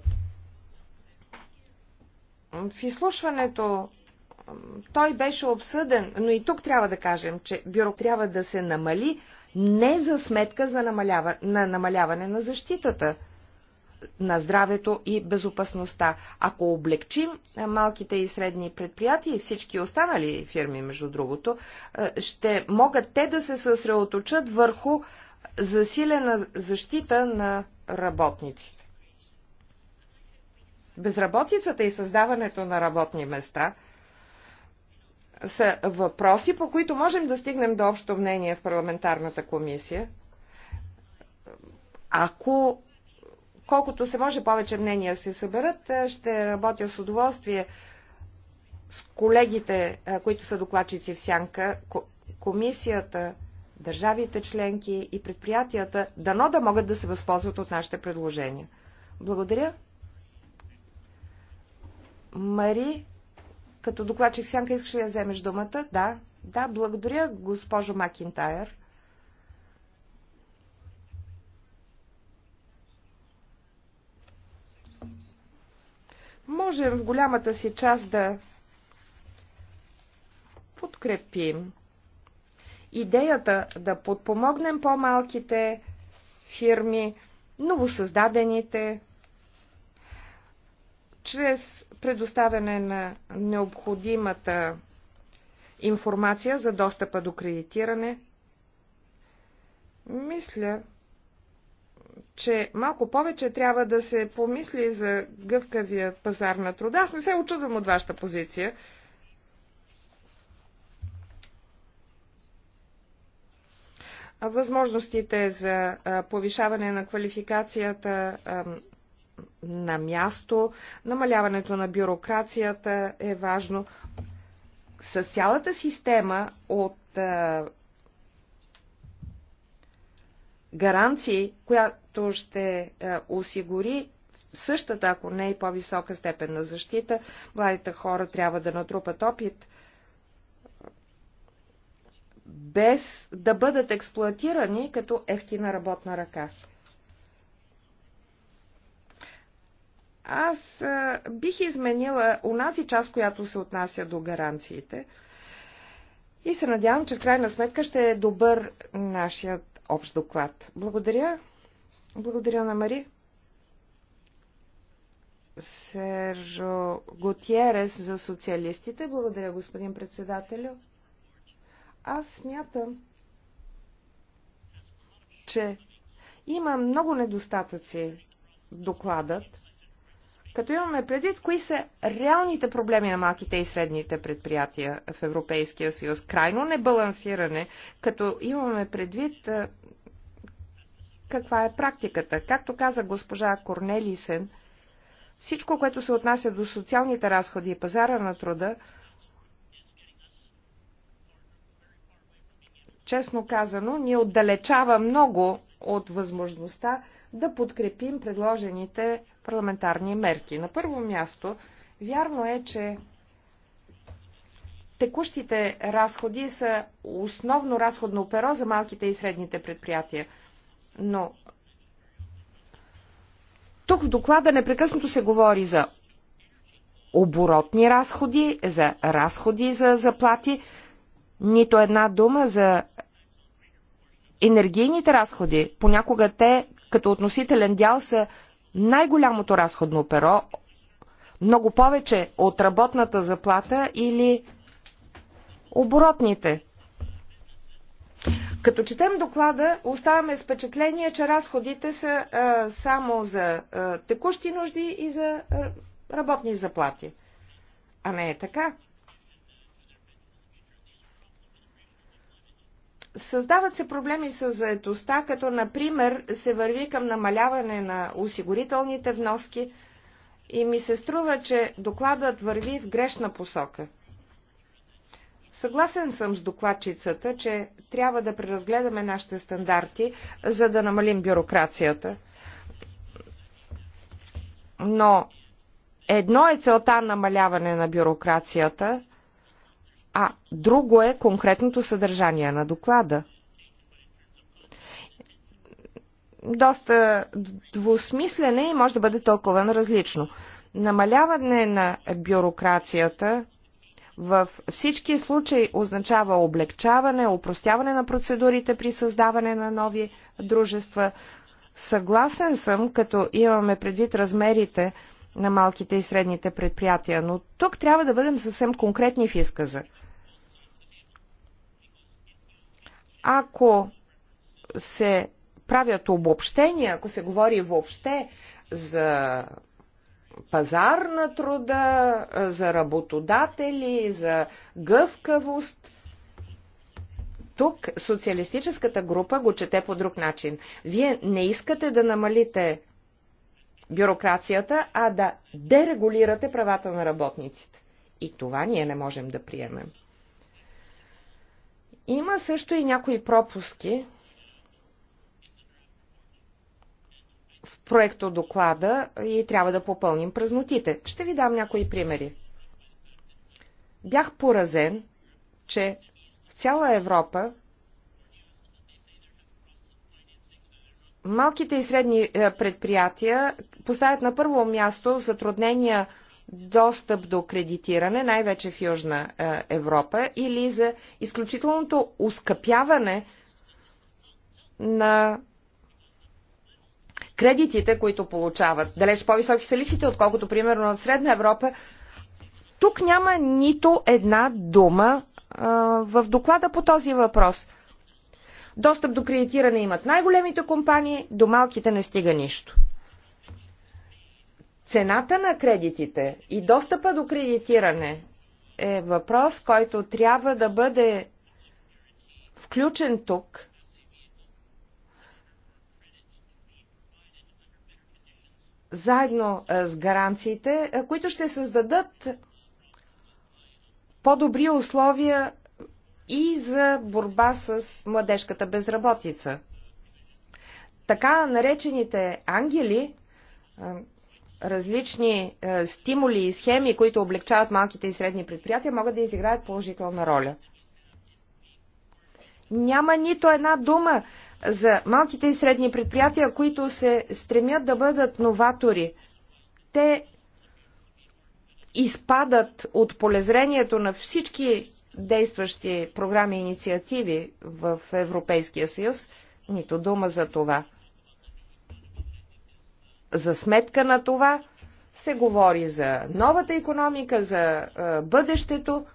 В изслушването той беше обсъден, но и тук трябва да кажем, че бюро трябва да се намали не за сметка за намалява, на намаляване на защитата на здравето и безопасността. Ако облегчим малките и средни предприятия и всички останали фирми, между другото, ще могат те да се съсредоточат върху засилена защита на работниците. Безработицата и създаването на работни места са въпроси, по които можем да стигнем до общо мнение в парламентарната комисия, ако колкото се може повече мнения се съберат, е, ще работя с удоволствие с колегите, е, които са докладчици в Сянка, комисията, държавите членки и предприятията, дано да могат да се възползват от нашите предложения. Благодаря. Мари, като докладчик Сянка, искаш ли да вземеш думата? Да, да, благодаря, госпожо Макинтайр. Можем в голямата си част да подкрепим идеята да подпомогнем по-малките фирми, новосъздадените, чрез предоставяне на необходимата информация за достъпа до кредитиране. Мисля, че малко повече трябва да се помисли за гъвкавия пазар на труда. Аз не се очудвам от вашата позиция, възможностите за повишаване на квалификацията на място, намаляването на бюрокрацията е важно. С цялата система от гаранции, която ще осигури същата, ако не и по-висока степен на защита, младите хора трябва да натрупат опит – без да бъдат експлуатирани като ефтина работна ръка. Аз а, бих изменила унази част, която се отнася до гаранциите. И се надявам, че в крайна сметка ще е добър нашият общ доклад. Благодаря. Благодаря на Мари. Сержо Готиерес за социалистите. Благодаря, господин председателю. Аз смятам, че има много недостатъци в докладът, като имаме предвид кои са реалните проблеми на малките и средните предприятия в Европейския съюз. Крайно небалансиране, като имаме предвид каква е практиката. Както каза госпожа Корнелисен, всичко, което се отнася до социалните разходи и пазара на труда, честно казано, ни отдалечава много от възможността да подкрепим предложените парламентарни мерки. На първо място, вярно е, че текущите разходи са основно разходно перо за малките и средните предприятия. Но тук в доклада непрекъснато се говори за оборотни разходи, за разходи за заплати, нито една дума за енергийните разходи. Понякога те, като относителен дял, са най-голямото разходно перо, много повече от работната заплата или оборотните. Като четем доклада, оставаме с впечатление, че разходите са а, само за а, текущи нужди и за а, работни заплати. А не е така. Създават се проблеми с заетостта, като например се върви към намаляване на осигурителните вноски и ми се струва, че докладът върви в грешна посока. Съгласен съм с докладчицата, че трябва да преразгледаме нашите стандарти, за да намалим бюрокрацията. Но едно е целта намаляване на бюрокрацията, а друго е конкретното съдържание на доклада. Доста двусмислене и може да бъде тълкован различно. Намаляване на бюрокрацията в всички случаи означава облегчаване, упростяване на процедурите при създаване на нови дружества. Съгласен съм, като имаме предвид размерите на малките и средните предприятия, но тук трябва да бъдем съвсем конкретни в изказа. Ако се правят обобщения, ако се говори въобще за пазар на труда, за работодатели, за гъвкавост, тук социалистическата група го чете по друг начин. Вие не искате да намалите бюрокрацията, а да дерегулирате правата на работниците. И това ние не можем да приемем. Има също и някои пропуски в проекто доклада и трябва да попълним празнотите. Ще ви дам някои примери. Бях поразен, че в цяла Европа малките и средни е, предприятия поставят на първо място затруднения достъп до кредитиране, най-вече в Южна е, Европа, или за изключителното ускъпяване на кредитите, които получават. Далеч по-високи са лихвите, отколкото примерно в Средна Европа. Тук няма нито една дума а, е, в доклада по този въпрос. Достъп до кредитиране имат най-големите компании, до малките не стига нищо. Цената на кредитите и достъпа до кредитиране е въпрос, който трябва да бъде включен тук, заедно е, с гаранциите, е, които ще създадат по-добри условия и за борба с младежката безработица. Така наречените ангели е, различни е, стимули и схеми, които облегчават малките и средни предприятия, могат да изиграят положителна роля. Няма нито една дума за малките и средни предприятия, които се стремят да бъдат новатори. Те изпадат от полезрението на всички действащи програми и инициативи в Европейския съюз, нито дума за това за сметка на това се говори за новата економика, за бъдещето.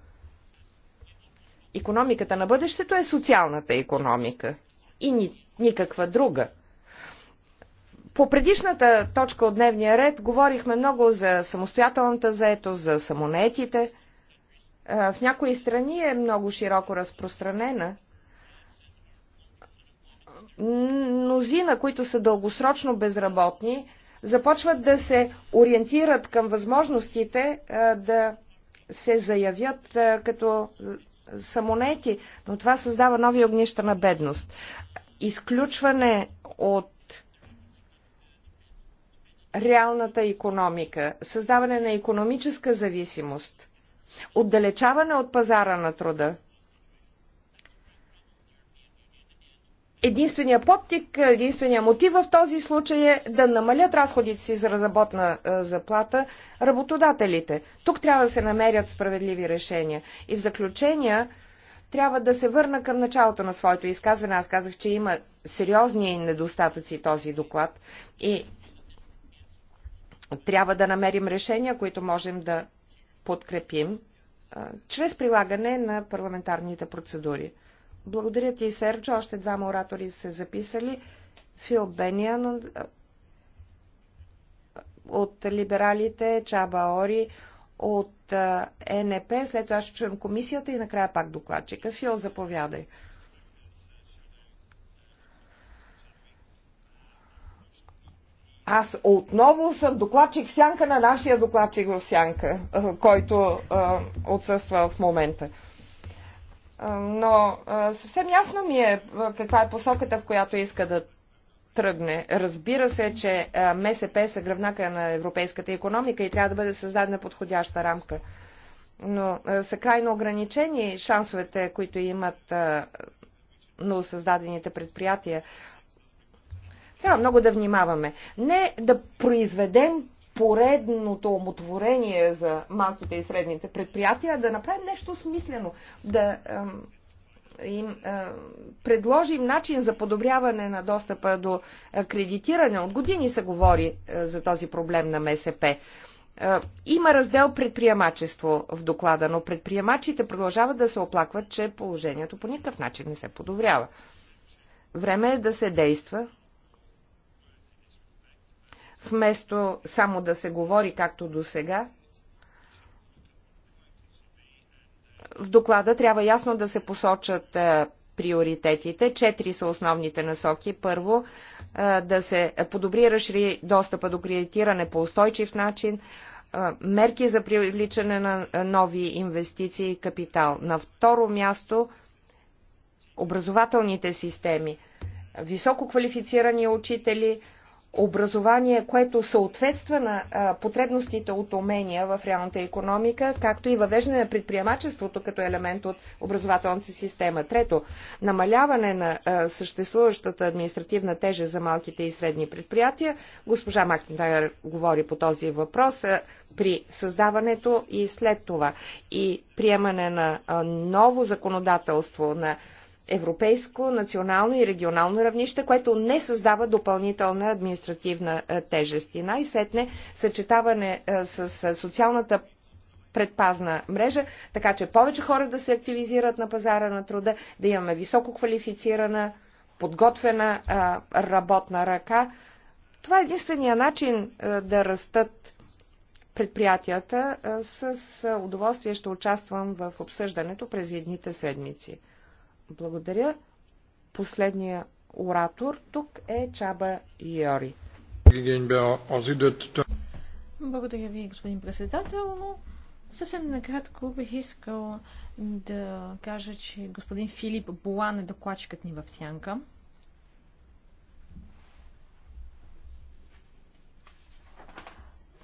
Економиката на бъдещето е социалната економика и ни, никаква друга. По предишната точка от дневния ред говорихме много за самостоятелната заетост, за самонетите. В някои страни е много широко разпространена. Мнозина, които са дългосрочно безработни, започват да се ориентират към възможностите е, да се заявят е, като самонети, но това създава нови огнища на бедност. Изключване от реалната економика, създаване на економическа зависимост, отдалечаване от пазара на труда – единствения подтик, единствения мотив в този случай е да намалят разходите си за разработна е, заплата работодателите. Тук трябва да се намерят справедливи решения. И в заключение трябва да се върна към началото на своето изказване. Аз казах, че има сериозни недостатъци този доклад и трябва да намерим решения, които можем да подкрепим е, чрез прилагане на парламентарните процедури. Благодаря ти, Серджо. Още двама оратори се записали. Фил Бениан от либералите, Чаба Ори от ЕНП. След това ще чуем комисията и накрая пак докладчика. Фил, заповядай. Аз отново съм докладчик в сянка на нашия докладчик в сянка, който отсъства в момента но съвсем ясно ми е каква е посоката, в която иска да тръгне. Разбира се, че МСП са гръбнака на европейската економика и трябва да бъде създадена подходяща рамка. Но са крайно ограничени шансовете, които имат новосъздадените предприятия. Трябва много да внимаваме. Не да произведем поредното омотворение за малките и средните предприятия, да направим нещо смислено, да им предложим начин за подобряване на достъпа до кредитиране. От години се говори за този проблем на МСП. Има раздел предприемачество в доклада, но предприемачите продължават да се оплакват, че положението по никакъв начин не се подобрява. Време е да се действа вместо само да се говори както до сега. В доклада трябва ясно да се посочат е, приоритетите. Четири са основните насоки. Първо, е, да се подобри и разшири достъпа до кредитиране по устойчив начин, е, мерки за привличане на нови инвестиции и капитал. На второ място, образователните системи. Високо квалифицирани учители – образование, което съответства на потребностите от умения в реалната економика, както и въвеждане на предприемачеството като елемент от образователната система. Трето, намаляване на съществуващата административна тежест за малките и средни предприятия. Госпожа Макентайр говори по този въпрос при създаването и след това и приемане на ново законодателство на европейско, национално и регионално равнище, което не създава допълнителна административна е, тежест. И най-сетне съчетаване е, с е, социалната предпазна мрежа, така че повече хора да се активизират на пазара на труда, да имаме високо квалифицирана, подготвена работна ръка. Това е единствения начин да растат предприятията. С удоволствие ще участвам в обсъждането през едните седмици. Благодаря. Последния оратор тук е Чаба Йори. Благодаря ви, господин председател. Съвсем накратко бих искал да кажа, че господин Филип Болан е докладчикът ни в Сянка.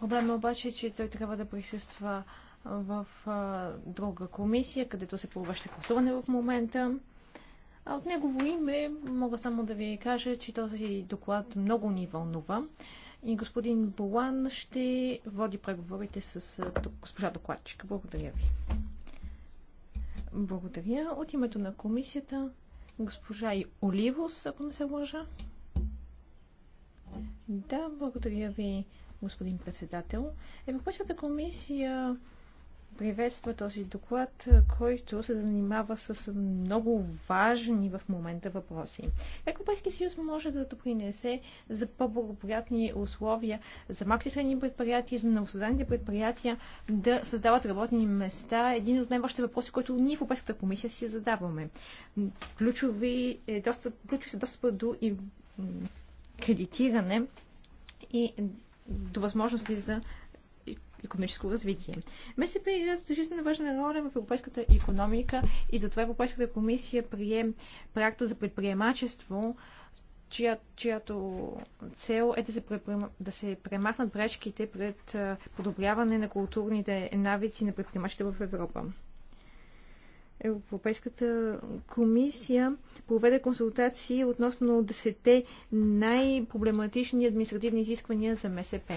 Проблемът е обаче е, че той трябва да присъства в а, друга комисия, където се провежда гласуване в момента. А от негово име мога само да ви кажа, че този доклад много ни вълнува и господин Болан ще води преговорите с госпожа докладчика. Благодаря ви. Благодаря. От името на комисията госпожа и Оливос, ако не се лъжа. Да, благодаря ви, господин председател. Европейската комисия приветства този доклад, който се занимава с много важни в момента въпроси. Как Европейския съюз може да допринесе за по-благоприятни условия за малки средни предприятия, за новосъздадените предприятия да създават работни места? Един от най-важните въпроси, който ние в Европейската комисия си задаваме. Ключови, е, достъп, ключови са достъп до и, кредитиране и до възможности за економическо развитие. МСП играят жизненно важна роля в европейската економика и затова Европейската комисия прие проекта за предприемачество, чия, чиято цел е да се, да се премахнат пречките пред подобряване на културните навици на предприемачите в Европа. Европейската комисия проведе консултации относно 10 най-проблематични административни изисквания за МСП.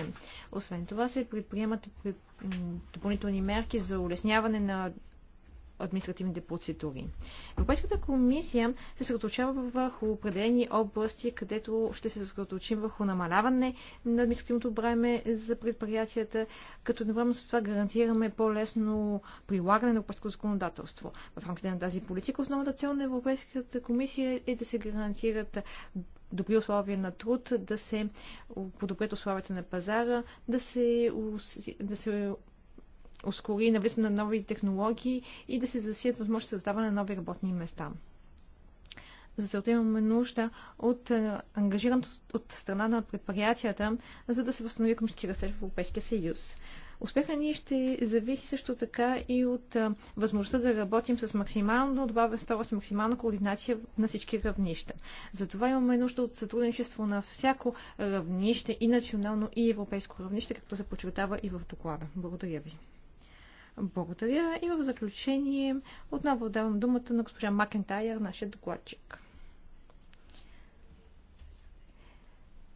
Освен това се предприемат допълнителни мерки за улесняване на административните процедури. Европейската комисия се съсредоточава върху определени области, където ще се съсредоточим върху намаляване на административното бреме за предприятията, като едновременно с това гарантираме по-лесно прилагане на европейското законодателство. В рамките на тази политика основната цел на Европейската комисия е да се гарантират добри условия на труд, да се подобрят условията на пазара, да се, да се ускори навлизане на нови технологии и да се засият възможност създаване на нови работни места. За целта имаме нужда от е, ангажираност от страна на предприятията, за да се възстанови економически растеж в Европейския съюз. Успеха ни ще зависи също така и от е, възможността да работим с максимално добавя стойност, максимална координация на всички равнища. Затова имаме нужда от сътрудничество на всяко равнище и национално и европейско равнище, както се подчертава и в доклада. Благодаря ви. Благодаря. И в заключение отново давам думата на госпожа Макентайер, нашия докладчик.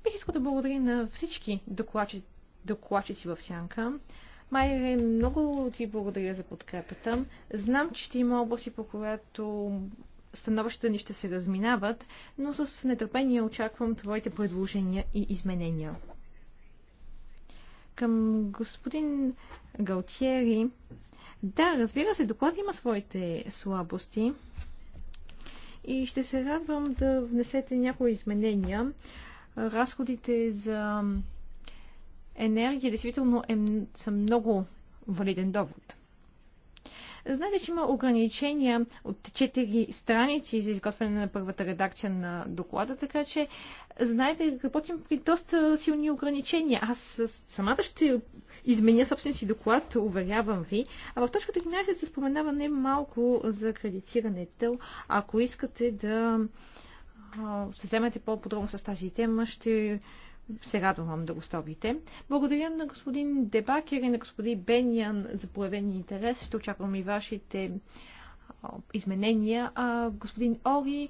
Бих искал да благодаря на всички докладчици, докладчици в Сянка. Майре, много ти благодаря за подкрепата. Знам, че ще има области, по която становищата ни ще се разминават, но с нетърпение очаквам твоите предложения и изменения. Към господин Галтиери. Да, разбира се, доклад има своите слабости. И ще се радвам да внесете някои изменения. Разходите за енергия действително е, са много валиден довод. Знаете, че има ограничения от 4 страници за изготвяне на първата редакция на доклада, така че знаете, работим при доста силни ограничения. Аз самата ще изменя собствен си доклад, уверявам ви. А в точка 13 се споменава не малко за кредитирането. Ако искате да се вземете по-подробно с тази тема, ще се радвам да го сторите. Благодаря на господин Дебакер и на господин Бениан за проявени интерес. Ще очаквам и вашите изменения. А, господин Ори,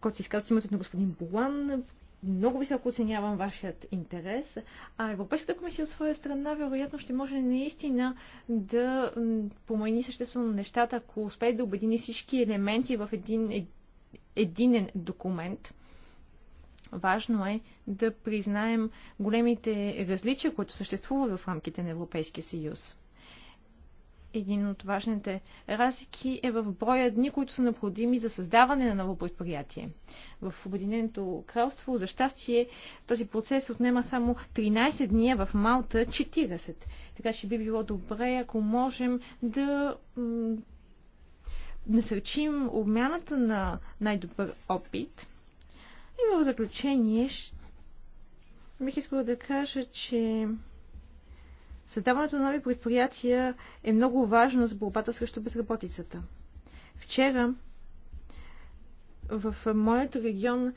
който се изказва името на господин Булан, много високо оценявам вашият интерес. А Европейската комисия от своя страна вероятно ще може наистина да промени съществено нещата, ако успее да обедини всички елементи в един е, единен документ. Важно е да признаем големите различия, които съществуват в рамките на Европейския съюз. Един от важните разлики е в броя дни, които са необходими за създаване на ново предприятие. В Обединеното кралство, за щастие, този процес отнема само 13 дни, а в Малта 40. Така че би било добре, ако можем да насърчим обмяната на най-добър опит и в заключение бих искала да кажа, че създаването на нови предприятия е много важно за борбата срещу безработицата. Вчера в моят регион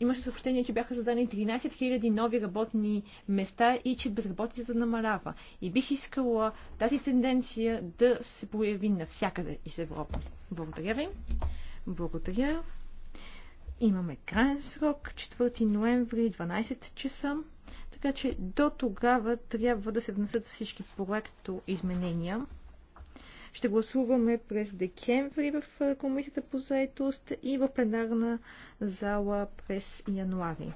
имаше съобщение, че бяха зададени 13 000 нови работни места и че безработицата намалява. И бих искала тази тенденция да се прояви навсякъде из Европа. Благодаря ви. Благодаря. Имаме крайен срок 4 ноември 12 часа, така че до тогава трябва да се внесат всички проекто изменения. Ще гласуваме през декември в Комисията по заетост и в пленарна зала през януари.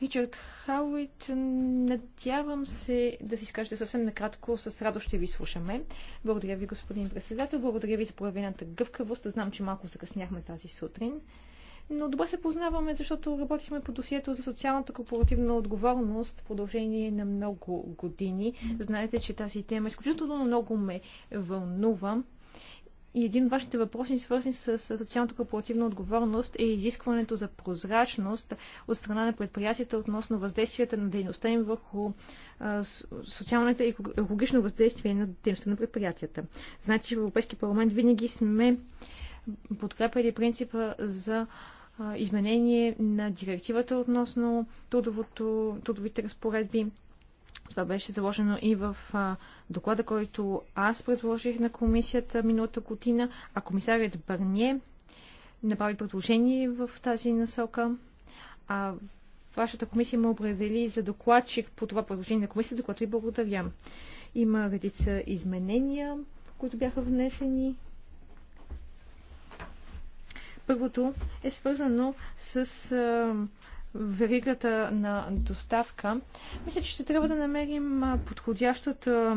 Ричард Хауит, надявам се да си изкажете съвсем накратко, с радост ще ви слушаме. Благодаря ви, господин председател, благодаря ви за проявената гъвкавост. Знам, че малко закъсняхме тази сутрин. Но добре се познаваме, защото работихме по досието за социалната корпоративна отговорност в продължение на много години. Знаете, че тази тема изключително много ме вълнува. И един от вашите въпроси, свързан с социалната корпоративна отговорност, е изискването за прозрачност от страна на предприятията относно въздействията на дейността им върху социалната и екологично въздействие на дейността на предприятията. Значи, в Европейския парламент винаги сме подкрепили принципа за изменение на директивата относно трудовото, трудовите разпоредби това беше заложено и в доклада, който аз предложих на комисията миналата година, а комисарят Бърние направи предложение в тази насока. А вашата комисия ме определи за докладчик по това предложение на комисията, за което ви благодаря. Има редица изменения, които бяха внесени. Първото е свързано с веригата на доставка, мисля, че ще трябва да намерим подходящата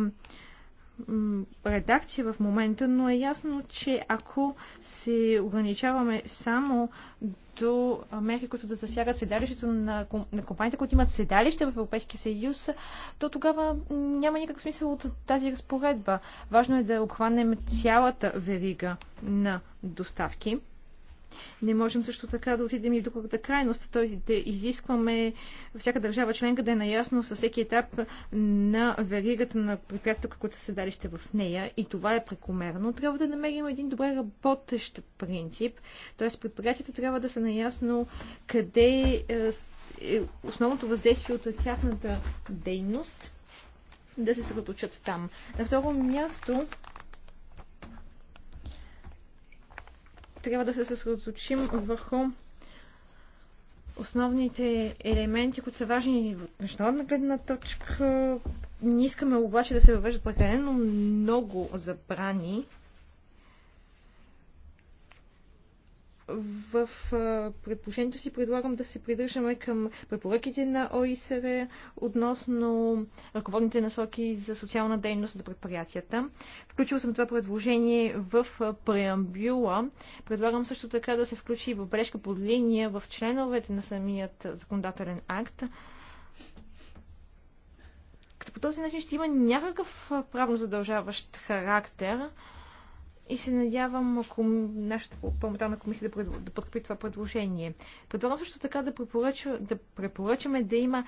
редакция в момента, но е ясно, че ако се ограничаваме само до мерки, които да засягат седалището на, на компаниите, които имат седалище в Европейския съюз, то тогава няма никакъв смисъл от тази разпоредба. Важно е да обхванем цялата верига на доставки. Не можем също така да отидем и в другата крайност, т.е. да изискваме всяка държава членка да е наясно със всеки етап на веригата на предприятията, които са седалище в нея. И това е прекомерно. Трябва да намерим един добре работещ принцип, т.е. предприятията трябва да са наясно къде е, е основното въздействие от тяхната дейност да се съсредоточат там. На второ място трябва да се съсредоточим върху основните елементи, които са важни от международна гледна точка. Не искаме обаче да се въвеждат прекалено много забрани, в предположението си предлагам да се придържаме към препоръките на ОИСР относно ръководните насоки за социална дейност за предприятията. Включил съм това предложение в преамбюла. Предлагам също така да се включи в бележка под линия в членовете на самият законодателен акт. Като по този начин ще има някакъв правно задължаващ характер, и се надявам ако нашата парламентарна комисия да, предл... да подкрепи това предложение. Предлагам също така да, препоръча... да препоръчаме да има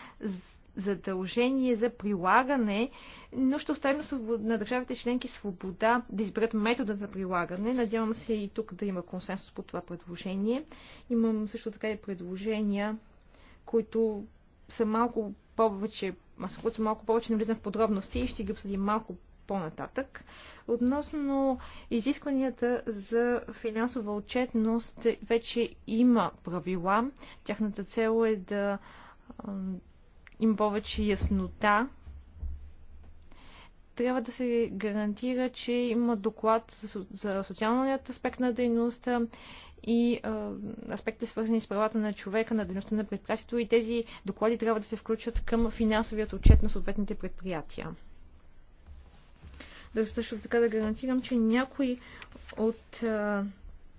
задължение за прилагане, но ще оставим на, своб... на държавите членки свобода да изберат метода за прилагане. Надявам се и тук да има консенсус по това предложение. Имам също така и предложения, които са малко повече, аз са малко повече влизам в подробности и ще ги обсъдим малко по-нататък. Относно изискванията за финансова отчетност, вече има правила. Тяхната цел е да им повече яснота. Трябва да се гарантира, че има доклад за, социалният аспект на дейността и а, аспекти свързани с правата на човека, на дейността на предприятието и тези доклади трябва да се включат към финансовият отчет на съответните предприятия да също така да гарантирам, че някои от а,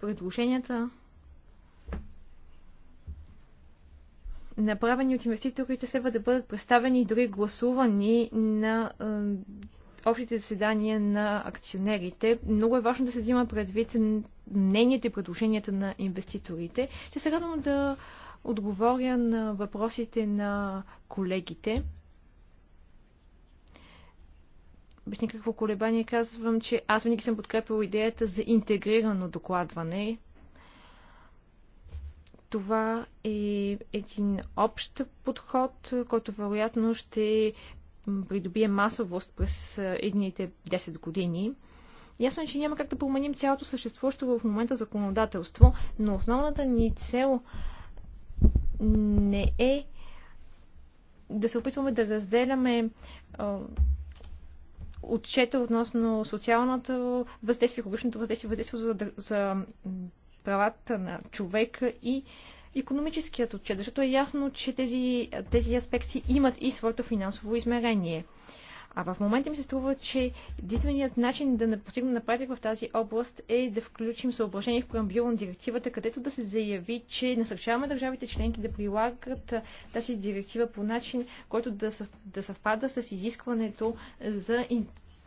предложенията, направени от инвеститорите, следва да бъдат представени и дори гласувани на а, общите заседания на акционерите. Много е важно да се взима предвид мнението и предложенията на инвеститорите. Ще се радвам да отговоря на въпросите на колегите без никакво колебание казвам, че аз винаги съм подкрепила идеята за интегрирано докладване. Това е един общ подход, който вероятно ще придобие масовост през едните 10 години. Ясно е, че няма как да променим цялото съществуващо в момента законодателство, но основната ни цел не е да се опитваме да разделяме отчета относно социалното въздействие, екологичното въздействие, въздействие за, за правата на човека и економическият отчет, защото е ясно, че тези, тези аспекти имат и своето финансово измерение. А в момента ми се струва, че единственият начин да не постигнем напредък в тази област е да включим съображение в преамбюла на директивата, където да се заяви, че насърчаваме държавите членки да прилагат тази директива по начин, който да, да съвпада с изискването за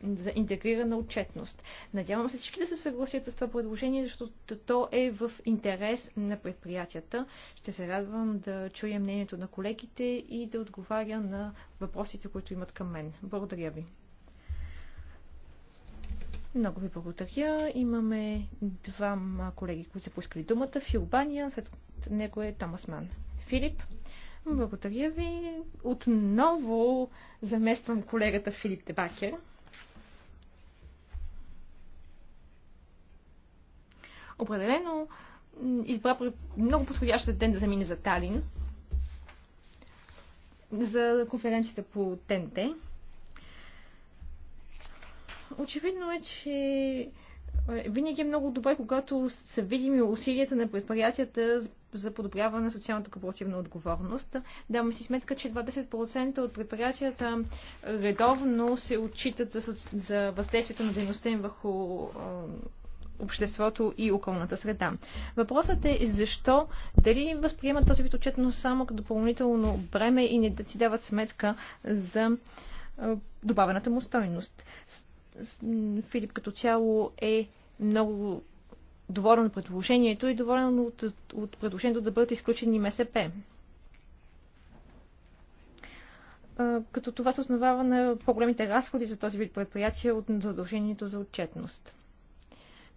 за интегрирана отчетност. Надявам се всички да се съгласят с това предложение, защото то е в интерес на предприятията. Ще се радвам да чуя мнението на колегите и да отговаря на въпросите, които имат към мен. Благодаря ви. Много ви благодаря. Имаме двама колеги, които са поискали думата. Бания, след него е Томас Ман. Филип, благодаря ви. Отново замествам колегата Филип Дебакер. Определено избра много подходящ ден да замине за Талин за конференцията по ТНТ. Очевидно е, че е, винаги е много добре, когато са видими усилията на предприятията за подобряване на социалната корпоративна отговорност. Даваме си сметка, че 20% от предприятията редовно се отчитат за, за въздействието на дейността им върху обществото и околната среда. Въпросът е защо, дали възприемат този вид отчетност само като допълнително бреме и не да си дават сметка за добавената му стойност. Филип като цяло е много доволен от предложението и доволен от, от предложението да бъдат изключени МСП. Като това се основава на по-големите разходи за този вид предприятия от задължението за отчетност.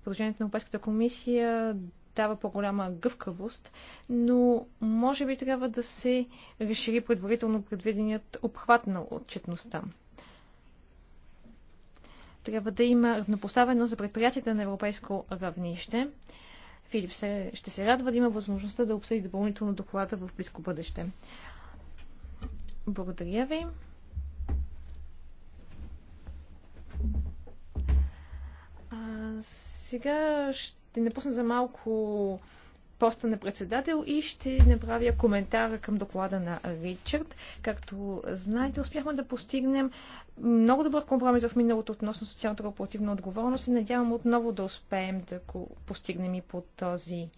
Предложението на Европейската комисия дава по-голяма гъвкавост, но може би трябва да се разшири предварително предвиденият обхват на отчетността. Трябва да има равнопоставено за предприятията на европейско равнище. Филип се, ще се радва да има възможността да обсъди допълнително доклада в близко бъдеще. Благодаря ви. А, сега ще напусна за малко поста на председател и ще направя коментар към доклада на Ричард. Както знаете, успяхме да постигнем много добър компромис в миналото относно социалната корпоративна отговорност и надявам отново да успеем да го постигнем и по този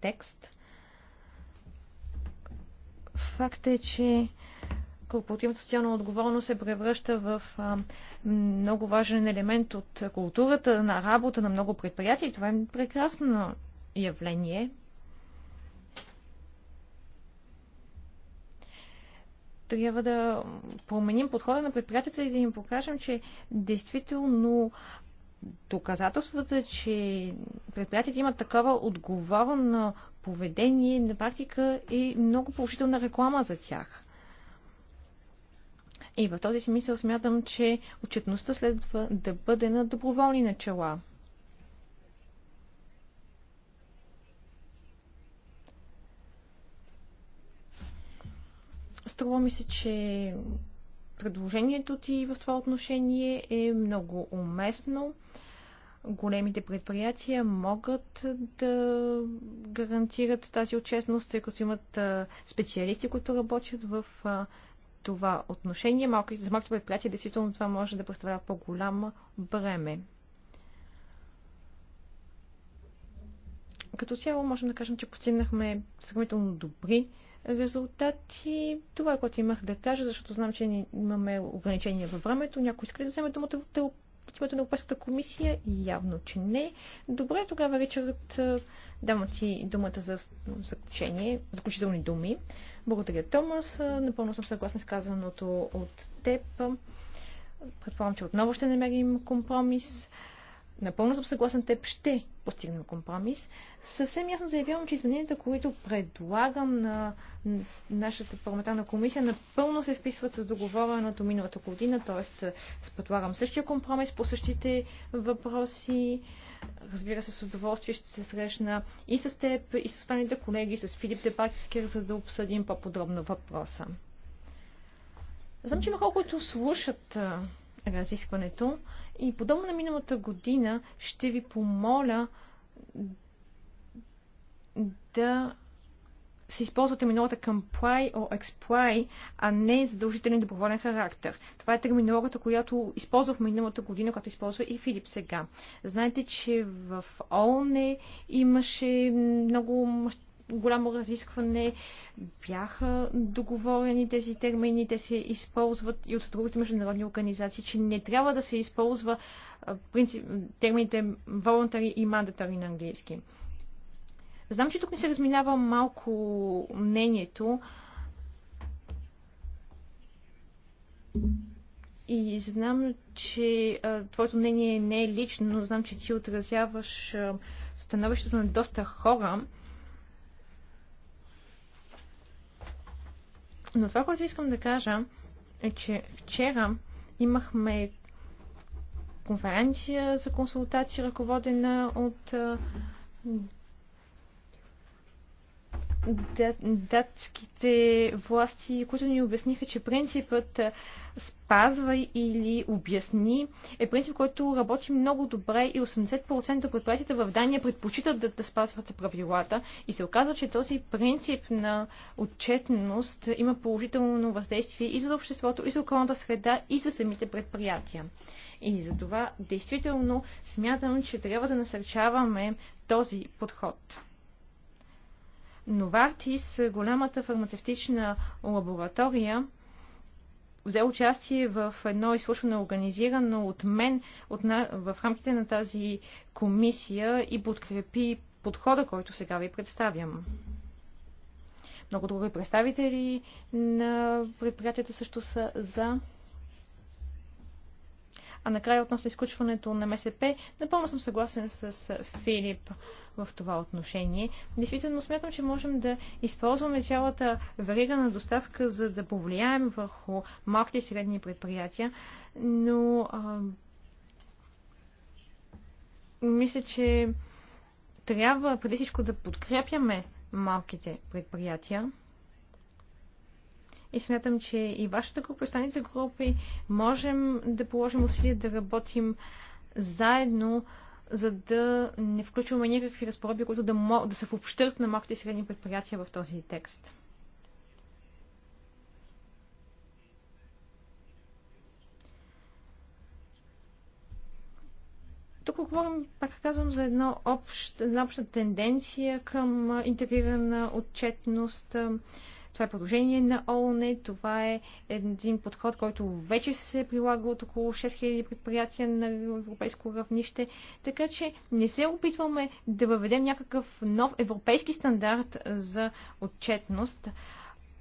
текст. Факт е, че корпоративната социална отговорност се превръща в а, много важен елемент от културата на работа на много предприятия и това е прекрасно явление. Трябва да променим подхода на предприятията и да им покажем, че действително доказателствата, че предприятията имат такова отговорно поведение на практика и е много положителна реклама за тях. И в този смисъл смятам, че отчетността следва да бъде на доброволни начала. Струва ми се, че предложението ти в това отношение е много уместно. Големите предприятия могат да гарантират тази отчетност, тъй като имат специалисти, които работят в това отношение. Малко, за малките предприятия действително това може да представлява по-голямо бреме. Като цяло можем да кажем, че постигнахме сравнително добри резултати. Това е което имах да кажа, защото знам, че имаме ограничения във времето. Някой иска да вземе думата, да от името на Европейската комисия? Явно, че не. Добре, тогава Ричард, давам ти думата за заключение, заключителни думи. Благодаря, Томас. Напълно съм съгласен с казаното от теб. Предполагам, че отново ще намерим компромис напълно съм съгласен, теб ще постигнем компромис. Съвсем ясно заявявам, че измененията, които предлагам на нашата парламентарна комисия, напълно се вписват с договореното миналата година, т.е. предлагам същия компромис по същите въпроси. Разбира се, с удоволствие ще се срещна и с теб, и с останалите колеги, с Филип Дебакер, за да обсъдим по-подробно въпроса. Знам, че има колкото които слушат е, разискването и подобно на миналата година ще ви помоля да се използва терминологията comply or exply, а не задължителен доброволен характер. Това е терминологията, която използвах миналата година, която използва и Филип сега. Знаете, че в ООН имаше много голямо разискване. Бяха договорени тези термини, те се използват и от другите международни организации, че не трябва да се използва принцип, термините voluntary и mandatory на английски. Знам, че тук ми се разминава малко мнението. И знам, че а, твоето мнение не е лично, но знам, че ти отразяваш а, становището на доста хора. Но това, което искам да кажа, е, че вчера имахме конференция за консултация, ръководена от датските власти, които ни обясниха, че принципът спазва или обясни е принцип, който работи много добре и 80% от предприятията в Дания предпочитат да, да спазват правилата и се оказва, че този принцип на отчетност има положително въздействие и за обществото, и за околната среда, и за самите предприятия. И за това действително смятам, че трябва да насърчаваме този подход. Новартис, голямата фармацевтична лаборатория, взе участие в едно изслушване, организирано от мен от на, в рамките на тази комисия и подкрепи подхода, който сега ви представям. Много други представители на предприятията също са за. А накрая относно изключването на МСП, напълно съм съгласен с Филип в това отношение. Действително смятам, че можем да използваме цялата верига на доставка, за да повлияем върху малките и средни предприятия, но а, мисля, че трябва преди всичко да подкрепяме малките предприятия и смятам, че и вашата група, и останалите групи можем да положим усилия да работим заедно, за да не включваме никакви разпоръби, които да, мог, да са в общърк на малките и средни предприятия в този текст. тук говорим, пак казвам, за една обща, една обща тенденция към интегрирана отчетност, това е продължение на ООН, това е един подход, който вече се прилага от около 6000 предприятия на европейско равнище, така че не се опитваме да въведем някакъв нов европейски стандарт за отчетност.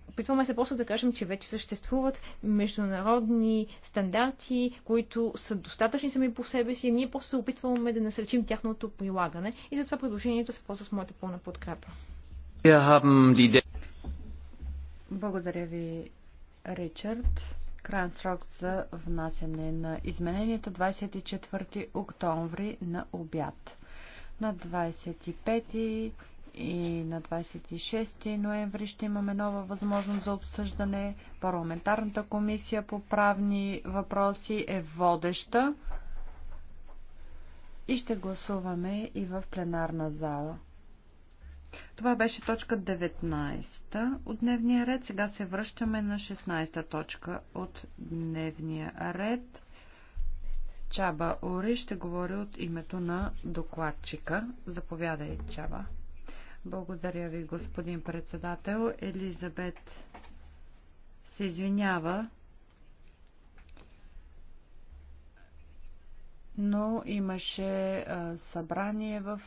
Опитваме се просто да кажем, че вече съществуват международни стандарти, които са достатъчни сами по себе си. Ние просто се опитваме да насърчим тяхното прилагане и затова предложението се ползва с моята пълна подкрепа. Благодаря ви, Ричард. Крайен срок за внасяне на измененията 24 октомври на обяд. На 25 и на 26 ноември ще имаме нова възможност за обсъждане. Парламентарната комисия по правни въпроси е водеща и ще гласуваме и в пленарна зала. Това беше точка 19 от дневния ред. Сега се връщаме на 16-та точка от дневния ред. Чаба Ори ще говори от името на докладчика. Заповядай, Чаба. Благодаря ви, господин председател. Елизабет се извинява, но имаше събрание в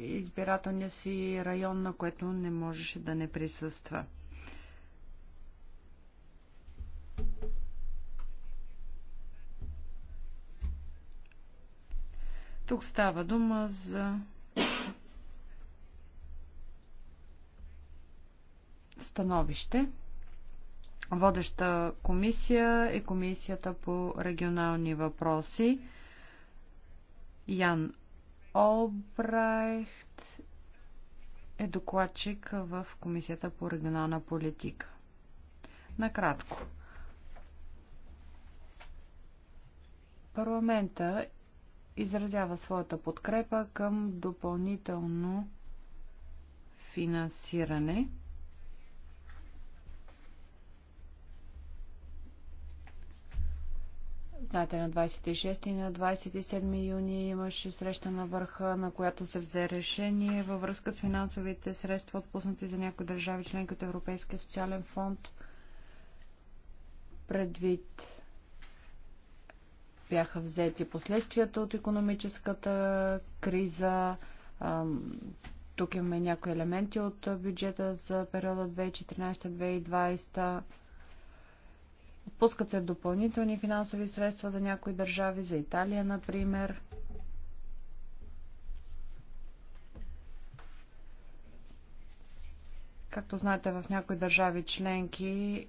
избирателния си район, на което не можеше да не присъства. Тук става дума за становище. Водеща комисия е комисията по регионални въпроси. Ян Олбрайхт е докладчик в Комисията по регионална политика. Накратко. Парламента изразява своята подкрепа към допълнително финансиране – Знаете, на 26 и на 27 юни имаше среща на върха, на която се взе решение във връзка с финансовите средства, отпуснати за някои държави, членки от Европейския социален фонд, предвид бяха взети последствията от економическата криза. Тук имаме някои елементи от бюджета за периода 2014-2020 Пускат се допълнителни финансови средства за някои държави, за Италия, например. Както знаете, в някои държави членки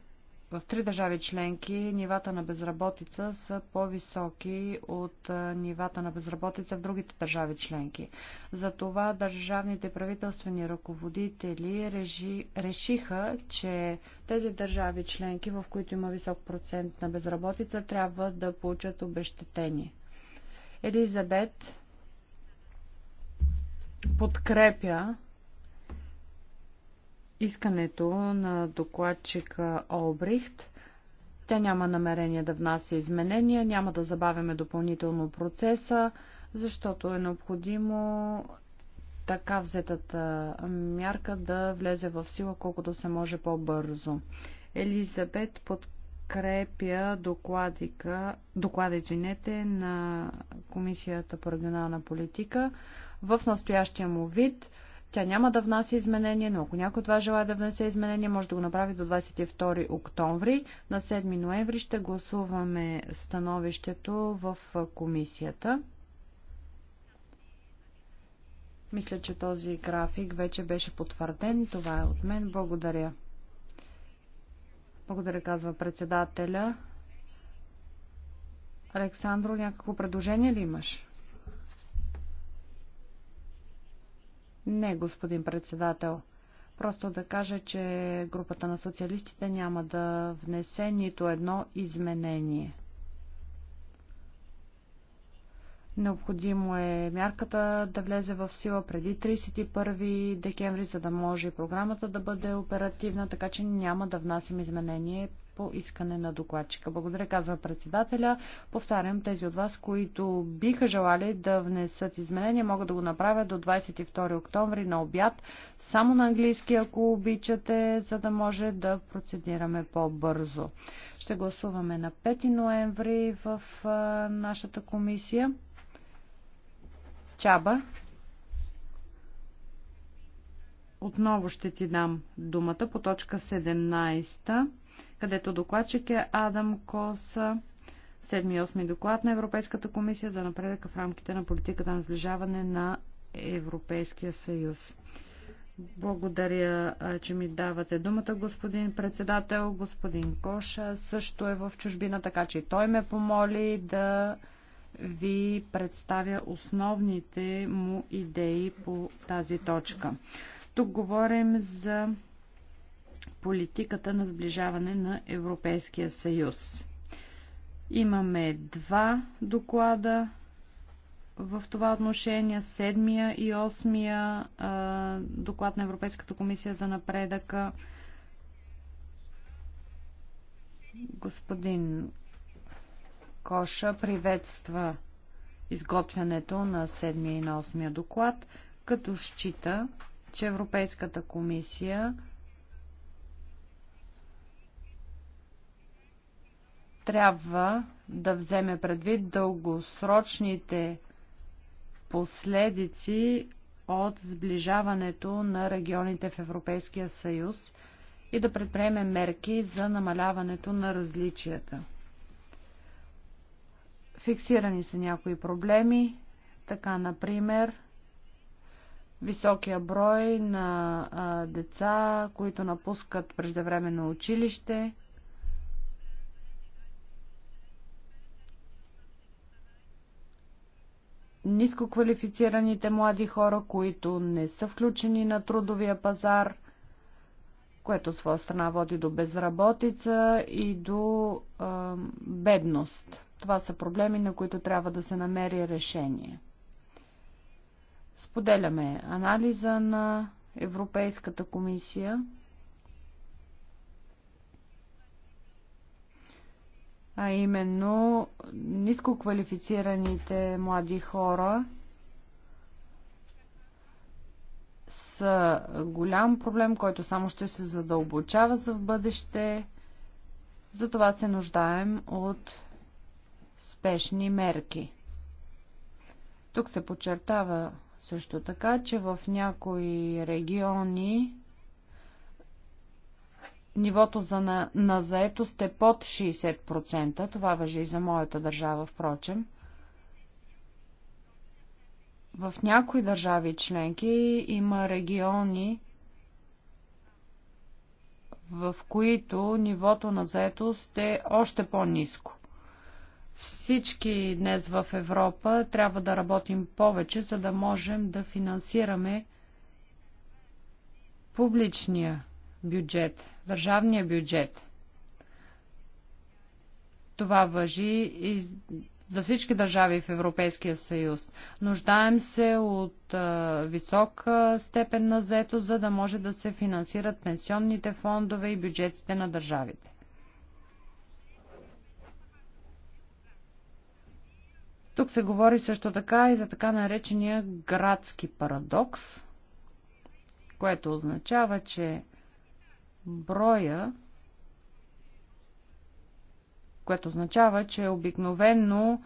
в три държави членки нивата на безработица са по-високи от нивата на безработица в другите държави членки. Затова държавните правителствени ръководители реши, решиха, че тези държави членки, в които има висок процент на безработица, трябва да получат обещетение. Елизабет подкрепя искането на докладчика Олбрихт. Тя няма намерение да внася изменения, няма да забавяме допълнително процеса, защото е необходимо така взетата мярка да влезе в сила колкото се може по-бързо. Елизабет подкрепя докладика, доклада извинете, на Комисията по регионална политика в настоящия му вид – тя няма да внася изменения, но ако някой от вас желая да внесе изменения, може да го направи до 22 октомври. На 7 ноември ще гласуваме становището в комисията. Мисля, че този график вече беше потвърден. Това е от мен. Благодаря. Благодаря, казва председателя. Александро, някакво предложение ли имаш? Не, господин председател. Просто да кажа, че групата на социалистите няма да внесе нито едно изменение. Необходимо е мярката да влезе в сила преди 31 декември, за да може програмата да бъде оперативна, така че няма да внасим изменение по искане на докладчика. Благодаря, казва председателя. Повтарям, тези от вас, които биха желали да внесат изменения, могат да го направят до 22 октомври на обяд, само на английски, ако обичате, за да може да процедираме по-бързо. Ще гласуваме на 5 ноември в нашата комисия. Чаба, отново ще ти дам думата по точка 17 където докладчик е Адам Коса. 7-8 доклад на Европейската комисия за напредъка в рамките на политиката на сближаване на Европейския съюз. Благодаря, че ми давате думата, господин председател. Господин Коша също е в чужбина, така че той ме помоли да ви представя основните му идеи по тази точка. Тук говорим за политиката на сближаване на Европейския съюз. Имаме два доклада в това отношение, седмия и осмия доклад на Европейската комисия за напредъка. Господин Коша приветства изготвянето на седмия и на осмия доклад, като счита, че Европейската комисия трябва да вземе предвид дългосрочните последици от сближаването на регионите в Европейския съюз и да предприеме мерки за намаляването на различията. Фиксирани са някои проблеми, така например високия брой на деца, които напускат преждевременно училище, ниско квалифицираните млади хора, които не са включени на трудовия пазар, което от своя страна води до безработица и до е, бедност. Това са проблеми, на които трябва да се намери решение. Споделяме анализа на Европейската комисия. а именно ниско квалифицираните млади хора са голям проблем, който само ще се задълбочава за в бъдеще. Затова се нуждаем от спешни мерки. Тук се подчертава също така, че в някои региони нивото за на, на заетост е под 60%. Това въжи и за моята държава, впрочем. В някои държави членки има региони, в които нивото на заетост е още по-низко. Всички днес в Европа трябва да работим повече, за да можем да финансираме публичния бюджет, държавния бюджет. Това въжи и за всички държави в Европейския съюз. Нуждаем се от а, висока степен на зето, за да може да се финансират пенсионните фондове и бюджетите на държавите. Тук се говори също така и за така наречения градски парадокс, което означава, че броя, което означава, че обикновенно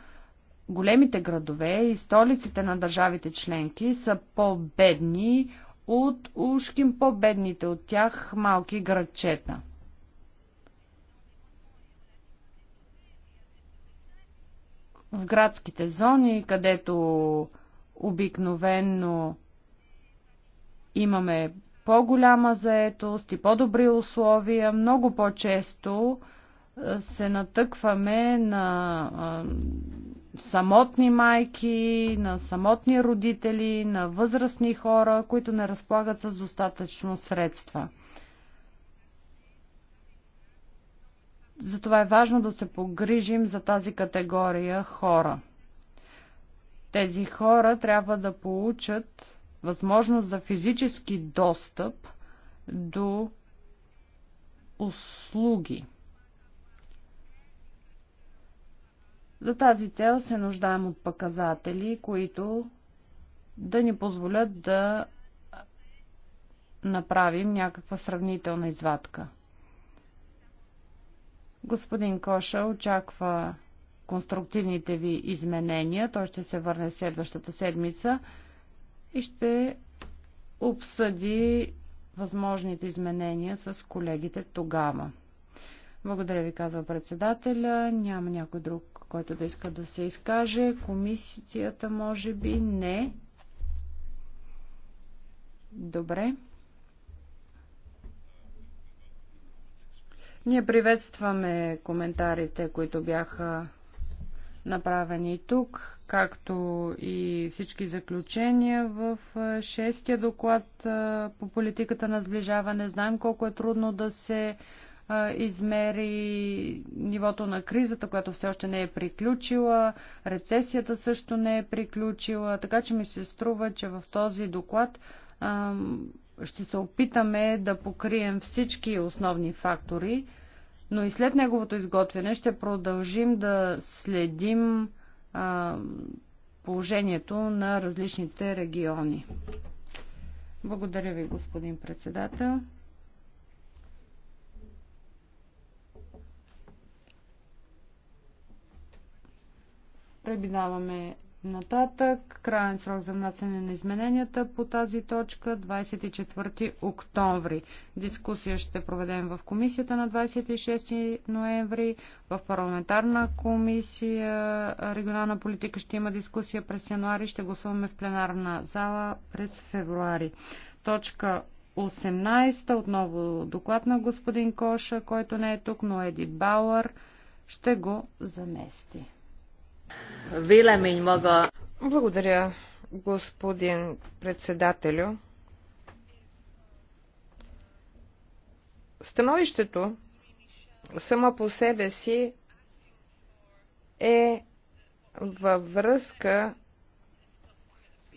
големите градове и столиците на държавите членки са по-бедни от ушким по-бедните от тях малки градчета. В градските зони, където обикновенно имаме по-голяма заетост и по-добри условия, много по-често се натъкваме на самотни майки, на самотни родители, на възрастни хора, които не разполагат с достатъчно средства. Затова е важно да се погрижим за тази категория хора. Тези хора трябва да получат възможност за физически достъп до услуги. За тази цел се нуждаем от показатели, които да ни позволят да направим някаква сравнителна извадка. Господин Коша очаква конструктивните ви изменения. Той ще се върне следващата седмица и ще обсъди възможните изменения с колегите тогава. Благодаря ви, казва председателя. Няма някой друг, който да иска да се изкаже. Комисията, може би, не. Добре. Ние приветстваме коментарите, които бяха направени тук, както и всички заключения в шестия доклад по политиката на сближаване. Знаем колко е трудно да се измери нивото на кризата, която все още не е приключила, рецесията също не е приключила, така че ми се струва, че в този доклад ще се опитаме да покрием всички основни фактори, но и след неговото изготвяне ще продължим да следим а, положението на различните региони. Благодаря ви, господин председател. Пребинаваме Нататък, крайен срок за внасяне на измененията по тази точка 24 октомври. Дискусия ще проведем в комисията на 26 ноември. В парламентарна комисия регионална политика ще има дискусия през януари. Ще гласуваме в пленарна зала през февруари. Точка 18. Отново доклад на господин Коша, който не е тук, но Едит Бауър ще го замести. Вилемин мога. Благодаря, господин председателю. Становището само по себе си е във връзка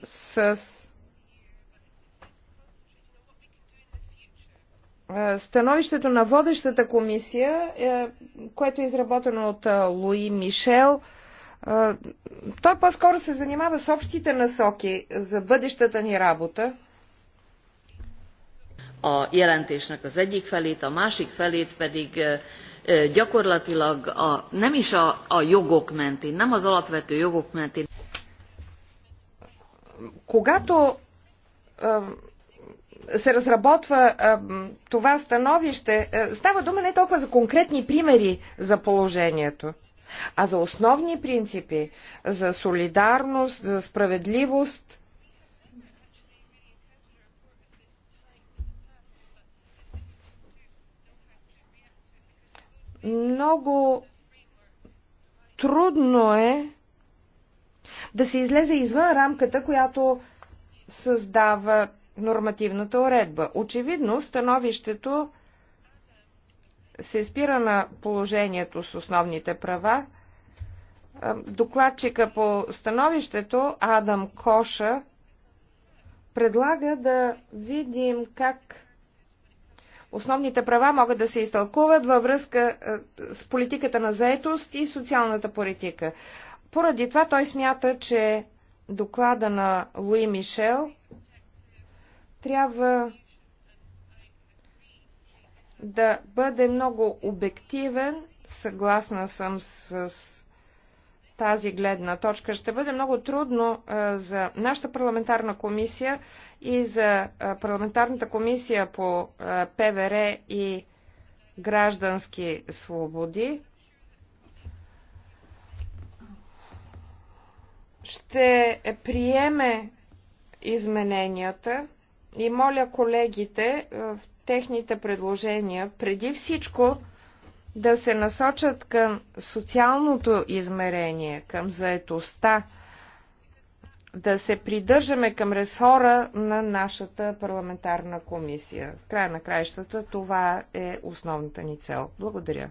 с становището на водещата комисия, е, което е изработено от Луи Мишел – той по-скоро се занимава с общите насоки за бъдещата ни работа. A jelentésnek az egyik felét, a másik felét pedig е, е, gyakorlatilag a, nem is a, a jogok mentén, nem az alapvető jogok mentén. Когато се разработва това становище, е, става дума не толкова за конкретни примери за положението а за основни принципи, за солидарност, за справедливост. Много трудно е да се излезе извън рамката, която създава нормативната уредба. Очевидно, становището се спира на положението с основните права. Докладчика по становището Адам Коша предлага да видим как основните права могат да се изтълкуват във връзка с политиката на заетост и социалната политика. Поради това той смята, че доклада на Луи Мишел трябва да бъде много обективен. Съгласна съм с тази гледна точка. Ще бъде много трудно за нашата парламентарна комисия и за парламентарната комисия по ПВР и граждански свободи. Ще приеме измененията и моля колегите в техните предложения преди всичко да се насочат към социалното измерение, към заетостта, да се придържаме към ресора на нашата парламентарна комисия. В края на краищата това е основната ни цел. Благодаря.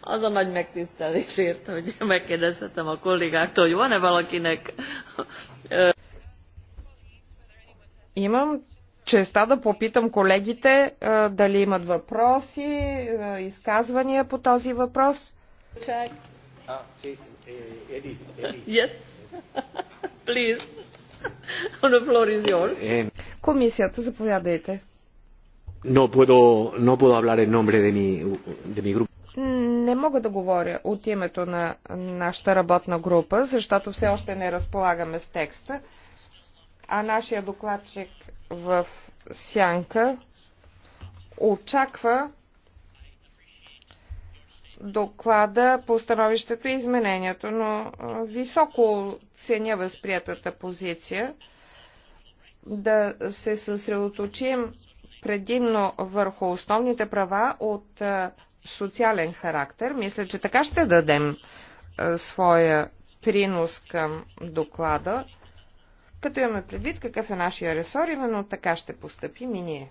Az a nagy megtisztelésért, hogy megkérdezhetem a kollégáktól, hogy van-e valakinek... Имам честа да попитам колегите дали имат въпроси, изказвания по този въпрос. Чак. А, си, Еди, Еди. Yes. Please. The floor is yours. Комисията, заповядайте. No puedo, no puedo hablar en nombre de mi, de mi grupo. Не мога да говоря от името на нашата работна група, защото все още не разполагаме с текста, а нашия докладчик в Сянка очаква доклада по становището и изменението, но високо ценя възприятата позиция да се съсредоточим предимно върху основните права от социален характер. Мисля, че така ще дадем е, своя принос към доклада, като имаме предвид какъв е нашия ресор, именно така ще постъпим и ние.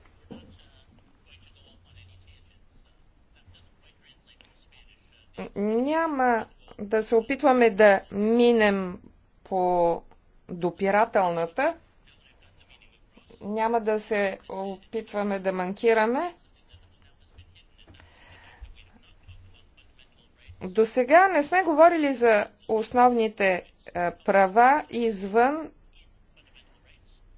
Няма да се опитваме да минем по допирателната, няма да се опитваме да манкираме, До сега не сме говорили за основните е, права извън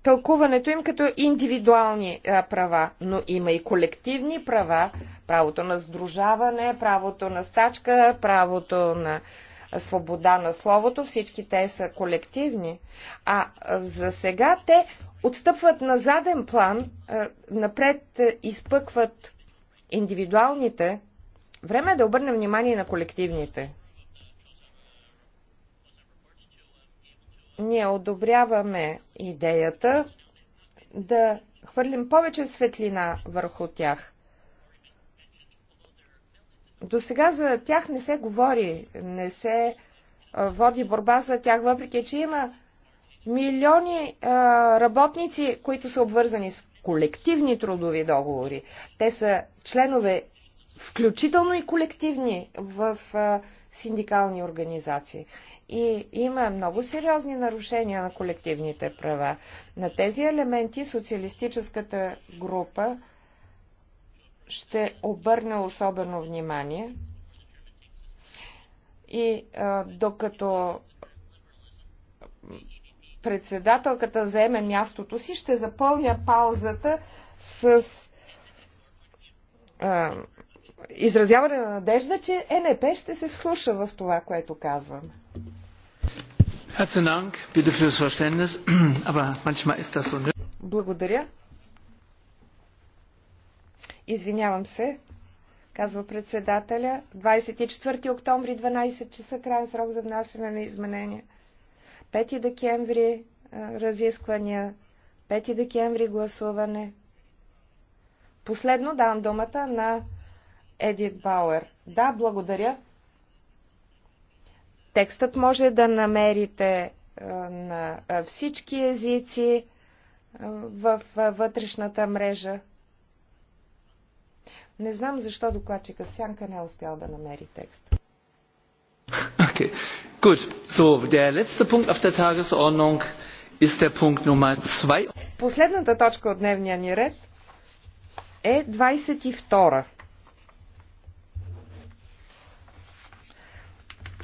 тълкуването им като индивидуални е, права, но има и колективни права, правото на сдружаване, правото на стачка, правото на свобода на словото, всички те са колективни. А за сега те отстъпват на заден план, е, напред изпъкват индивидуалните Време е да обърнем внимание на колективните. Ние одобряваме идеята да хвърлим повече светлина върху тях. До сега за тях не се говори, не се води борба за тях, въпреки че има милиони работници, които са обвързани с колективни трудови договори. Те са членове включително и колективни в синдикални организации. И има много сериозни нарушения на колективните права. На тези елементи социалистическата група ще обърне особено внимание. И а, докато председателката заеме мястото си, ще запълня паузата с изразяване на надежда, че НП ще се вслуша в това, което казвам. Благодаря. Извинявам се, казва председателя. 24 октомври, 12 часа, крайен срок за внасяне на изменения. 5 декември разисквания, 5 декември гласуване. Последно давам думата на Едит Бауер. Да, благодаря. Текстът може да намерите е, на е, всички езици е, в вътрешната мрежа. Не знам защо докладчика Сянка не е успял да намери текст. Okay. Gut, so der letzte Punkt auf der Tagesordnung ist der Punkt Nummer 2. Последната точка от дневния ни ред е 22.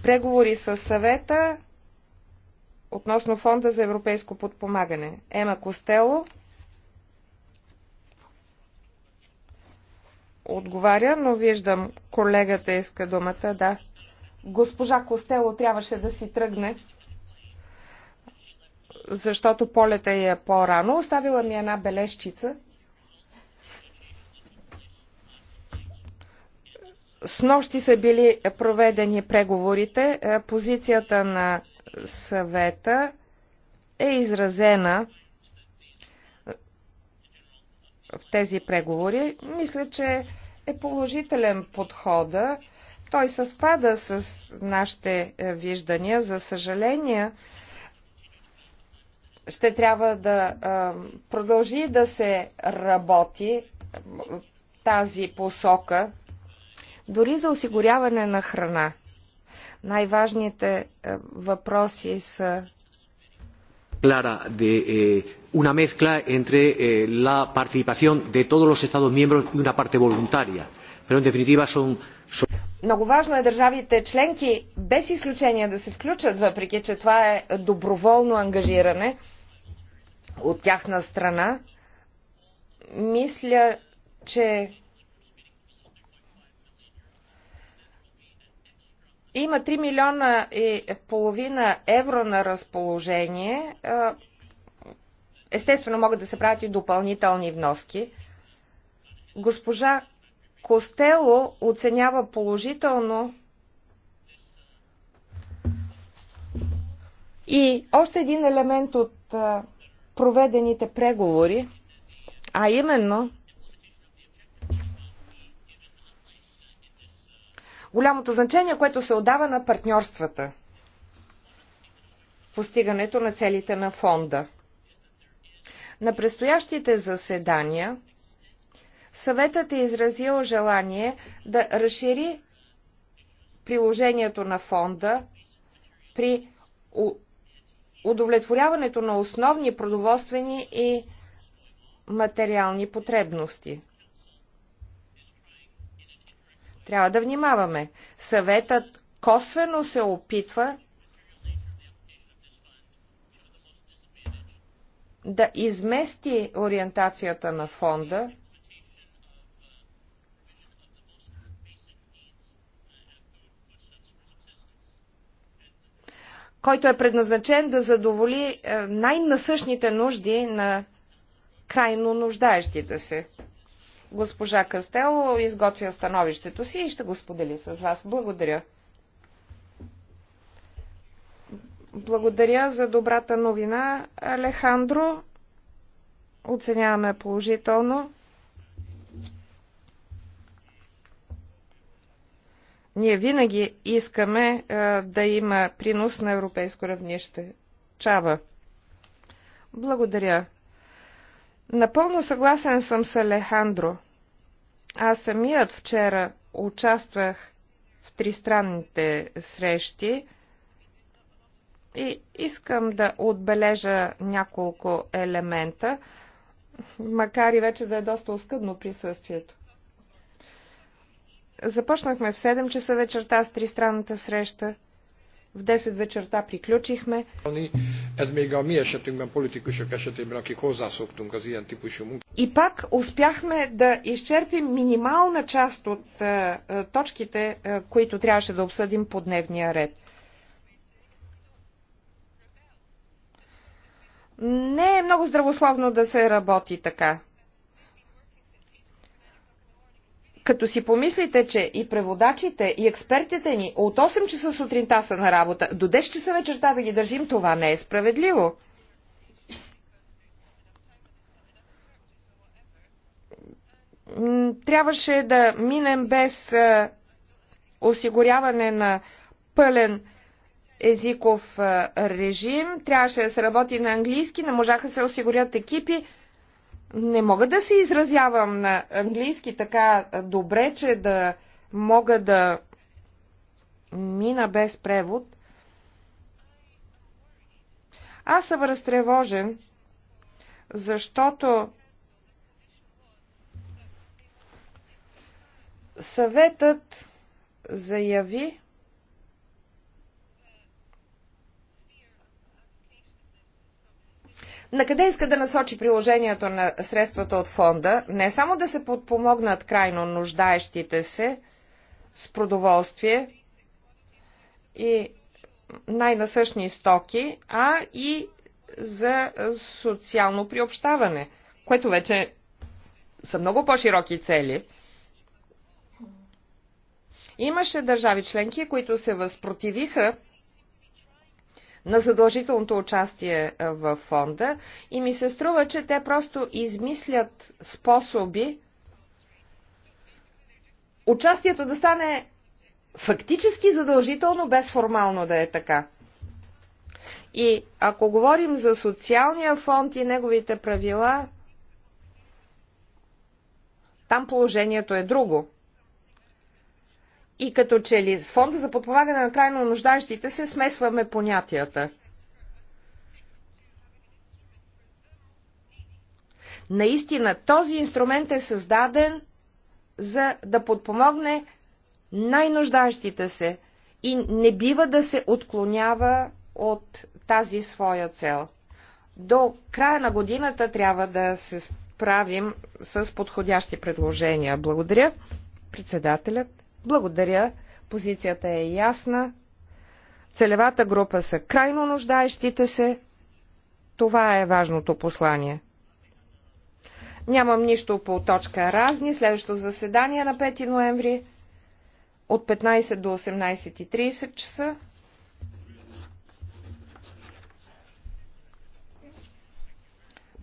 преговори с съвета относно фонда за европейско подпомагане. Ема Костело отговаря, но виждам колегата иска думата, да. Госпожа Костело трябваше да си тръгне, защото полета е по-рано. Оставила ми една бележчица – С нощи са били проведени преговорите. Е, позицията на съвета е изразена е, в тези преговори. Мисля, че е положителен подхода. Той съвпада с нашите е, виждания. За съжаление, ще трябва да продължи да се работи тази посока дори за осигуряване на храна. Най-важните е, въпроси са clara de eh, una mezcla entre eh, la participación de todos los Estados miembros y una parte voluntaria. Pero en definitiva son, son. Много важно е държавите членки без изключение да се включат, въпреки че това е доброволно ангажиране от тяхна страна. Мисля, че Има 3 милиона и половина евро на разположение. Естествено могат да се правят и допълнителни вноски. Госпожа Костело оценява положително и още един елемент от проведените преговори, а именно – голямото значение, което се отдава на партньорствата постигането на целите на фонда. На предстоящите заседания съветът е изразил желание да разшири приложението на фонда при удовлетворяването на основни продоволствени и материални потребности. Трябва да внимаваме. Съветът косвено се опитва да измести ориентацията на фонда който е предназначен да задоволи е, най-насъщните нужди на крайно нуждаещите се. Госпожа Кастело изготвя становището си и ще го сподели с вас. Благодаря. Благодаря за добрата новина, Алехандро. Оценяваме положително. Ние винаги искаме а, е, да има принос на европейско равнище. Чава. Благодаря, Напълно съгласен съм с Алехандро. Аз самият вчера участвах в тристранните срещи и искам да отбележа няколко елемента, макар и вече да е доста оскъдно присъствието. Започнахме в 7 часа вечерта с тристранната среща – в 10 вечерта приключихме. И пак успяхме да изчерпим минимална част от е, е, точките, е, които трябваше да обсъдим по дневния ред. Не е много здравословно да се работи така. Като си помислите, че и преводачите, и експертите ни от 8 часа сутринта са на работа, до 10 часа вечерта да ги държим, това не е справедливо. Трябваше да минем без осигуряване на пълен езиков режим. Трябваше да се работи на английски, не можаха да се осигурят екипи не мога да се изразявам на английски така добре, че да мога да мина без превод. Аз съм разтревожен, защото съветът заяви, на къде иска да насочи приложението на средствата от фонда, не само да се подпомогнат крайно нуждаещите се с продоволствие и най-насъщни стоки, а и за социално приобщаване, което вече са много по-широки цели. Имаше държави членки, които се възпротивиха на задължителното участие е, в фонда и ми се струва, че те просто измислят способи участието да стане фактически задължително, без формално да е така. И ако говорим за социалния фонд и неговите правила, там положението е друго. И като че ли с фонда за подпомагане на крайно нуждащите се смесваме понятията. Наистина, този инструмент е създаден за да подпомогне най-нуждащите се и не бива да се отклонява от тази своя цел. До края на годината трябва да се справим с подходящи предложения. Благодаря, председателят. Благодаря. Позицията е ясна. Целевата група са крайно нуждаещите се. Това е важното послание. Нямам нищо по точка разни. Следващото заседание на 5 ноември от 15 до 18.30 часа.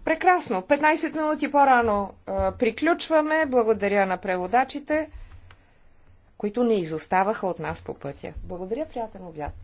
Прекрасно. 15 минути по-рано приключваме. Благодаря на преводачите които не изоставаха от нас по пътя. Благодаря, приятен обяд!